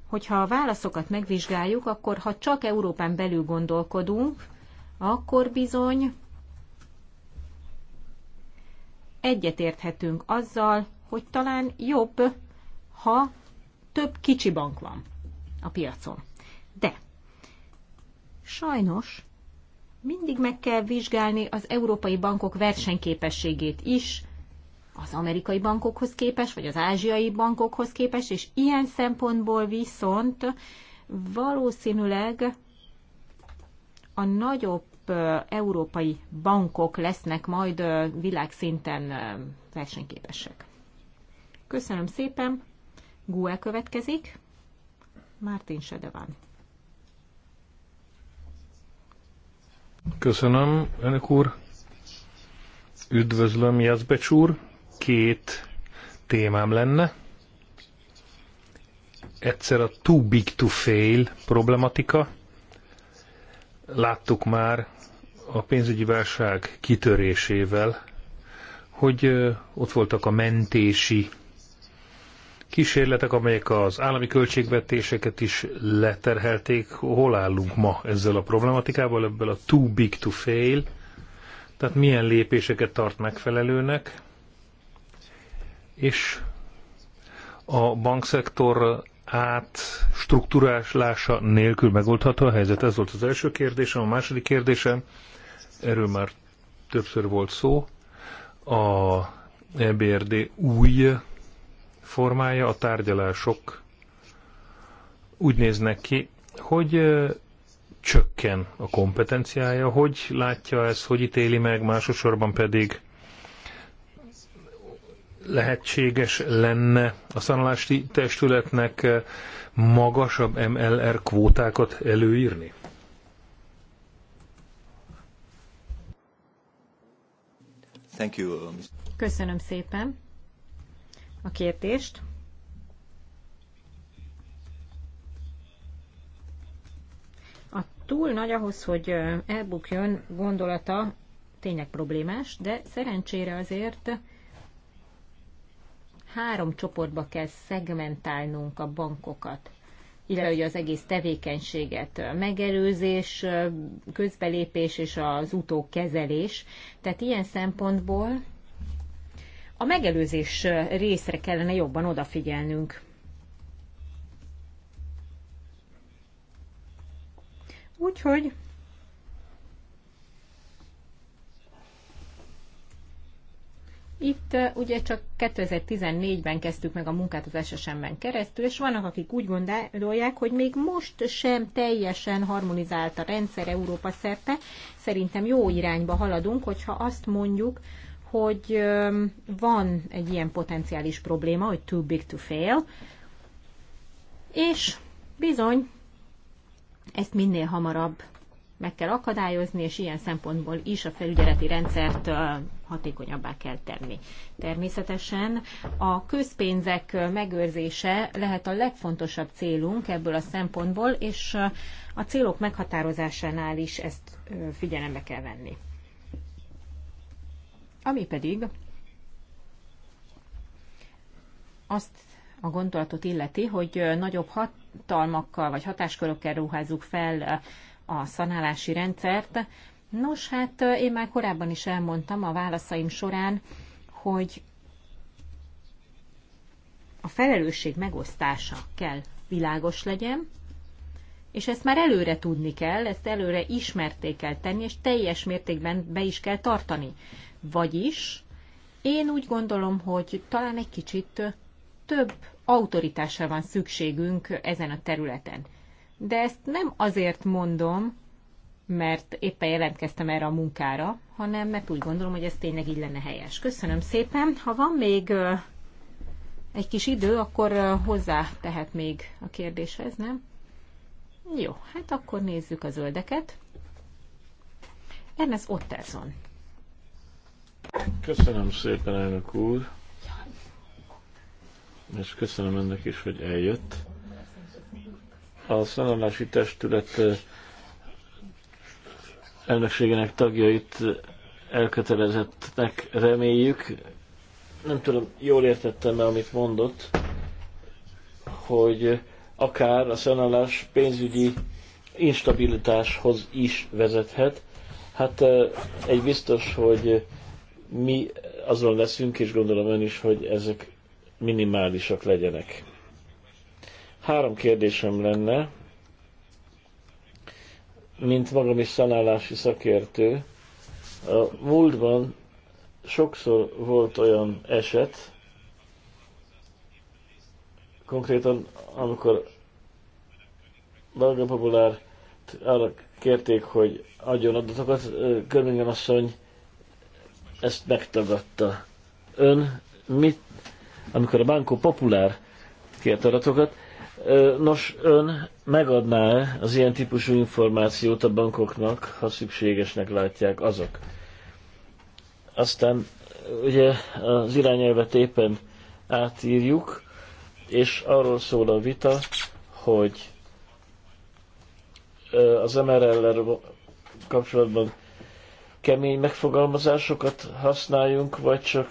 hogyha a válaszokat megvizsgáljuk, akkor ha csak Európán belül gondolkodunk, akkor bizony egyetérthetünk azzal, hogy talán jobb, ha több kicsi bank van a piacon. De sajnos mindig meg kell vizsgálni az európai bankok versenyképességét is, az amerikai bankokhoz képes, vagy az ázsiai bankokhoz képes, és ilyen szempontból viszont valószínűleg a nagyobb európai bankok lesznek majd világszinten versenyképesek. Köszönöm szépen! GUE következik. Mártin van. Köszönöm, Önök úr. Üdvözlöm, Jazbecs úr. Két témám lenne. Egyszer a too big to fail problematika. Láttuk már a pénzügyi válság kitörésével, hogy ott voltak a mentési kísérletek, amelyek az állami költségvetéseket is leterhelték. Hol állunk ma ezzel a problematikával, ebből a too big to fail? Tehát milyen lépéseket tart megfelelőnek? És a bankszektor át struktúrálása nélkül megoldható a helyzet? Ez volt az első kérdésem. A második kérdésem, erről már többször volt szó, a EBRD új formája, a tárgyalások úgy néznek ki, hogy csökken a kompetenciája, hogy látja ezt, hogy ítéli meg, másosorban pedig lehetséges lenne a szanalási testületnek magasabb MLR kvótákat előírni? Uh, Köszönöm szépen a kérdést. A túl nagy ahhoz, hogy elbukjon, gondolata tényleg problémás, de szerencsére azért három csoportba kell szegmentálnunk a bankokat illetve az egész tevékenységet megelőzés, közbelépés és az utókezelés. Tehát ilyen szempontból a megelőzés részre kellene jobban odafigyelnünk. Úgyhogy Itt uh, ugye csak 2014-ben kezdtük meg a munkát az SSM-ben keresztül, és vannak, akik úgy gondolják, hogy még most sem teljesen harmonizált a rendszer Európa szerte. Szerintem jó irányba haladunk, hogyha azt mondjuk, hogy van egy ilyen potenciális probléma, hogy too big to fail, és bizony ezt minél hamarabb meg kell akadályozni, és ilyen szempontból is a felügyeleti rendszert hatékonyabbá kell tenni. Természetesen a közpénzek megőrzése lehet a legfontosabb célunk ebből a szempontból, és a célok meghatározásánál is ezt figyelembe kell venni. Ami pedig azt a gondolatot illeti, hogy nagyobb hatalmakkal vagy hatáskörökkel ruházzuk fel a szanálási rendszert. Nos, hát én már korábban is elmondtam a válaszaim során, hogy a felelősség megosztása kell világos legyen, és ezt már előre tudni kell, ezt előre ismerté kell tenni, és teljes mértékben be is kell tartani. Vagyis én úgy gondolom, hogy talán egy kicsit több autoritásra van szükségünk ezen a területen. De ezt nem azért mondom, mert éppen jelentkeztem erre a munkára, hanem mert úgy gondolom, hogy ez tényleg így lenne helyes. Köszönöm szépen. Ha van még egy kis idő, akkor hozzá tehet még a kérdéshez, nem? Jó, hát akkor nézzük a zöldeket. Ernest Otterson Köszönöm szépen, elnök úr, és köszönöm ennek is, hogy eljött. A szállási testület elnökségének tagjait elkötelezettnek reméljük. Nem tudom, jól értettem-e, amit mondott, hogy akár a szenalás pénzügyi instabilitáshoz is vezethet. Hát egy biztos, hogy mi azon leszünk, és gondolom ön is, hogy ezek minimálisak legyenek. Három kérdésem lenne, mint magam is szanálási szakértő. A múltban sokszor volt olyan eset, konkrétan amikor Balga Populár arra kérték, hogy adjon adatokat, Körmingen asszony ezt megtagadta. Ön mit, amikor a bankó Populár kért adatokat, nos, ön megadná -e az ilyen típusú információt a bankoknak, ha szükségesnek látják azok? Aztán ugye az irányelvet éppen átírjuk, és arról szól a vita, hogy az mrl ről kapcsolatban kemény megfogalmazásokat használjunk, vagy csak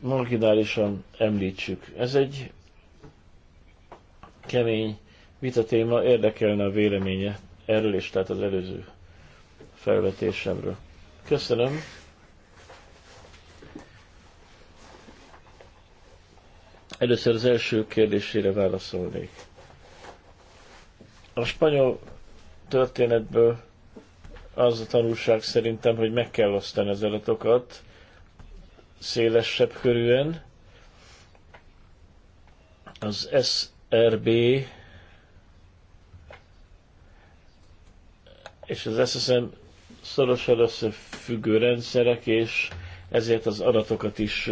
marginálisan említsük. Ez egy kemény vitatéma, érdekelne a véleménye erről és tehát az előző felvetésemről. Köszönöm. Először az első kérdésére válaszolnék. A spanyol történetből az a tanulság szerintem, hogy meg kell osztani az adatokat szélesebb körűen. Az SRB és az SSM szorosan összefüggő rendszerek, és ezért az adatokat is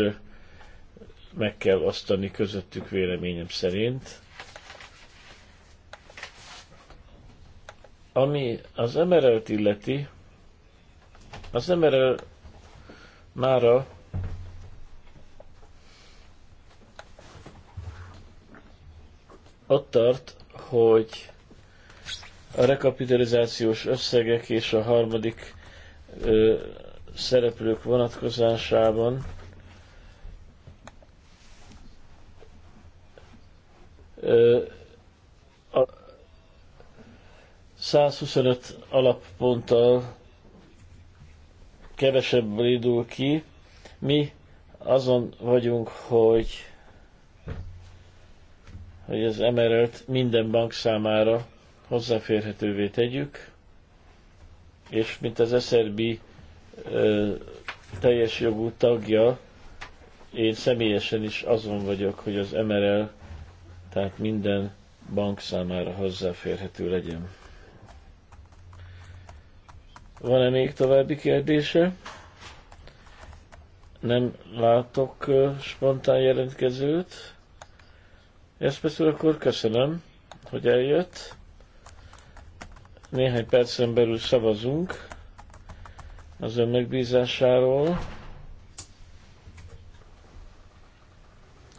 meg kell osztani közöttük véleményem szerint. Ami az emerelt illeti, az emerel mára ott tart, hogy a rekapitalizációs összegek és a harmadik ö, szereplők vonatkozásában ö, 125 alapponttal kevesebb indul ki. Mi azon vagyunk, hogy hogy az emerelt minden bank számára hozzáférhetővé tegyük, és mint az SRB ö, teljes jogú tagja, én személyesen is azon vagyok, hogy az MRL, tehát minden bank számára hozzáférhető legyen. Van-e még további kérdése? Nem látok spontán jelentkezőt. Ezt persze akkor köszönöm, hogy eljött. Néhány percen belül szavazunk az ön megbízásáról.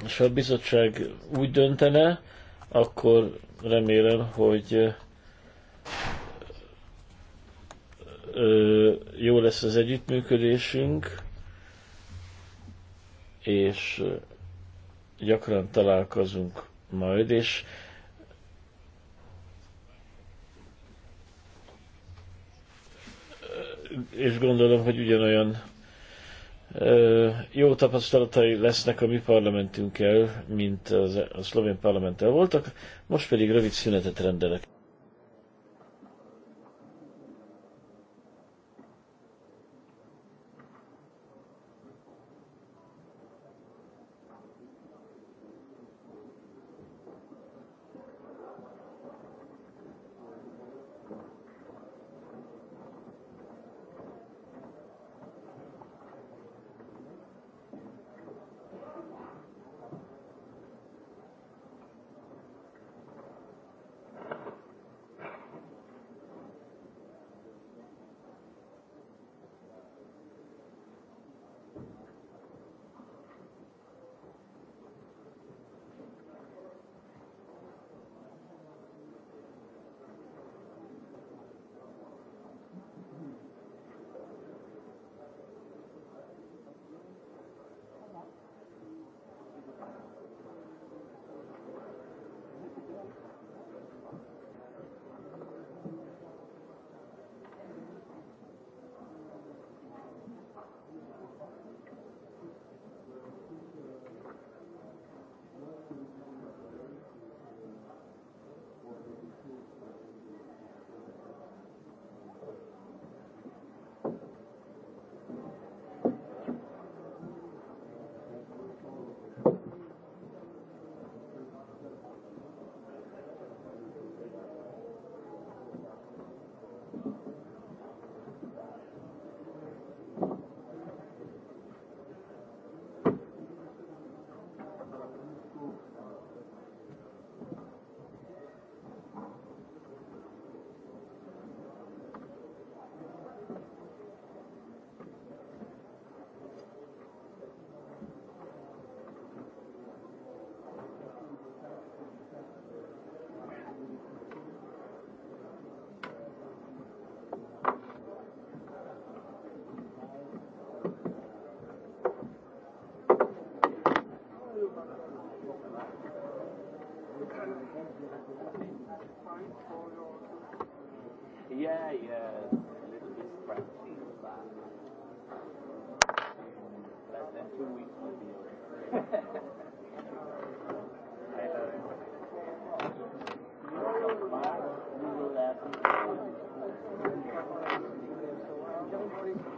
És ha a bizottság úgy döntene, akkor remélem, hogy jó lesz az együttműködésünk, és gyakran találkozunk majd, és és gondolom, hogy ugyanolyan jó tapasztalatai lesznek a mi parlamentünkkel, mint az, a szlovén parlamenttel voltak, most pedig rövid szünetet rendelek. Thank you.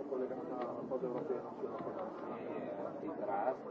collegata a cose europee, non solo a cose nazionali.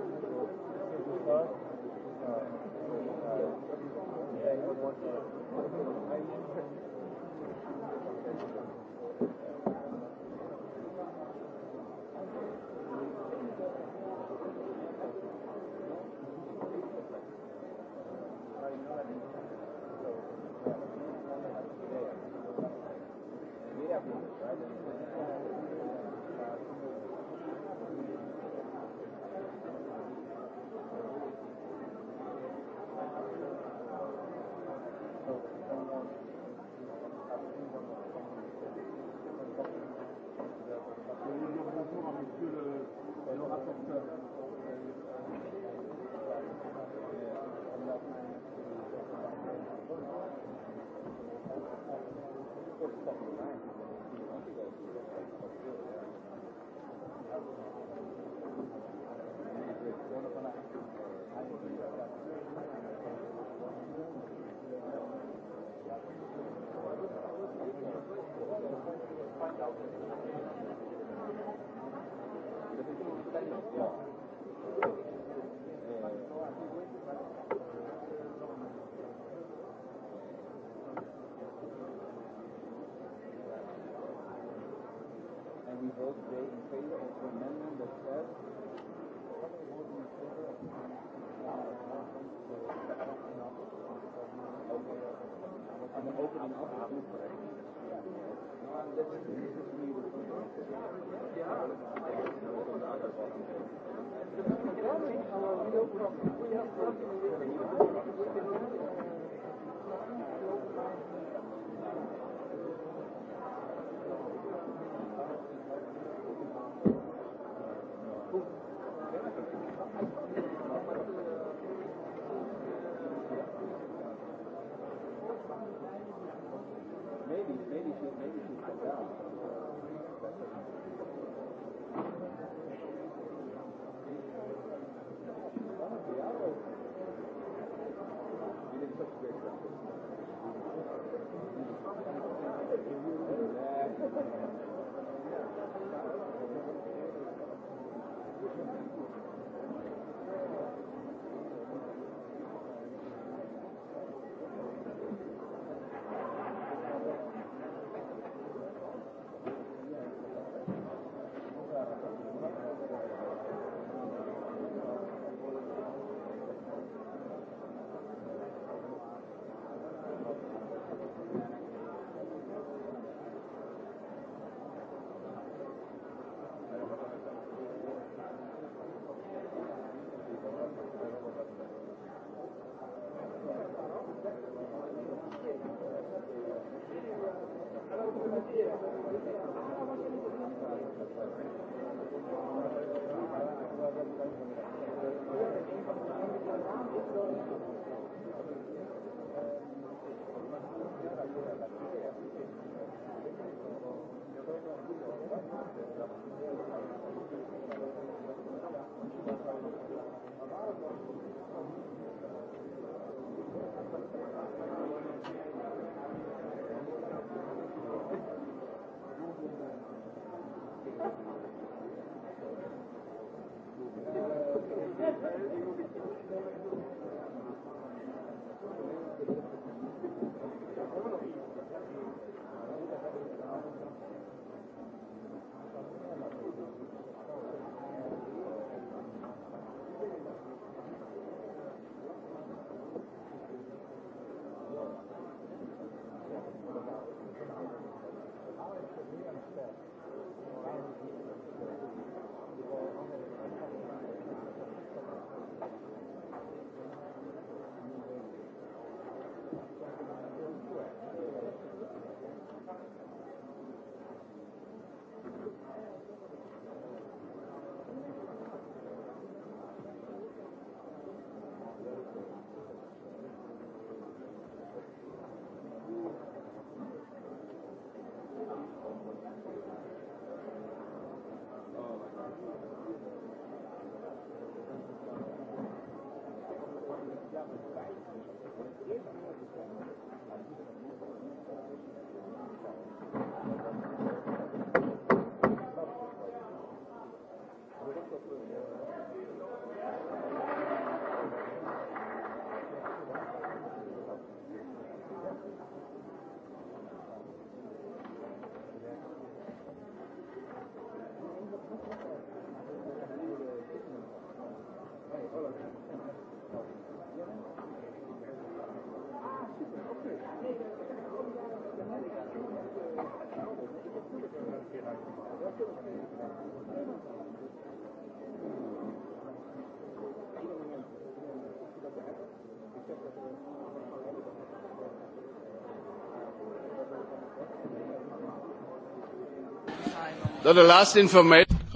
Thank you.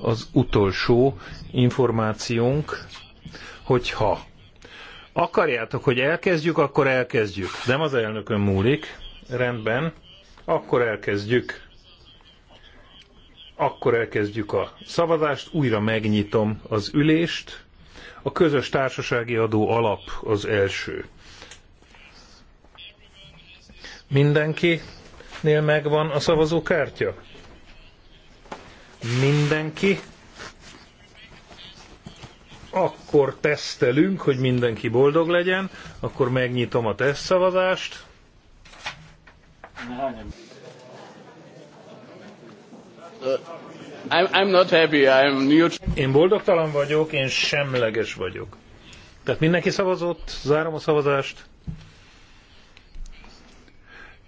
Az utolsó információnk, hogyha akarjátok, hogy elkezdjük, akkor elkezdjük. Nem az elnökön múlik. Rendben. Akkor elkezdjük. Akkor elkezdjük a szavazást. Újra megnyitom az ülést. A közös társasági adó alap az első. Mindenkinél megvan a szavazókártya? mindenki. Akkor tesztelünk, hogy mindenki boldog legyen. Akkor megnyitom a tesztszavazást. Uh, I'm, I'm not happy, I'm new. Én boldogtalan vagyok, én semleges vagyok. Tehát mindenki szavazott, zárom a szavazást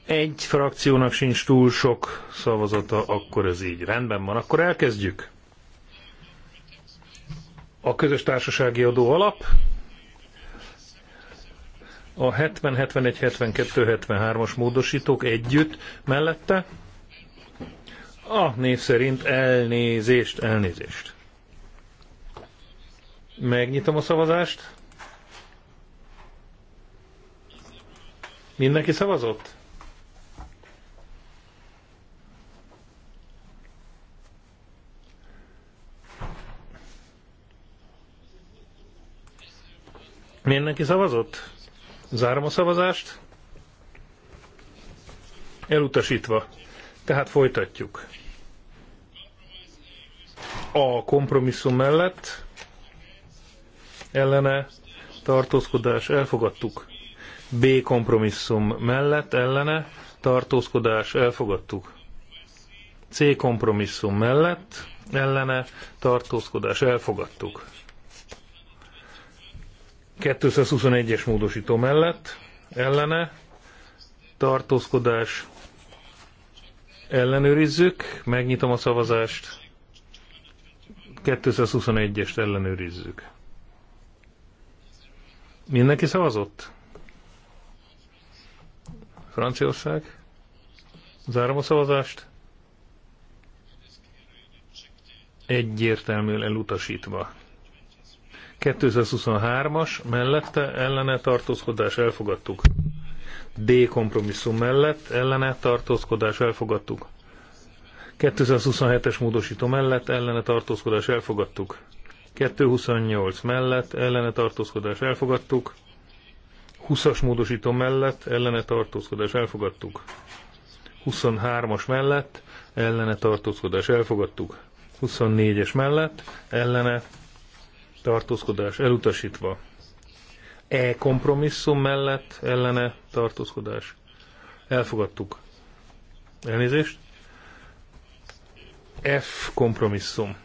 egy frakciónak sincs túl sok szavazata, akkor ez így rendben van. Akkor elkezdjük. A közös társasági adó alap, a 70, 71, 72, 73-as módosítók együtt mellette. A név szerint elnézést, elnézést. Megnyitom a szavazást. Mindenki szavazott? Mindenki szavazott? Zárom a szavazást. Elutasítva. Tehát folytatjuk. A kompromisszum mellett ellene tartózkodás elfogadtuk. B kompromisszum mellett ellene tartózkodás elfogadtuk. C kompromisszum mellett ellene tartózkodás elfogadtuk. 221-es módosító mellett ellene tartózkodás ellenőrizzük, megnyitom a szavazást, 221-est ellenőrizzük. Mindenki szavazott? Franciaország? Zárom a szavazást. Egyértelműen elutasítva. 2023 as mellette ellene tartózkodás elfogadtuk. D kompromisszum mellett ellene tartózkodás elfogadtuk. 227-es módosító mellett ellene tartózkodás elfogadtuk. 228 mellett ellene tartózkodás elfogadtuk. 20-as módosító mellett ellene tartózkodás elfogadtuk. 23-as mellett ellene tartózkodás elfogadtuk. 24-es mellett ellene tartózkodás elutasítva. E kompromisszum mellett ellene tartózkodás. Elfogadtuk. Elnézést. F kompromisszum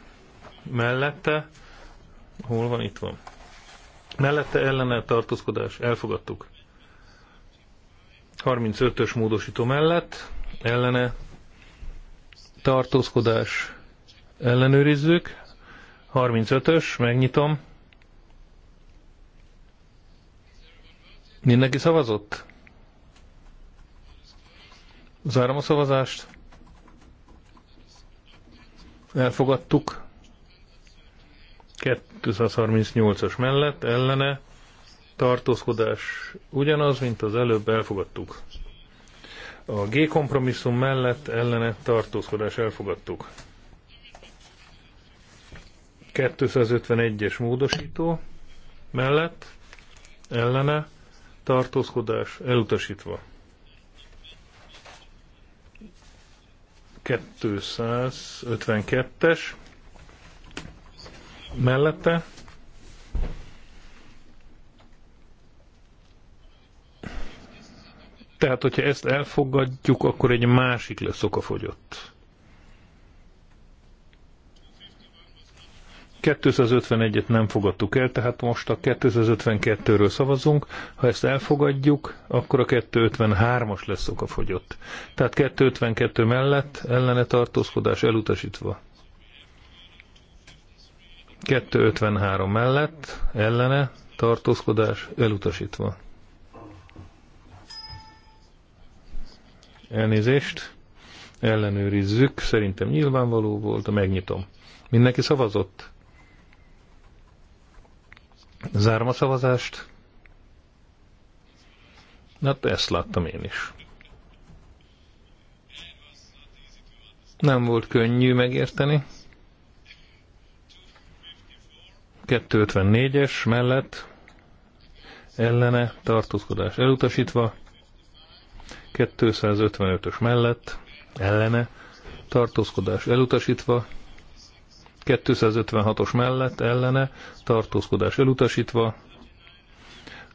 mellette, hol van, itt van. Mellette ellene tartózkodás, elfogadtuk. 35-ös módosító mellett ellene tartózkodás ellenőrizzük. 35-ös, megnyitom. Mindenki szavazott? Zárom a szavazást. Elfogadtuk. 238-as mellett, ellene. Tartózkodás ugyanaz, mint az előbb elfogadtuk. A G kompromisszum mellett ellene tartózkodás elfogadtuk. 251-es módosító mellett ellene tartózkodás elutasítva. 252-es mellette Tehát, hogyha ezt elfogadjuk, akkor egy másik lesz okafogyott. 251-et nem fogadtuk el, tehát most a 252-ről szavazunk. Ha ezt elfogadjuk, akkor a 253-as lesz okafogyott. Tehát 252 mellett ellene tartózkodás elutasítva. 253 mellett ellene tartózkodás elutasítva. Elnézést. Ellenőrizzük. Szerintem nyilvánvaló volt. Megnyitom. Mindenki szavazott? Zárom a szavazást. Hát ezt láttam én is. Nem volt könnyű megérteni. 254-es mellett ellene tartózkodás elutasítva, 255-ös mellett ellene tartózkodás elutasítva, 256-os mellett ellene tartózkodás elutasítva,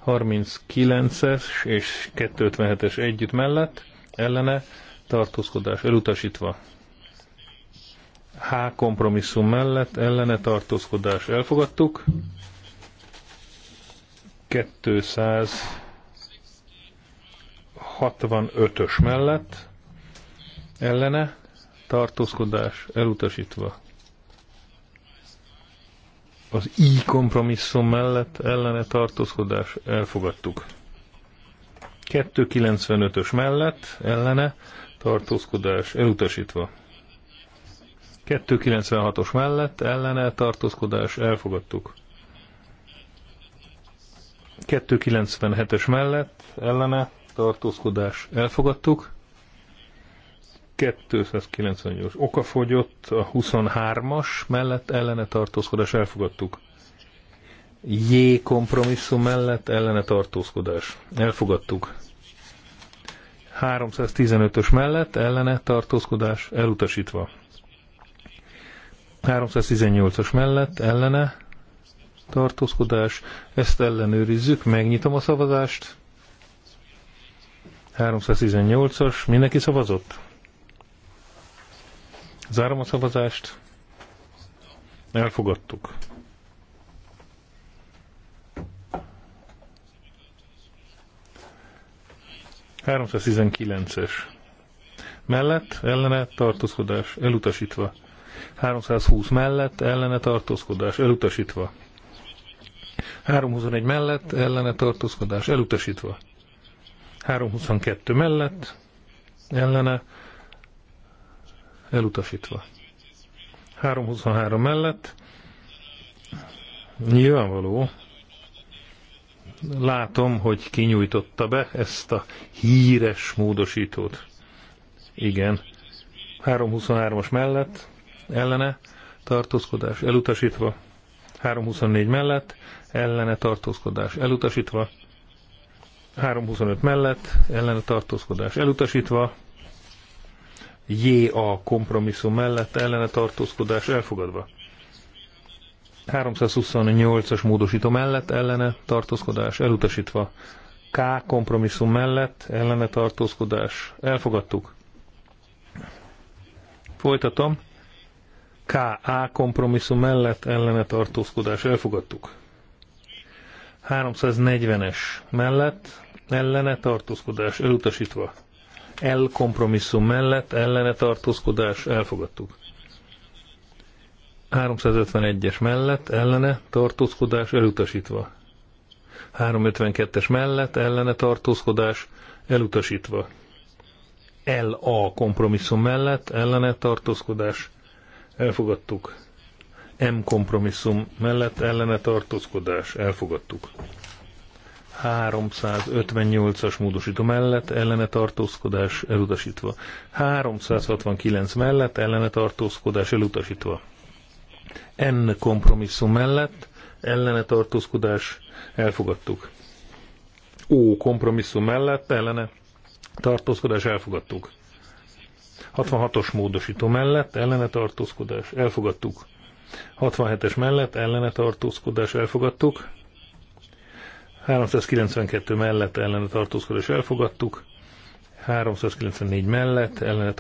39-es és 257-es együtt mellett ellene tartózkodás elutasítva. H kompromisszum mellett ellene tartózkodás elfogadtuk. 265-ös mellett ellene tartózkodás elutasítva az i kompromisszum mellett ellene tartózkodás elfogadtuk. 295-ös mellett ellene tartózkodás elutasítva. 296-os mellett ellene tartózkodás elfogadtuk. 297-es mellett ellene tartózkodás elfogadtuk. 298 okafogyott, a 23-as mellett ellene tartózkodás elfogadtuk. J kompromisszum mellett ellene tartózkodás. Elfogadtuk. 315-ös mellett ellene tartózkodás elutasítva. 318-as mellett ellene tartózkodás. Ezt ellenőrizzük, megnyitom a szavazást. 318-as, mindenki szavazott? Zárom a szavazást. Elfogadtuk. es mellett ellene tartózkodás elutasítva. 320 mellett ellene tartózkodás elutasítva. 321 mellett ellene tartózkodás elutasítva. 322 mellett ellene elutasítva. 323 mellett nyilvánvaló, látom, hogy kinyújtotta be ezt a híres módosítót. Igen. 323-as mellett ellene tartózkodás elutasítva. 324 mellett ellene tartózkodás elutasítva. 325 mellett ellene tartózkodás elutasítva. J a kompromisszum mellett ellene tartózkodás elfogadva. 328-as módosító mellett ellene tartózkodás elutasítva. K kompromisszum mellett ellene tartózkodás elfogadtuk. Folytatom. KA kompromisszum mellett ellene tartózkodás elfogadtuk. 340-es mellett ellene tartózkodás elutasítva. L kompromisszum mellett ellene tartózkodás elfogadtuk. 351-es mellett ellene tartózkodás elutasítva. 352-es mellett ellene tartózkodás elutasítva. LA kompromisszum mellett ellene tartózkodás elfogadtuk. M kompromisszum mellett ellene tartózkodás elfogadtuk. 358-as módosító mellett ellene tartózkodás elutasítva. 369 mellett ellene tartózkodás elutasítva. N kompromisszum mellett ellene tartózkodás elfogadtuk. O kompromisszum mellett ellene tartózkodás elfogadtuk. 66-os módosító mellett ellene tartózkodás elfogadtuk. 67-es mellett ellene tartózkodás elfogadtuk. 392 mellett ellene és elfogadtuk, 394 mellett ellene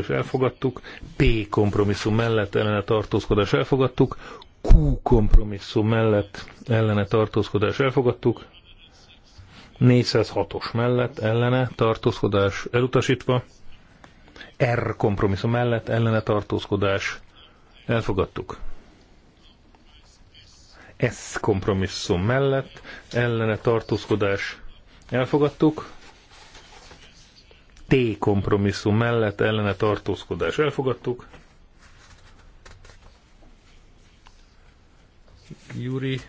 és elfogadtuk, P kompromisszum mellett ellene és elfogadtuk, Q kompromisszum mellett ellene és elfogadtuk, 406-os mellett ellene tartózkodás elutasítva, R kompromisszum mellett ellene tartózkodás elfogadtuk ez kompromisszum mellett, ellene tartózkodás elfogadtuk, T kompromisszum mellett ellene tartózkodás elfogadtuk, Juri,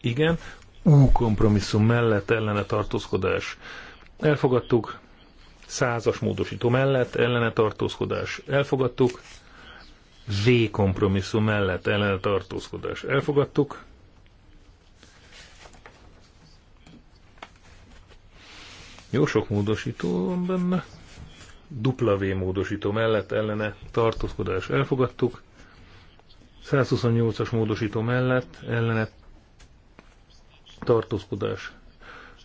igen, U kompromisszum mellett ellene tartózkodás elfogadtuk, százas módosító mellett ellene tartózkodás elfogadtuk, V kompromisszum mellett ellene tartózkodás elfogadtuk, Jó sok módosító van benne. Dupla V módosító mellett ellene tartózkodás elfogadtuk. 128-as módosító mellett ellene tartózkodás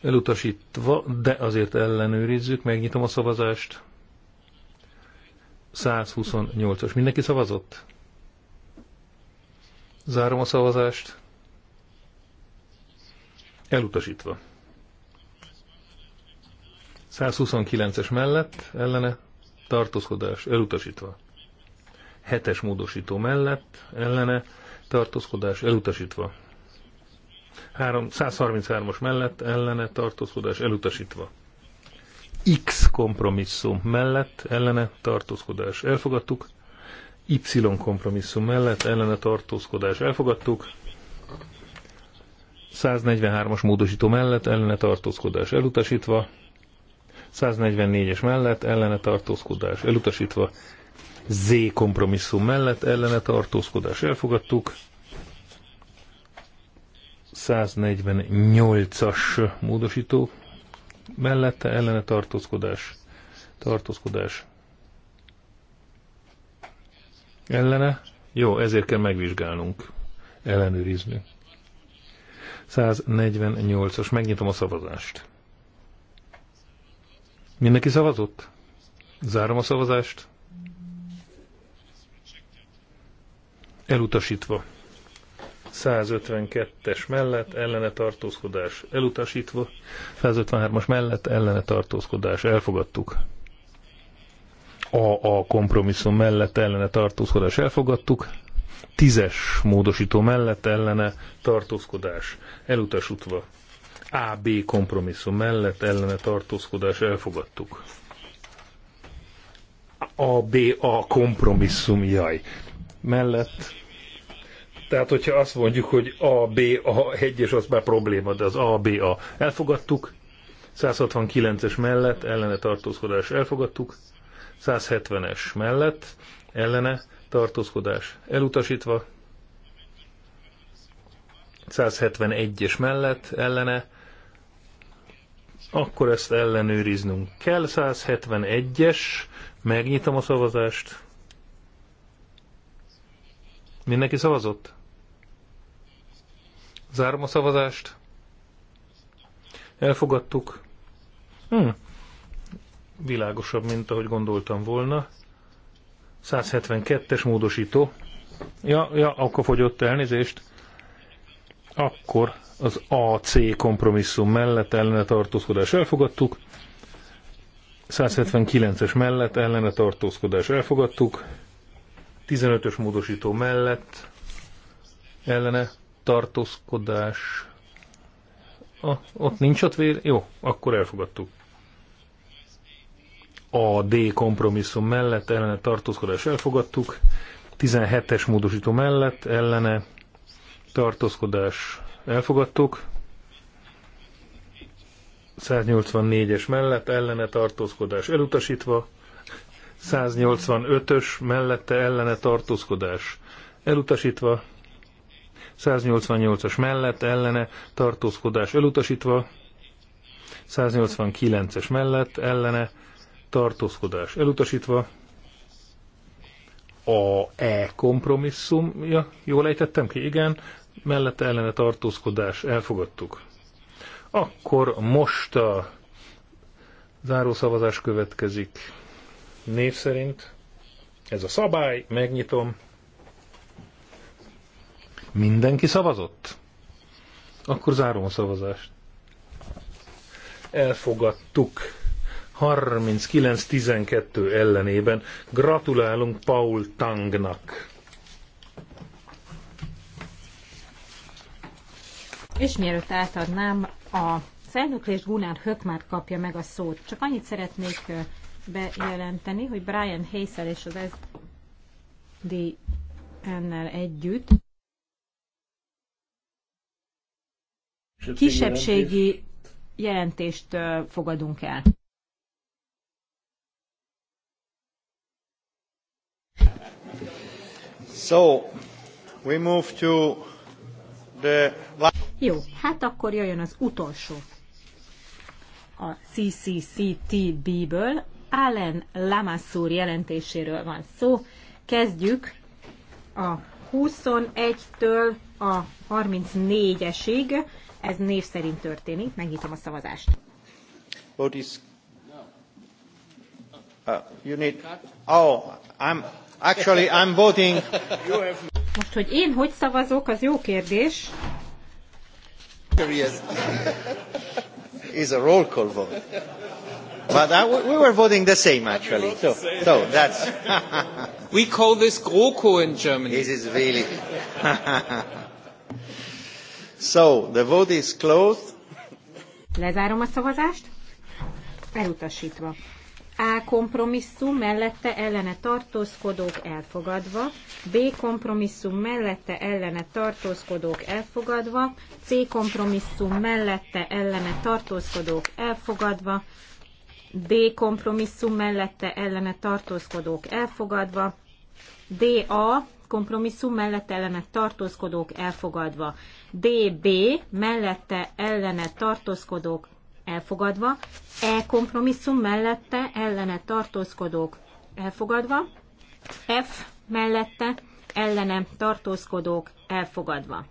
elutasítva, de azért ellenőrizzük, megnyitom a szavazást. 128-as. Mindenki szavazott? Zárom a szavazást. Elutasítva. 129-es mellett ellene tartózkodás elutasítva. 7-es módosító mellett ellene tartózkodás elutasítva. 133-as mellett ellene tartózkodás elutasítva. X kompromisszum mellett ellene tartózkodás elfogadtuk. Y kompromisszum mellett ellene tartózkodás elfogadtuk. 143-as módosító mellett ellene tartózkodás elutasítva. 144-es mellett ellene tartózkodás elutasítva, Z kompromisszum mellett ellene tartózkodás elfogadtuk, 148-as módosító mellette ellene tartózkodás, tartózkodás ellene, jó, ezért kell megvizsgálnunk, ellenőrizni. 148-as, megnyitom a szavazást. Mindenki szavazott? Zárom a szavazást. Elutasítva. 152-es mellett ellene tartózkodás elutasítva, 153-as mellett ellene tartózkodás elfogadtuk. A, a kompromisszum mellett ellene tartózkodás elfogadtuk, 10-es módosító mellett ellene tartózkodás elutasítva. AB kompromisszum mellett ellene tartózkodás elfogadtuk. A kompromisszum, jaj. Mellett. Tehát, hogyha azt mondjuk, hogy A B A, egyes, az már probléma, de az A A elfogadtuk. 169-es mellett ellene tartózkodás elfogadtuk. 170-es mellett ellene tartózkodás elutasítva. 171-es mellett ellene, akkor ezt ellenőriznünk kell. 171-es, megnyitom a szavazást. Mindenki szavazott? Zárom a szavazást. Elfogadtuk. Hm. Világosabb, mint ahogy gondoltam volna. 172-es módosító. Ja, ja, akkor fogyott elnézést. Akkor az AC kompromisszum mellett ellene tartózkodás elfogadtuk. 179-es mellett ellene tartózkodás elfogadtuk. 15-ös módosító mellett ellene tartózkodás. A, ott nincs ott vér? Jó, akkor elfogadtuk. A D kompromisszum mellett ellene tartózkodás elfogadtuk. 17-es módosító mellett ellene tartózkodás elfogadtuk. 184-es mellett ellene tartózkodás elutasítva, 185-ös mellette ellene tartózkodás elutasítva, 188-as mellett ellene tartózkodás elutasítva, 189-es mellett ellene tartózkodás elutasítva, a E kompromisszumja, jól ejtettem ki, igen, mellette ellene tartózkodás, elfogadtuk. Akkor most a zárószavazás következik név szerint. Ez a szabály, megnyitom. Mindenki szavazott? Akkor zárom a szavazást. Elfogadtuk. 39-12 ellenében. Gratulálunk Paul Tangnak! És mielőtt átadnám a felnöklést, Gunnar Hökmár kapja meg a szót. Csak annyit szeretnék bejelenteni, hogy Brian Haysel és az SDN-nel együtt kisebbségi jelentést fogadunk el. So, we move to the... Jó, hát akkor jöjjön az utolsó a CCCTB-ből. Allen Lamassur jelentéséről van szó. Kezdjük a 21-től a 34-esig. Ez név szerint történik. Megnyitom a szavazást. What is... Uh, you need... Oh, I'm... Actually, I'm voting. Most, hogy én hogy szavazok, az jó kérdés. Is a roll call vote. But I, uh, we were voting the same actually. So, so that's. <laughs> we call this GroKo in Germany. This is really. <laughs> so the vote is closed. Lezárom a szavazást. Elutasítva. A kompromisszum mellette ellene tartózkodók elfogadva, B kompromisszum mellette ellene tartózkodók elfogadva, C kompromisszum mellette ellene tartózkodók elfogadva, D kompromisszum mellette ellene tartózkodók elfogadva, D A kompromisszum mellette ellene tartózkodók elfogadva, D B mellette ellene tartózkodók elfogadva, E kompromisszum mellette ellene tartózkodók elfogadva, F mellette ellene tartózkodók elfogadva.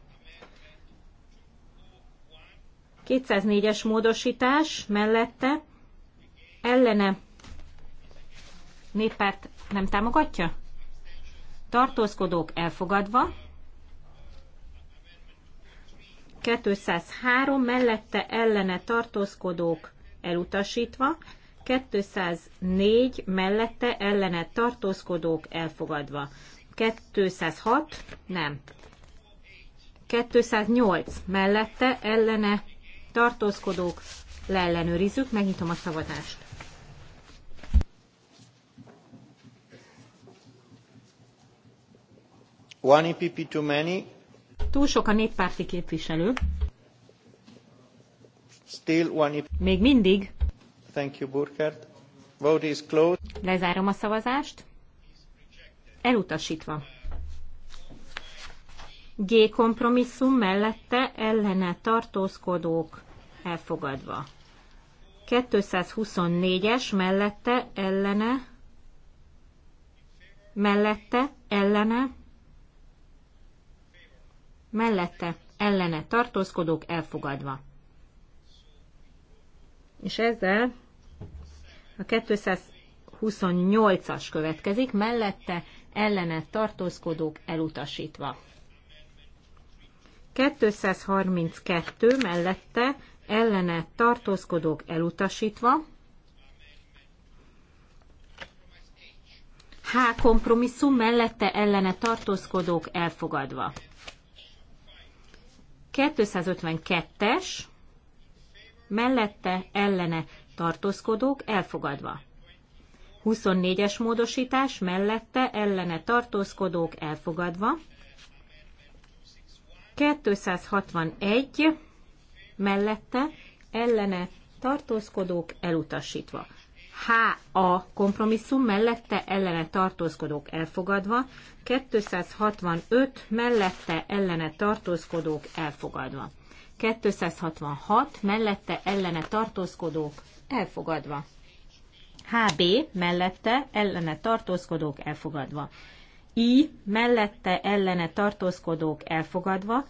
204-es módosítás mellette ellene néppárt nem támogatja? Tartózkodók elfogadva, 203 mellette ellene tartózkodók elutasítva, 204 mellette ellene tartózkodók elfogadva. 206 nem. 208 mellette ellene tartózkodók leellenőrizzük, megnyitom a szavazást. One EPP too many. Túl sok a néppárti képviselő. Still one... Még mindig. Thank you, Burkert. Vote is closed. Lezárom a szavazást. Elutasítva. G kompromisszum mellette ellene tartózkodók elfogadva. 224-es mellette ellene mellette ellene mellette ellene tartózkodók elfogadva. És ezzel a 228-as következik, mellette ellene tartózkodók elutasítva. 232 mellette ellene tartózkodók elutasítva. H kompromisszum mellette ellene tartózkodók elfogadva. 252-es, mellette ellene tartózkodók elfogadva. 24-es módosítás mellette ellene tartózkodók elfogadva. 261 mellette ellene tartózkodók elutasítva. HA kompromisszum mellette ellene tartózkodók elfogadva, 265 mellette ellene tartózkodók elfogadva, 266 mellette ellene tartózkodók elfogadva, HB mellette ellene tartózkodók elfogadva, I mellette ellene tartózkodók elfogadva,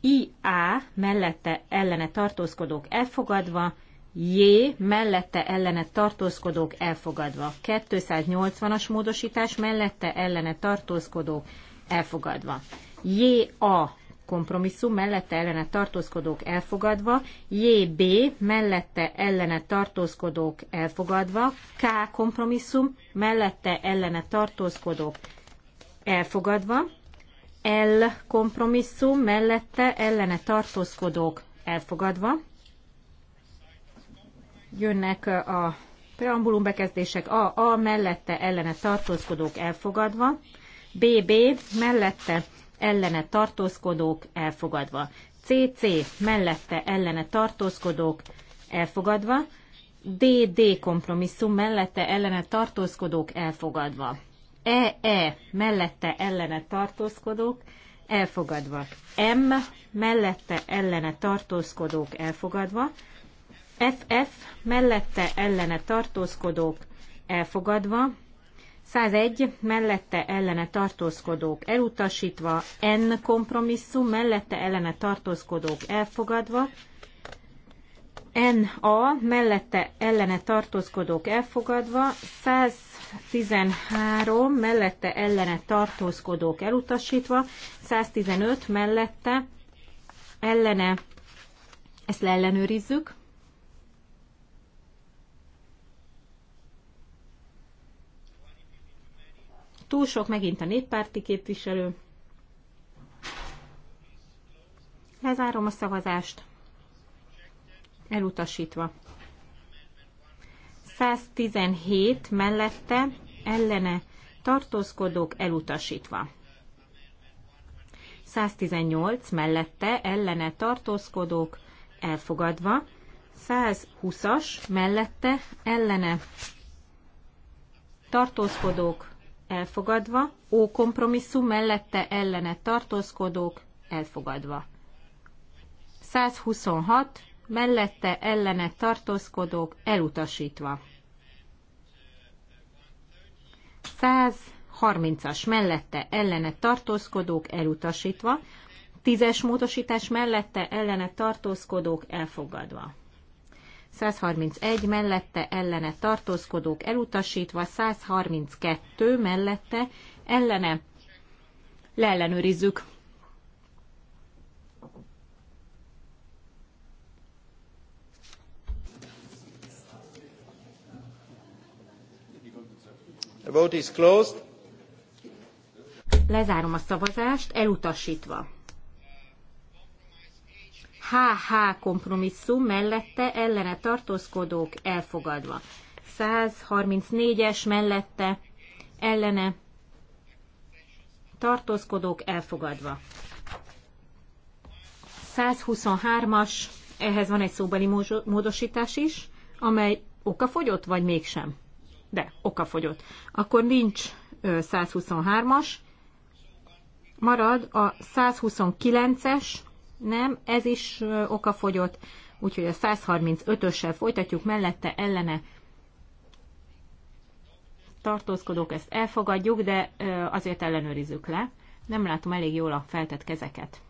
IA mellette ellene tartózkodók elfogadva, J mellette ellene tartózkodók elfogadva. 280-as módosítás mellette ellene tartózkodók elfogadva. J A kompromisszum mellette ellene tartózkodók elfogadva, B mellette ellene tartózkodók elfogadva, K kompromisszum mellette ellene tartózkodók elfogadva, L kompromisszum mellette ellene tartózkodók elfogadva, jönnek a preambulum bekezdések A, A mellette ellene tartózkodók elfogadva, B, B mellette ellene tartózkodók elfogadva, C, C mellette ellene tartózkodók elfogadva, D, D kompromisszum mellette ellene tartózkodók elfogadva, E, E mellette ellene tartózkodók elfogadva, M mellette ellene tartózkodók elfogadva, FF mellette ellene tartózkodók elfogadva, 101 mellette ellene tartózkodók elutasítva, N kompromisszum mellette ellene tartózkodók elfogadva, NA mellette ellene tartózkodók elfogadva, 113 mellette ellene tartózkodók elutasítva, 115 mellette ellene, ezt leellenőrizzük, túl sok megint a néppárti képviselő. Lezárom a szavazást. Elutasítva. 117 mellette ellene tartózkodók elutasítva. 118 mellette ellene tartózkodók elfogadva. 120-as mellette ellene tartózkodók elfogadva, O kompromisszum mellette ellene tartózkodók elfogadva. 126 mellette ellene tartózkodók elutasítva. 130-as mellette ellene tartózkodók elutasítva, 10-es módosítás mellette ellene tartózkodók elfogadva. 131 mellette ellene tartózkodók elutasítva, 132 mellette ellene leellenőrizzük. The vote is closed. Lezárom a szavazást, elutasítva. HH kompromisszum mellette ellene tartózkodók elfogadva. 134-es mellette ellene tartózkodók elfogadva. 123-as, ehhez van egy szóbeli módosítás is, amely okafogyott, vagy mégsem? De, okafogyott. Akkor nincs 123-as, marad a 129-es nem, ez is okafogyott, úgyhogy a 135-össel folytatjuk, mellette ellene tartózkodók, ezt elfogadjuk, de azért ellenőrizzük le. Nem látom elég jól a feltett kezeket.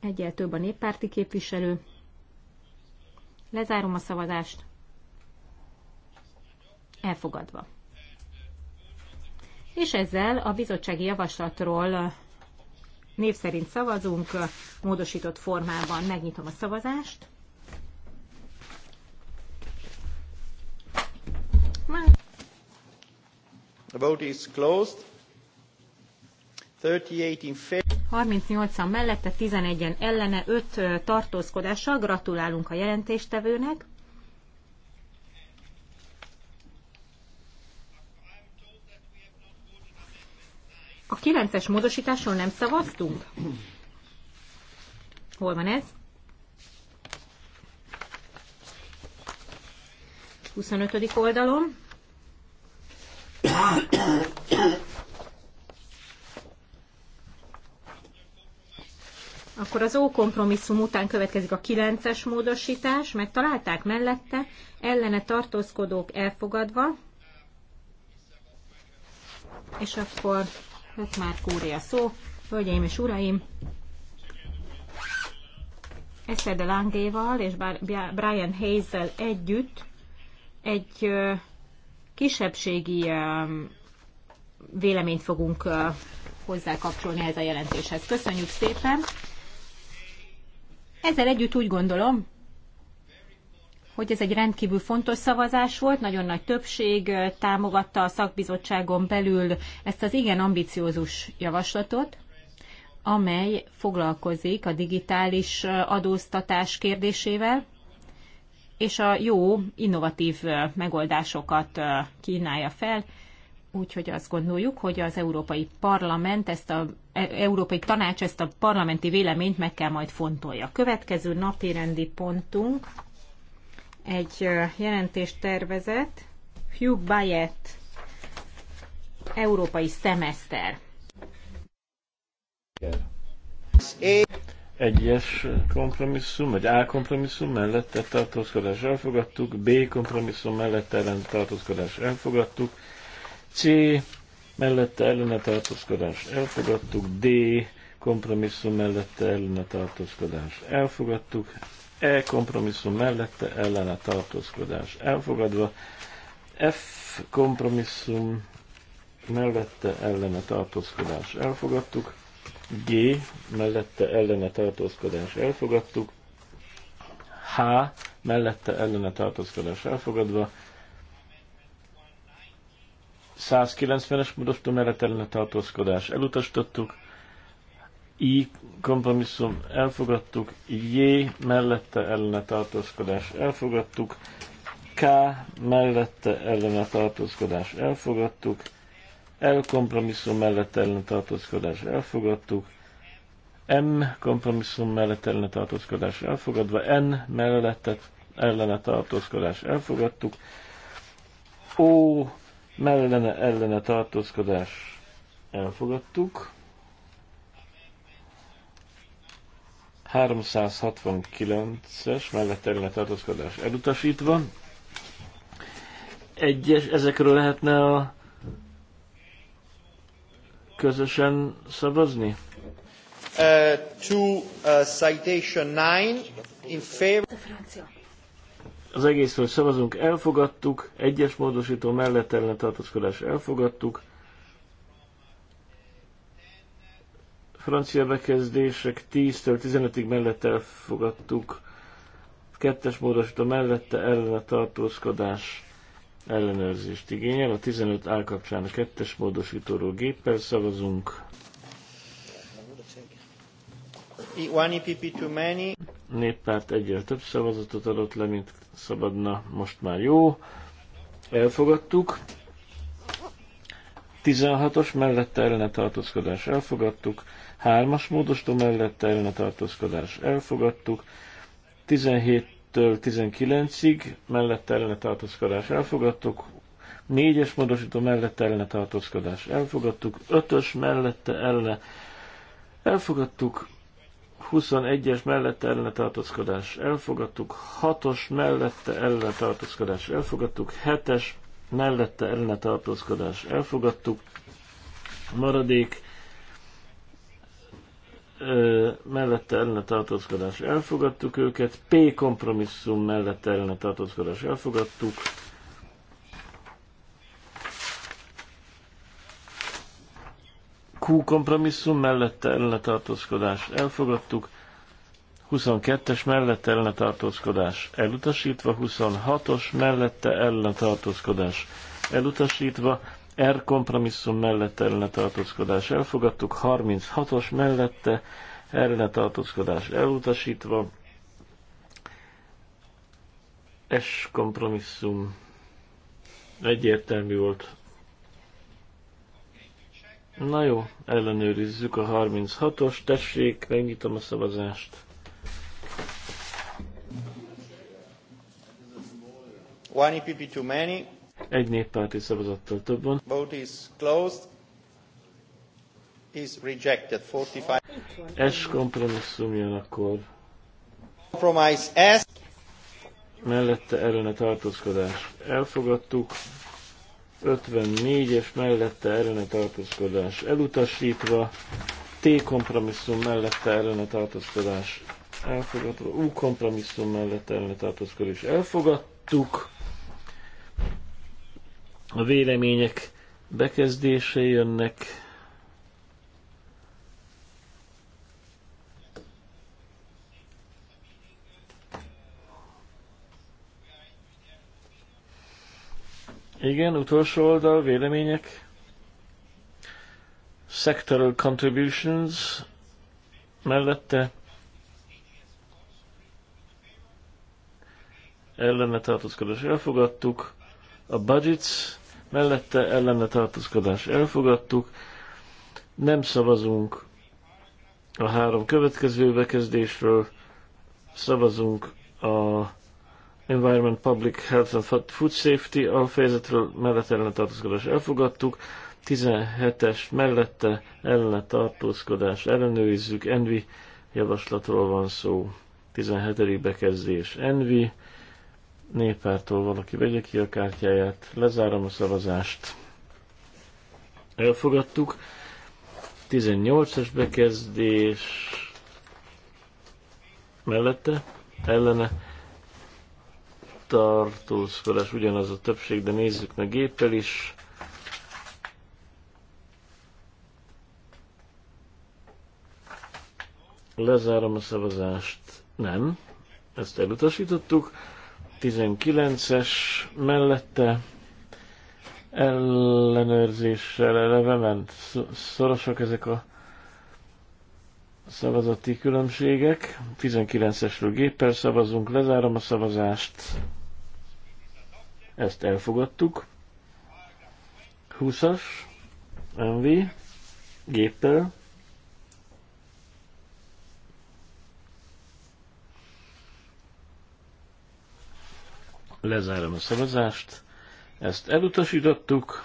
Egyel több a néppárti képviselő. Lezárom a szavazást. Elfogadva. És ezzel a bizottsági javaslatról Név szerint szavazunk, módosított formában megnyitom a szavazást. The vote is closed. 38 an mellette, 11-en ellene, 5 tartózkodással gratulálunk a jelentéstevőnek. A 9-es módosításról nem szavaztunk? Hol van ez? 25. oldalon. Akkor az ókompromisszum után következik a 9-es módosítás, megtalálták mellette, ellene tartózkodók elfogadva, és akkor Hát már Kúria szó. Hölgyeim és uraim, Eszed a Langéval és Brian Hayes-zel együtt egy kisebbségi véleményt fogunk kapcsolni ez a jelentéshez. Köszönjük szépen! Ezzel együtt úgy gondolom, hogy ez egy rendkívül fontos szavazás volt, nagyon nagy többség támogatta a szakbizottságon belül ezt az igen ambiciózus javaslatot, amely foglalkozik a digitális adóztatás kérdésével, és a jó, innovatív megoldásokat kínálja fel, úgyhogy azt gondoljuk, hogy az Európai Parlament ezt a e, Európai Tanács ezt a parlamenti véleményt meg kell majd fontolja. Következő napi rendi pontunk egy tervezett Hugh Bayet Európai Szemeszter. Egyes kompromisszum, vagy A kompromisszum mellette tartózkodás elfogadtuk, B kompromisszum mellette ellen tartózkodás elfogadtuk, C mellette ellene tartózkodás elfogadtuk, D kompromisszum mellette ellene tartózkodás elfogadtuk, E kompromisszum mellette ellene tartózkodás elfogadva, F kompromisszum mellette ellene tartózkodás elfogadtuk, G mellette ellene tartózkodás elfogadtuk, H mellette ellene tartózkodás elfogadva, 190-es módosító mellett ellene tartózkodás elutasítottuk, I kompromisszum elfogadtuk, J mellette ellene tartózkodás elfogadtuk, K mellette ellene tartózkodás elfogadtuk, L kompromisszum mellette ellene tartózkodás elfogadtuk, M kompromisszum mellett ellene tartózkodás elfogadva, N mellette ellene tartózkodás elfogadtuk, O mellene ellene tartózkodás elfogadtuk, 369-es mellett terület tartózkodás elutasítva. Egyes, ezekről lehetne a közösen szavazni? Uh, to uh, citation 9 in favor. Az egészről szavazunk, elfogadtuk, egyes módosító mellett ellen tartózkodás elfogadtuk, francia bekezdések 10-től 15-ig mellette elfogadtuk, kettes módosító mellette ellen a tartózkodás ellenőrzést igényel. A 15 A kapcsán a kettes módosítóról géppel szavazunk. E Néppárt egyel több szavazatot adott le, mint szabadna, most már jó. Elfogadtuk. 16-os mellette ellene tartózkodás elfogadtuk, Hármas módosító mellett ellene tartózkodás elfogadtuk. 17-től 19-ig mellett ellene tartózkodás elfogadtuk. 4-es módosító mellett ellene tartózkodás elfogadtuk. 5-ös mellette ellene elfogadtuk. 21-es mellette ellene tartózkodás elfogadtuk, 6-os mellette ellene tartózkodás elfogadtuk, 7-es mellette ellene tartózkodás elfogadtuk, maradék mellette ellene tartózkodás elfogadtuk őket, P kompromisszum mellette ellene tartózkodás elfogadtuk, Q kompromisszum mellette ellene tartózkodás elfogadtuk, 22-es mellette ellene tartózkodás elutasítva, 26-os mellette ellene tartózkodás elutasítva, R kompromisszum mellett ellene tartózkodás elfogadtuk, 36-os mellette ellene tartózkodás elutasítva, S kompromisszum egyértelmű volt. Na jó, ellenőrizzük a 36-os, tessék, megnyitom a szavazást. One EPP too many. Egy néppárti szavazattal több van. Vote is closed. Is rejected. 45. S kompromisszum jön akkor. Compromise S. Mellette ellene tartózkodás. Elfogadtuk. 54-es mellette ellene tartózkodás elutasítva, T kompromisszum mellette ellene tartózkodás elfogadva, U kompromisszum mellette ellene tartózkodás elfogadtuk, a vélemények bekezdése jönnek. Igen, utolsó oldal, vélemények. Sectoral contributions mellette ellene tartózkodás elfogadtuk. A budgets mellette ellene tartózkodás elfogadtuk. Nem szavazunk a három következő bekezdésről, szavazunk a Environment Public Health and Food Safety alfejezetről mellette ellene tartózkodás elfogadtuk. 17-es mellette ellene tartózkodás ellenőrizzük. Envi javaslatról van szó. 17. bekezdés. Envi néppártól valaki vegye ki a kártyáját, lezárom a szavazást. Elfogadtuk. 18-as bekezdés mellette, ellene tartózkodás ugyanaz a többség, de nézzük meg géppel is. Lezárom a szavazást. Nem, ezt elutasítottuk. 19-es mellette ellenőrzéssel eleve ment. Szorosak ezek a szavazati különbségek. 19-esről géppel szavazunk, lezárom a szavazást. Ezt elfogadtuk. 20-as, MV, géppel. Lezárom a szavazást. Ezt elutasítottuk.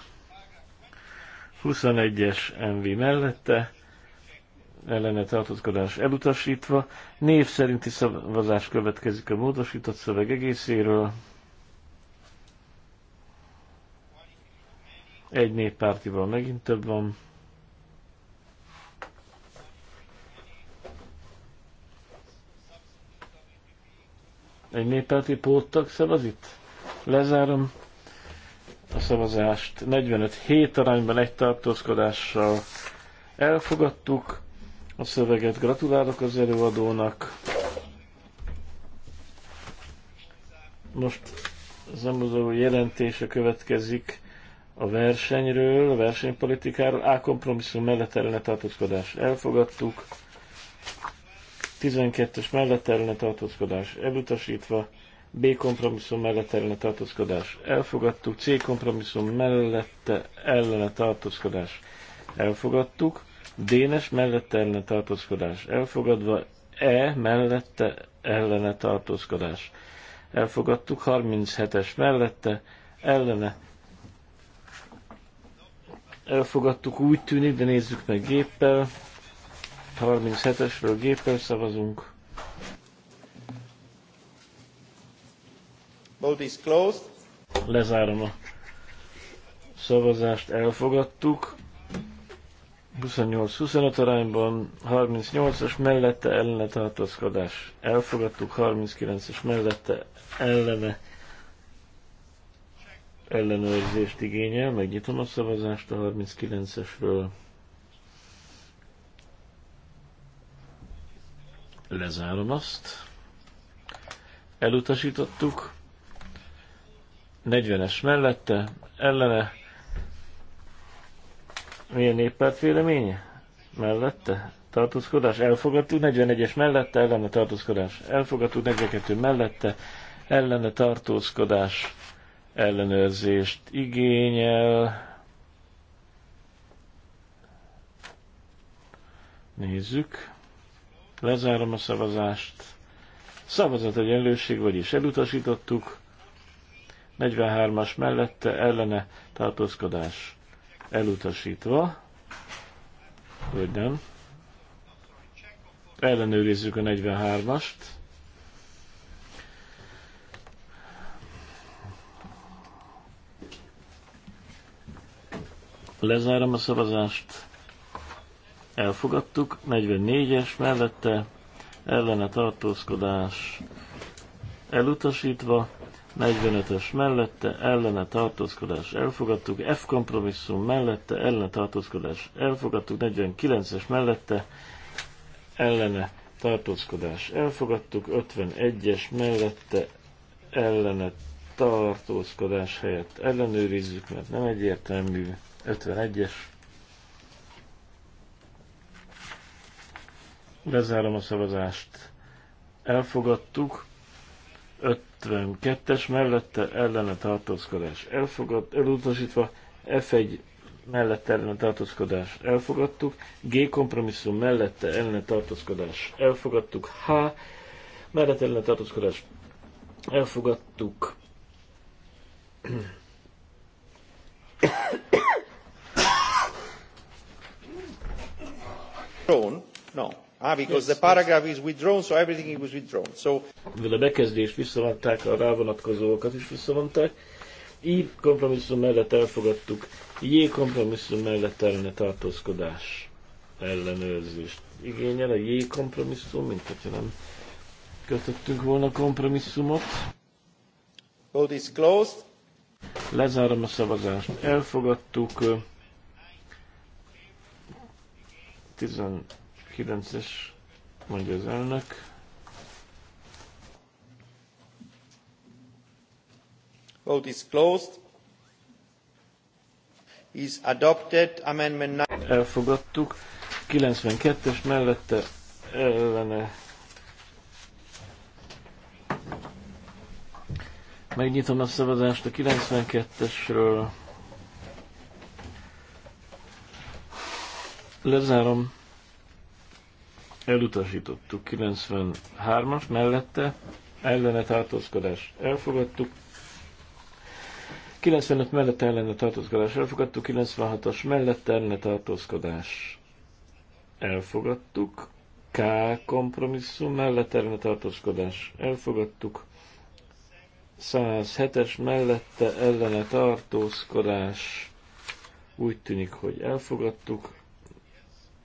21-es MV mellette ellene tartózkodás elutasítva. Név szerinti szavazás következik a módosított szöveg egészéről. Egy néppártival megint több van. egy népelti póttag szavaz itt? Lezárom a szavazást. 45 hét arányban egy tartózkodással elfogadtuk a szöveget. Gratulálok az előadónak. Most az emlozó jelentése következik a versenyről, a versenypolitikáról. A kompromisszum mellett ellene tartózkodás elfogadtuk. 12-es mellett ellene tartózkodás elutasítva, B kompromisszum mellett ellene tartózkodás elfogadtuk, C kompromisszum mellette ellene tartózkodás elfogadtuk, D-es mellette ellene tartózkodás elfogadva, E mellette ellene tartózkodás elfogadtuk, 37-es mellette ellene elfogadtuk, úgy tűnik, de nézzük meg géppel. 37-esről géppel szavazunk. Vote is closed. Lezárom a szavazást, elfogadtuk. 28-25 arányban, 38-as mellette ellene tartózkodás. Elfogadtuk 39-es mellette ellene ellenőrzést igényel. Megnyitom a szavazást a 39-esről. Lezárom azt. Elutasítottuk. 40-es mellette, ellene. Milyen néppárt véleménye? Mellette. Tartózkodás elfogadtuk. 41-es mellette, ellene tartózkodás elfogadtuk. 42 mellette, ellene tartózkodás ellenőrzést igényel. Nézzük. Lezárom a szavazást. Szavazat egyenlőség, vagyis elutasítottuk. 43-as mellette ellene tartózkodás elutasítva. Hogy nem. Ellenőrizzük a 43-ast. Lezárom a szavazást elfogadtuk, 44-es mellette ellene tartózkodás elutasítva, 45-ös mellette ellene tartózkodás elfogadtuk, F kompromisszum mellette ellene tartózkodás elfogadtuk, 49-es mellette ellene tartózkodás elfogadtuk, 51-es mellette ellene tartózkodás helyett ellenőrizzük, mert nem egyértelmű, 51-es Lezárom a szavazást. Elfogadtuk. 52-es mellette ellene tartózkodás elfogad, elutasítva. F1 mellette ellene tartózkodás elfogadtuk. G kompromisszum mellette ellene tartózkodás elfogadtuk. H mellette ellene tartózkodás elfogadtuk. Ron? No. Ah, because yes, the paragraph yes. is withdrawn, so everything was withdrawn. So... Mivel a bekezdést visszavonták, a rávonatkozókat is visszavonták, I kompromisszum mellett elfogadtuk, J kompromisszum mellett ellene tartózkodás ellenőrzést igényel, a J kompromisszum, mint hogyha nem kötöttünk volna kompromisszumot. Vote is closed. Lezárom a szavazást. Elfogadtuk 9-es, mondja az elnök. Vote is closed. Is adopted amendment 9. Elfogadtuk. 92-es mellette ellene. Megnyitom a szavazást a 92-esről. Lezárom elutasítottuk. 93-as mellette ellene tartózkodás elfogadtuk. 95 mellette ellene tartózkodás elfogadtuk, 96-as mellette ellene tartózkodás elfogadtuk, K kompromisszum mellett ellene tartózkodás elfogadtuk, 107-es mellette ellene tartózkodás úgy tűnik, hogy elfogadtuk,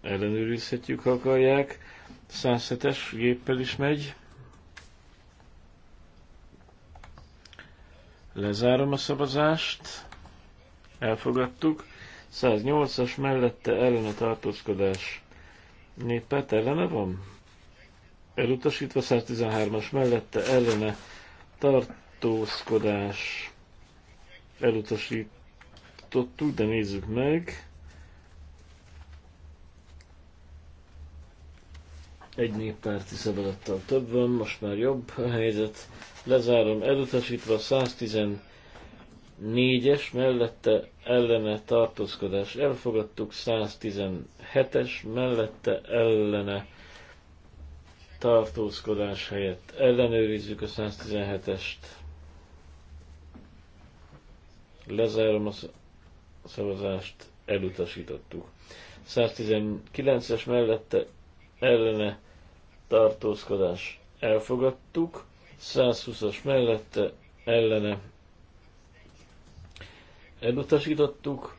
ellenőrizhetjük, ha akarják. 107-es géppel is megy. Lezárom a szavazást. Elfogadtuk. 108-as mellette ellene tartózkodás. Népet ellene van? Elutasítva 113-as mellette ellene tartózkodás. Elutasítottuk, de nézzük meg. Egy néppárti szavazattal több van, most már jobb a helyzet. Lezárom elutasítva 114-es, mellette ellene tartózkodás elfogadtuk, 117-es, mellette ellene tartózkodás helyett ellenőrizzük a 117-est. Lezárom a szavazást, elutasítottuk. 119-es mellette ellene tartózkodás elfogadtuk, 120-as mellette ellene elutasítottuk,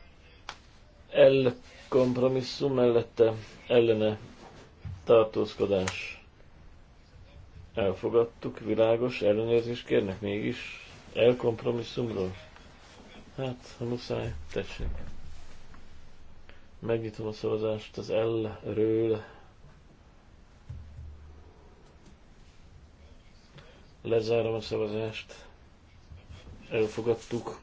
el kompromisszum mellette ellene tartózkodás elfogadtuk, világos ellenőrzést kérnek mégis kompromisszumról. Hát, ha muszáj, tessék. Megnyitom a szavazást az L-ről. Lezárom a szavazást. Elfogadtuk.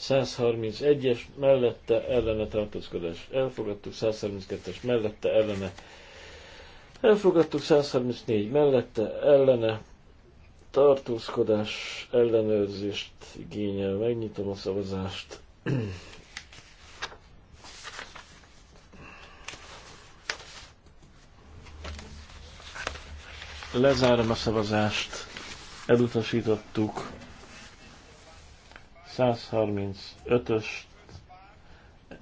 131-es mellette ellene tartózkodás. Elfogadtuk 132-es mellette ellene. Elfogadtuk 134 mellette ellene tartózkodás ellenőrzést igényel. Megnyitom a szavazást. Lezárom a szavazást. Elutasítottuk. 135-ös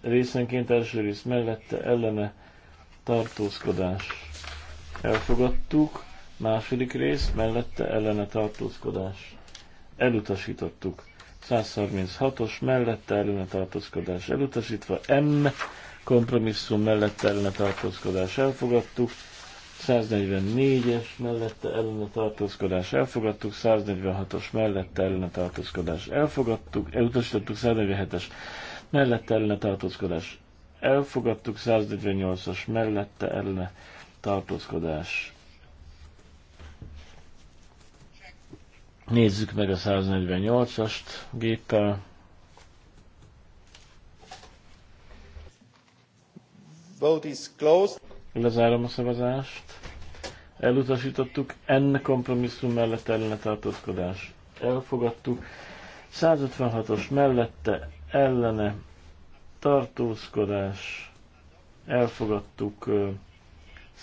részenként első rész mellette ellene tartózkodás. Elfogadtuk. Második rész mellette ellene tartózkodás. Elutasítottuk. 136-os mellette ellene tartózkodás elutasítva, M kompromisszum mellette ellene tartózkodás elfogadtuk, 144-es mellette ellene tartózkodás elfogadtuk, 146-os mellette ellene tartózkodás elfogadtuk, elutasítottuk 147-es mellette ellene tartózkodás elfogadtuk, 148-as mellette ellene tartózkodás. Nézzük meg a 148-ast géppel. Vote is closed. Lezárom a szavazást. Elutasítottuk. N kompromisszum mellett ellene tartózkodás. Elfogadtuk. 156-os mellette ellene tartózkodás. Elfogadtuk.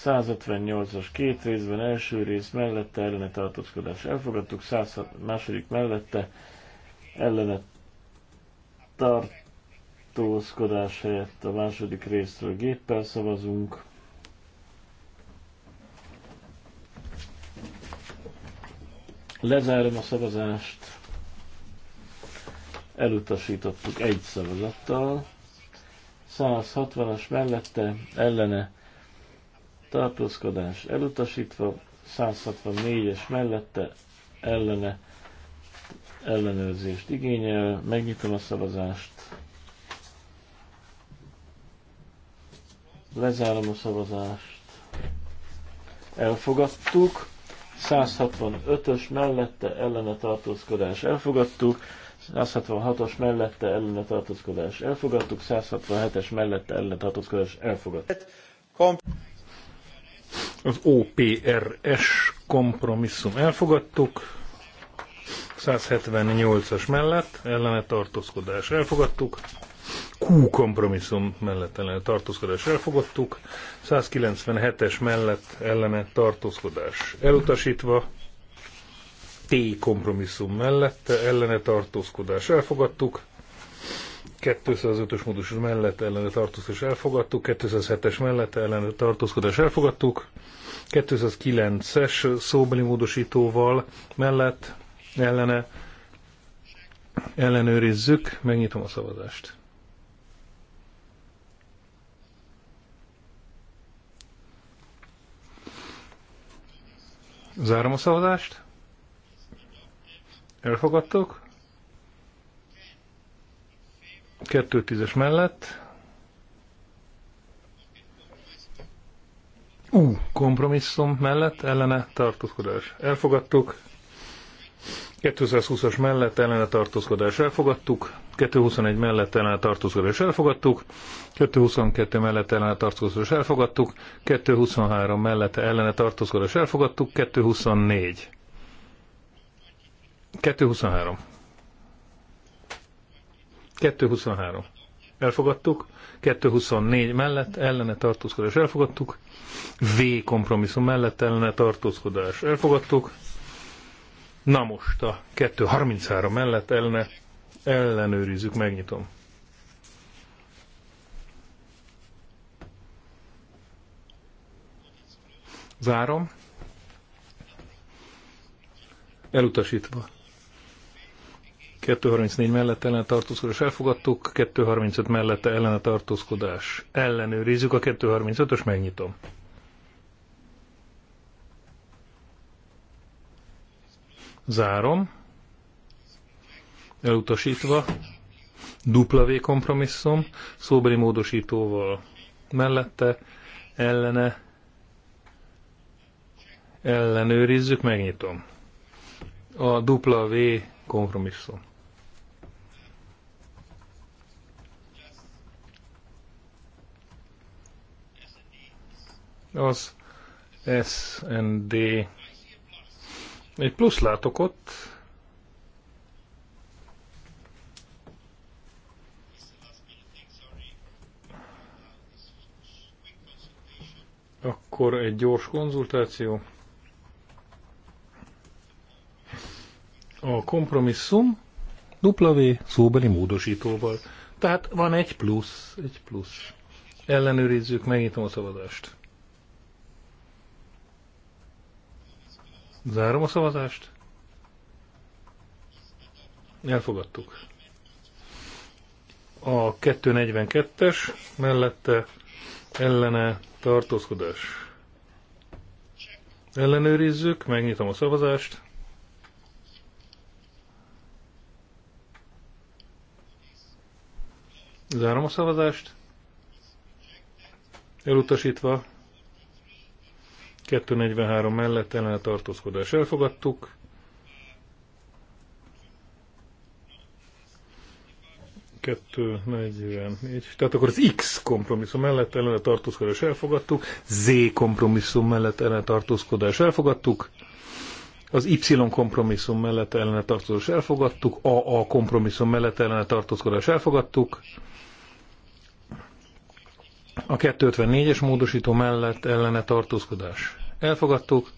158-as két részben, első rész mellette ellene tartózkodás. Elfogadtuk. 106 második mellette ellene tartózkodás helyett a második részről géppel szavazunk. Lezárom a szavazást. Elutasítottuk egy szavazattal. 160-as mellette ellene tartózkodás elutasítva, 164-es mellette ellene ellenőrzést igényel, megnyitom a szavazást, lezárom a szavazást, elfogadtuk, 165-ös mellette ellene tartózkodás elfogadtuk, 166-os mellette ellene tartózkodás elfogadtuk, 167-es mellette ellene tartózkodás elfogadtuk. Az OPRS kompromisszum elfogadtuk, 178-as mellett ellene tartózkodás elfogadtuk, Q kompromisszum mellett ellene tartózkodás elfogadtuk, 197-es mellett ellene tartózkodás elutasítva, T kompromisszum mellett ellene tartózkodás elfogadtuk, 205-ös módosú mellett ellene tartózkodás elfogadtuk, 207-es mellett ellene tartózkodás elfogadtuk, 209-es szóbeli módosítóval mellett ellene ellenőrizzük, megnyitom a szavazást. Zárom a szavazást. Elfogadtok. 2.10-es mellett. ú kompromisszum mellett ellene tartózkodás. Elfogadtuk. 220-as mellett ellene tartózkodás. Elfogadtuk. 221 mellett ellen tartózkodás elfogadtuk, 222 mellett ellen tartózkodás elfogadtuk, 223 mellett ellen tartózkodás elfogadtuk, 224. 223. 223. Elfogadtuk. 224 mellett ellene tartózkodás elfogadtuk. V kompromisszum mellett ellene tartózkodás elfogadtuk. Na most a 233 mellett ellene ellenőrizzük, megnyitom. Zárom. Elutasítva. 234 mellett ellen tartózkodás elfogadtuk, 235 mellette ellen tartózkodás ellenőrizzük, a 235-ös megnyitom. Zárom elutasítva, V kompromisszum, szóbeli módosítóval mellette, ellene, ellenőrizzük, megnyitom. A dupla V kompromisszum. Az SND. Egy plusz látok ott. Akkor egy gyors konzultáció. A kompromisszum W szóbeli módosítóval. Tehát van egy plusz, egy plusz. Ellenőrizzük, megnyitom a szavazást. Zárom a szavazást. Elfogadtuk. A 242-es mellette ellene tartózkodás. Ellenőrizzük, megnyitom a szavazást. Zárom a szavazást. Elutasítva. 243 mellett a tartózkodás elfogadtuk. 244. Tehát akkor az X kompromisszum mellett ellene tartózkodás elfogadtuk, Z kompromisszum mellett ellene tartózkodás elfogadtuk, az Y kompromisszum mellett ellene tartózkodás elfogadtuk, AA kompromisszum mellett ellene tartózkodás elfogadtuk, a 254-es módosító mellett ellene tartózkodás elfogadtuk,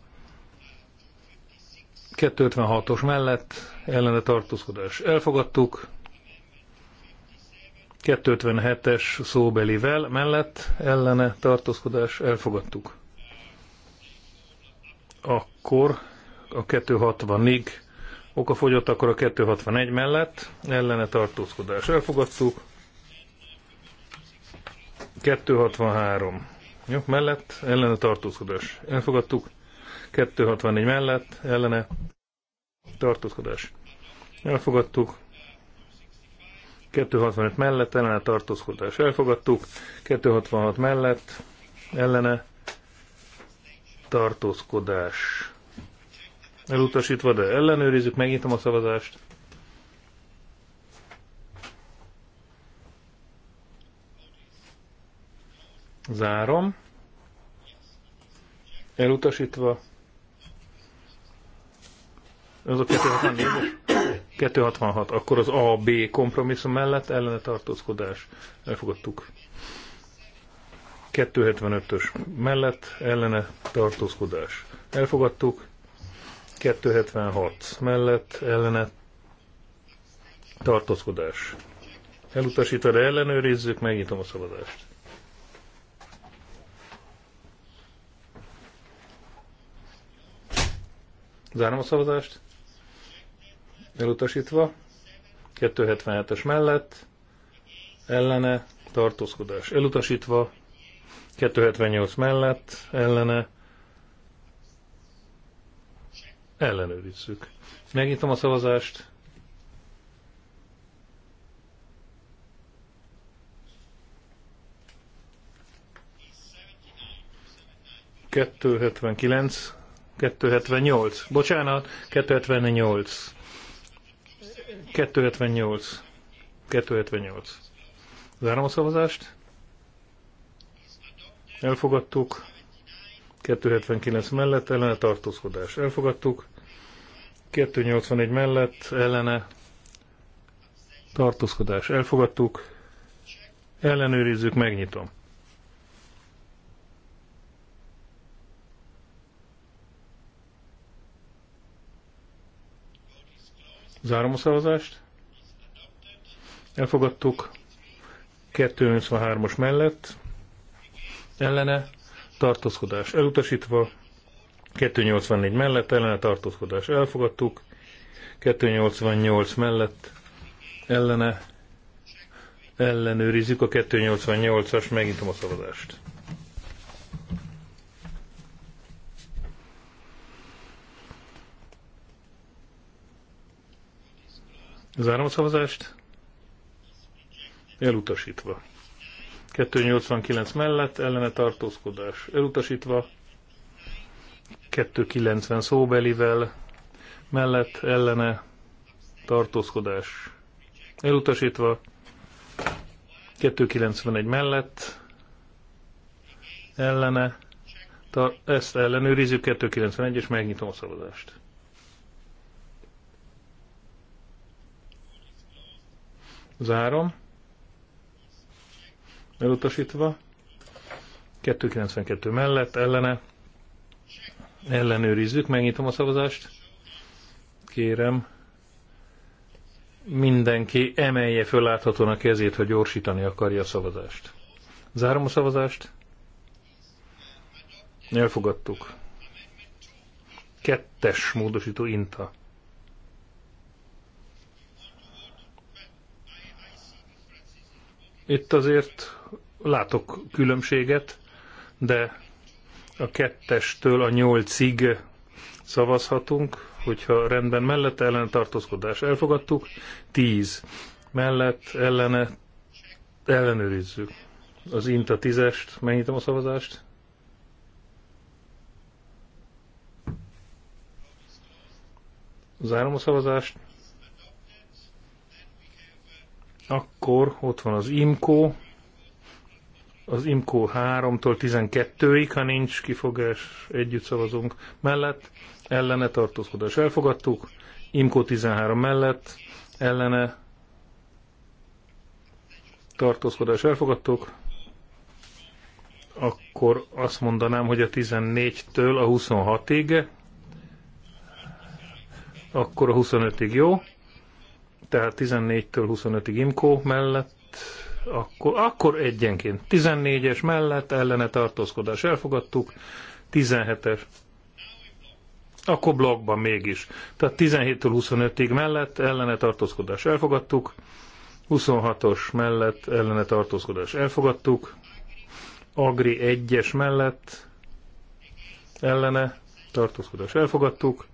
256-os mellett ellene tartózkodás elfogadtuk, 257-es szóbelivel mellett ellene tartózkodás elfogadtuk. Akkor a 260-ig fogyott, akkor a 261 mellett ellene tartózkodás elfogadtuk. 263 jó, mellett ellene tartózkodás elfogadtuk. 264 mellett ellene tartózkodás elfogadtuk. 265 mellett ellene tartózkodás elfogadtuk, 266 mellett ellene tartózkodás elutasítva, de ellenőrizzük, megnyitom a szavazást. Zárom. Elutasítva. Ez a 264 266, akkor az AB kompromisszum mellett ellene tartózkodás. Elfogadtuk. 275-ös mellett ellene tartózkodás. Elfogadtuk. 276 mellett ellene tartózkodás. Elutasítva, de ellenőrizzük, megnyitom a szavazást. Zárom a szavazást elutasítva, 277-es mellett, ellene, tartózkodás elutasítva, 278 mellett, ellene, ellenőrizzük. Megnyitom a szavazást. Kettő kilenc, kettő nyolc, Bocsánat, kettő nyolc. 278. 278. Zárom a szavazást. Elfogadtuk. 279 mellett ellene tartózkodás. Elfogadtuk. 281 mellett ellene tartózkodás. Elfogadtuk. Ellenőrizzük, megnyitom. Zárom a szavazást. Elfogadtuk. 283 os mellett. Ellene. Tartózkodás elutasítva. 284 mellett. Ellene tartózkodás elfogadtuk. 288 mellett. Ellene. Ellenőrizzük a 288-as. Megintom a szavazást. Zárom a szavazást. Elutasítva. 289 mellett ellene tartózkodás. Elutasítva. 290 szóbelivel mellett ellene tartózkodás. Elutasítva. 291 mellett ellene. Tar- ezt ellenőrizzük 291 és megnyitom a szavazást. Zárom. Elutasítva. 292 mellett, ellene. Ellenőrizzük, megnyitom a szavazást. Kérem, mindenki emelje föl láthatóan a kezét, ha gyorsítani akarja a szavazást. Zárom a szavazást. Elfogadtuk. Kettes módosító inta. Itt azért látok különbséget, de a kettestől a nyolcig szavazhatunk, hogyha rendben mellett ellen tartózkodás elfogadtuk, tíz mellett ellene ellenőrizzük. Az INTA tízest, megnyitom a szavazást. Zárom a szavazást. Akkor ott van az IMCO, az IMCO 3-tól 12-ig, ha nincs kifogás, együtt szavazunk mellett, ellene tartózkodás elfogadtuk, IMCO 13 mellett, ellene tartózkodás elfogadtuk, akkor azt mondanám, hogy a 14-től a 26-ig, akkor a 25-ig jó, tehát 14-től 25-ig Imkó mellett, akkor, akkor egyenként 14-es mellett ellene tartózkodás elfogadtuk, 17-es, akkor blogban mégis. Tehát 17-től 25-ig mellett ellene tartózkodás elfogadtuk, 26-os mellett ellene tartózkodás elfogadtuk, Agri 1-es mellett ellene tartózkodás elfogadtuk,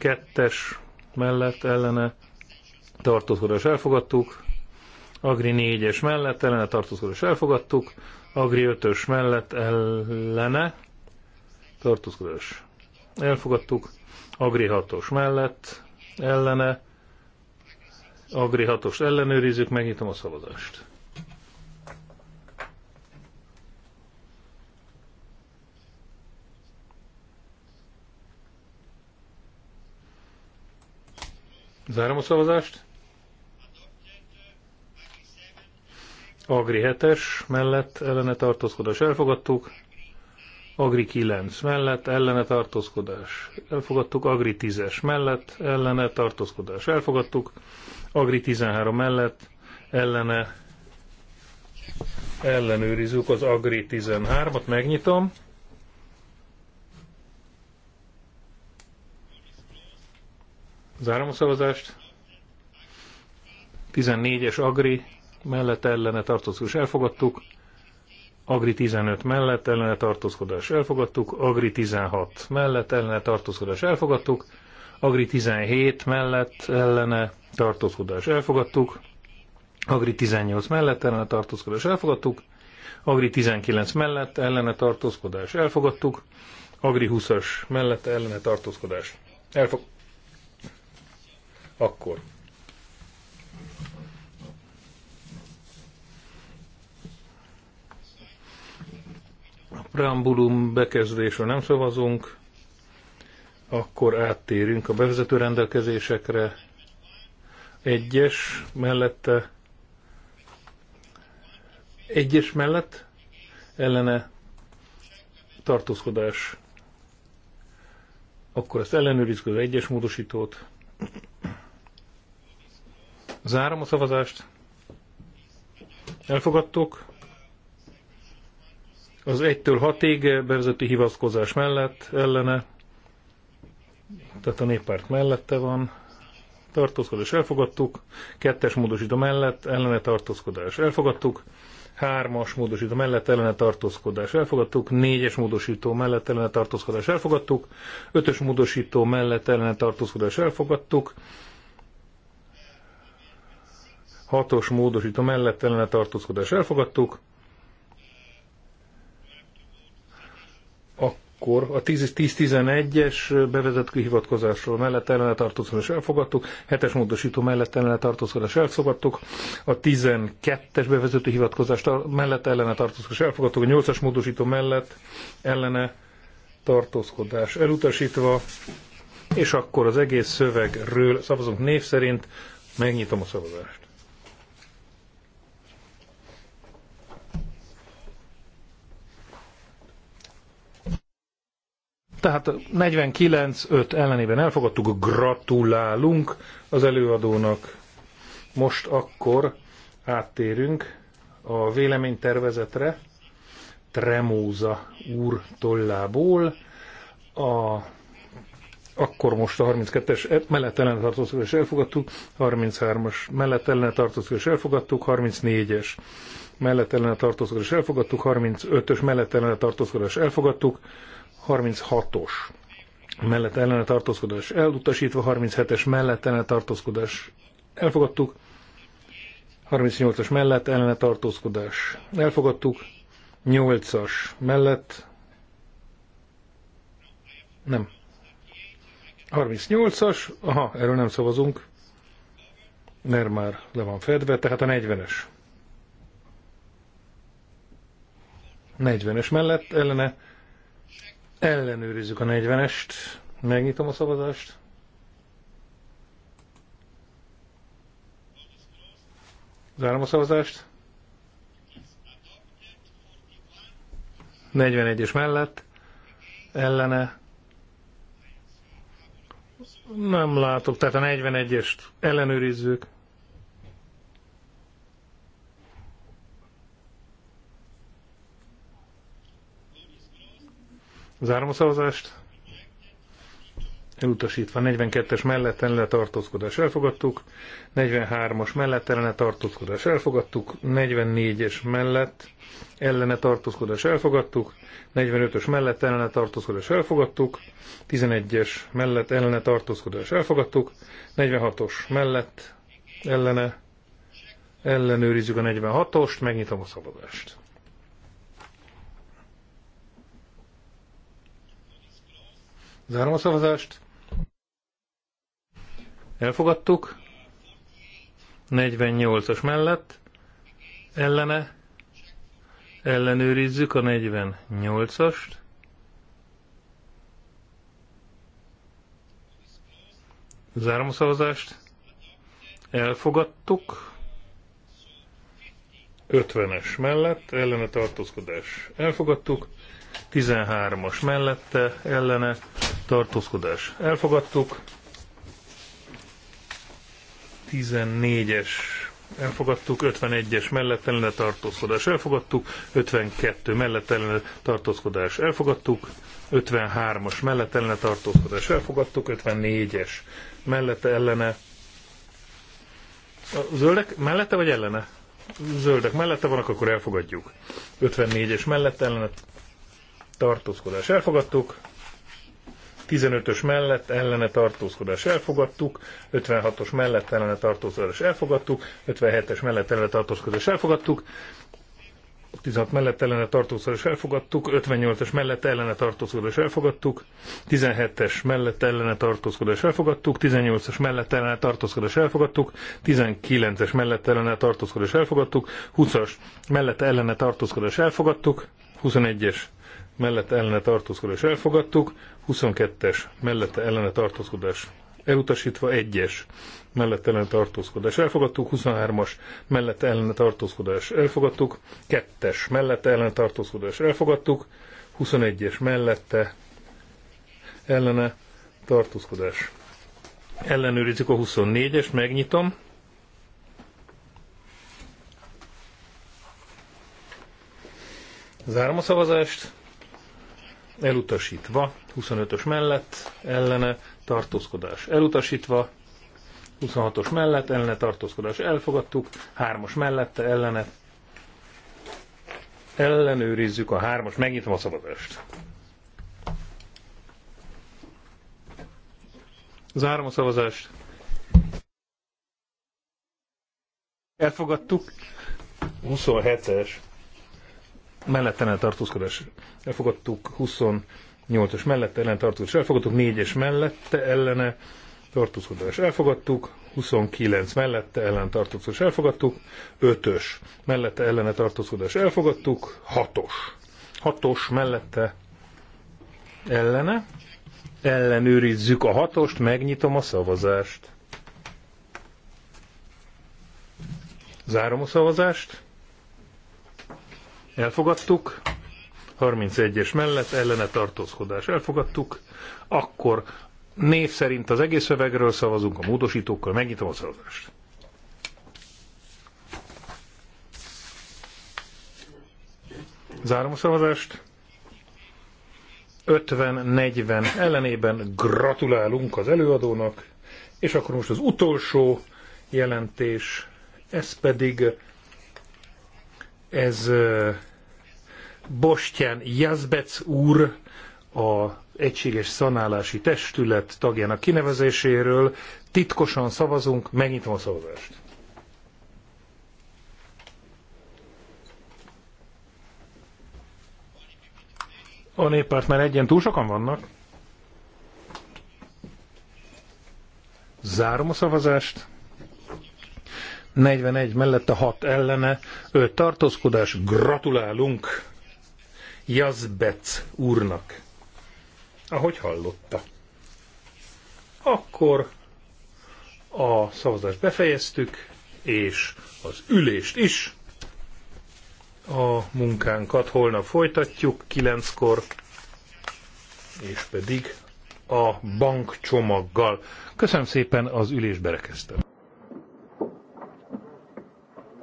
2-es mellett ellene tartózkodás elfogadtuk, Agri 4-es mellett ellene tartózkodás elfogadtuk, Agri 5-ös mellett ellene tartózkodás elfogadtuk, Agri 6-os mellett ellene, Agri 6-os ellenőrizzük, megnyitom a szavazást. Zárom a szavazást. Agri 7-es mellett ellene tartózkodás elfogadtuk. Agri 9 mellett ellene tartózkodás elfogadtuk. Agri 10-es mellett ellene tartózkodás elfogadtuk. Agri 13 mellett ellene ellenőrizzük az Agri 13-at, megnyitom. Zárom a szavazást. 14-es Agri mellett ellene tartózkodás elfogadtuk, Agri 15 mellett ellene tartózkodás elfogadtuk, Agri 16 mellett ellene tartózkodás elfogadtuk, Agri 17 mellett ellene tartózkodás elfogadtuk, Agri 18 mellett ellene tartózkodás elfogadtuk, Agri 19 mellett ellene tartózkodás elfogadtuk, Agri 20-as mellett ellene tartózkodás elfogadtuk. Akkor preambulum bekezdésről nem szavazunk, akkor áttérünk a bevezető rendelkezésekre. Egyes mellette, egyes mellett ellene tartózkodás. Akkor ezt ellenőrizzük az egyes módosítót. Zárom a szavazást. Elfogadtuk. Az 1-től 6-ig bevezeti hivatkozás mellett ellene, tehát a néppárt mellette van, tartózkodás elfogadtuk, kettes módosító mellett ellene tartózkodás elfogadtuk, hármas módosító mellett ellene tartózkodás elfogadtuk, négyes módosító mellett ellene tartózkodás elfogadtuk, ötös módosító mellett ellene tartózkodás elfogadtuk, hatos módosító mellett ellene tartózkodás elfogadtuk, Akkor a 10-11-es bevezett hivatkozásról mellett ellene tartózkodás elfogadtuk, 7-es módosító mellett ellene tartózkodás elfogadtuk, a 12-es bevezető hivatkozás mellett ellene tartózkodás elfogadtuk, a 8-as módosító mellett ellene tartózkodás elutasítva, és akkor az egész szövegről szavazunk név szerint, megnyitom a szavazást. Tehát 49-5 ellenében elfogadtuk, gratulálunk az előadónak. Most akkor áttérünk a véleménytervezetre Tremóza úr tollából. A, akkor most a 32-es e- mellett ellen tartózkodó és elfogadtuk, 33-as mellett ellen tartózkodó és elfogadtuk, 34-es mellett ellen tartózkodó és elfogadtuk, 35-ös mellett ellen tartózkodó és elfogadtuk, 36-os mellett ellene tartózkodás elutasítva, 37-es mellett ellene tartózkodás elfogadtuk, 38-as mellett ellene tartózkodás elfogadtuk, 8-as mellett nem. 38-as, aha, erről nem szavazunk, mert már le van fedve, tehát a 40-es. 40-es mellett ellene Ellenőrizzük a 40-est. Megnyitom a szavazást. Zárom a szavazást. 41-es mellett. Ellene. Nem látok, tehát a 41-est ellenőrizzük. Zárom a szavazást. Elutasítva 42-es mellett tartózkodás elfogadtuk, 43-as mellett tartózkodás elfogadtuk, 44-es mellett ellene tartózkodás elfogadtuk, 45-ös mellett ellene tartózkodás elfogadtuk, 11-es mellett ellene tartózkodás elfogadtuk, 46-os mellett ellene ellenőrizzük a 46-ost, megnyitom a szavazást. Zárom a szavazást. Elfogadtuk. 48-as mellett. Ellene. Ellenőrizzük a 48-ast. Zárom a szavazást. Elfogadtuk. 50-es mellett ellene tartózkodás. Elfogadtuk. 13-as mellette ellene tartózkodás elfogadtuk. 14-es elfogadtuk, 51-es mellett ellene tartózkodás elfogadtuk, 52 mellett ellene tartózkodás elfogadtuk, 53-as mellett ellene tartózkodás elfogadtuk, 54-es mellette ellene a zöldek mellette vagy ellene? Zöldek mellette vannak, akkor elfogadjuk. 54-es mellette ellene tartózkodás elfogadtuk, 15-ös mellett ellene tartózkodás elfogadtuk, 56-os mellett ellene tartózkodás elfogadtuk, 57-es mellett ellene tartózkodás elfogadtuk, 16 mellett ellene tartózkodás elfogadtuk, 58-es mellett ellene tartózkodás elfogadtuk, 17-es mellett ellene tartózkodás elfogadtuk, 18-es mellett ellene tartózkodás elfogadtuk, 19-es mellett ellene tartózkodás elfogadtuk, 20-as mellett ellene tartózkodás elfogadtuk, 21-es mellette ellene tartózkodás elfogadtuk, 22-es mellette ellene tartózkodás elutasítva, 1-es mellette ellene tartózkodás elfogadtuk, 23-as mellette ellene tartózkodás elfogadtuk, 2-es mellette ellene tartózkodás elfogadtuk, 21-es mellette ellene tartózkodás. Ellenőrizzük a 24 es megnyitom. Zárom a szavazást elutasítva, 25-ös mellett ellene tartózkodás elutasítva, 26-os mellett ellene tartózkodás elfogadtuk, 3 os mellette ellene ellenőrizzük a 3 os megnyitom a szavazást. Zárom a szavazást. Elfogadtuk. 27-es mellette nem tartózkodás elfogadtuk, 28 os mellette ellen tartózkodás elfogadtuk, 4-es mellette ellene tartózkodás elfogadtuk, 29 mellette ellen tartózkodás elfogadtuk, 5-ös mellette ellene tartózkodás elfogadtuk, 6-os. 6-os mellette ellene, ellenőrizzük a hatost, megnyitom a szavazást. Zárom a szavazást elfogadtuk, 31-es mellett ellene tartózkodás elfogadtuk, akkor név szerint az egész szövegről szavazunk a módosítókkal, megnyitom a szavazást. Zárom a szavazást. 50-40 ellenében gratulálunk az előadónak, és akkor most az utolsó jelentés, ez pedig ez Bostján Jazbec úr, a Egységes Szanálási Testület tagjának kinevezéséről. Titkosan szavazunk, megnyitom a szavazást. A néppárt már egyen túl sokan vannak. Zárom a szavazást. 41 mellette 6 ellene, 5 tartózkodás. Gratulálunk Jazbec úrnak. Ahogy hallotta. Akkor a szavazást befejeztük, és az ülést is. A munkánkat holnap folytatjuk, kilenckor, és pedig a bankcsomaggal. Köszönöm szépen, az ülés berekeztem.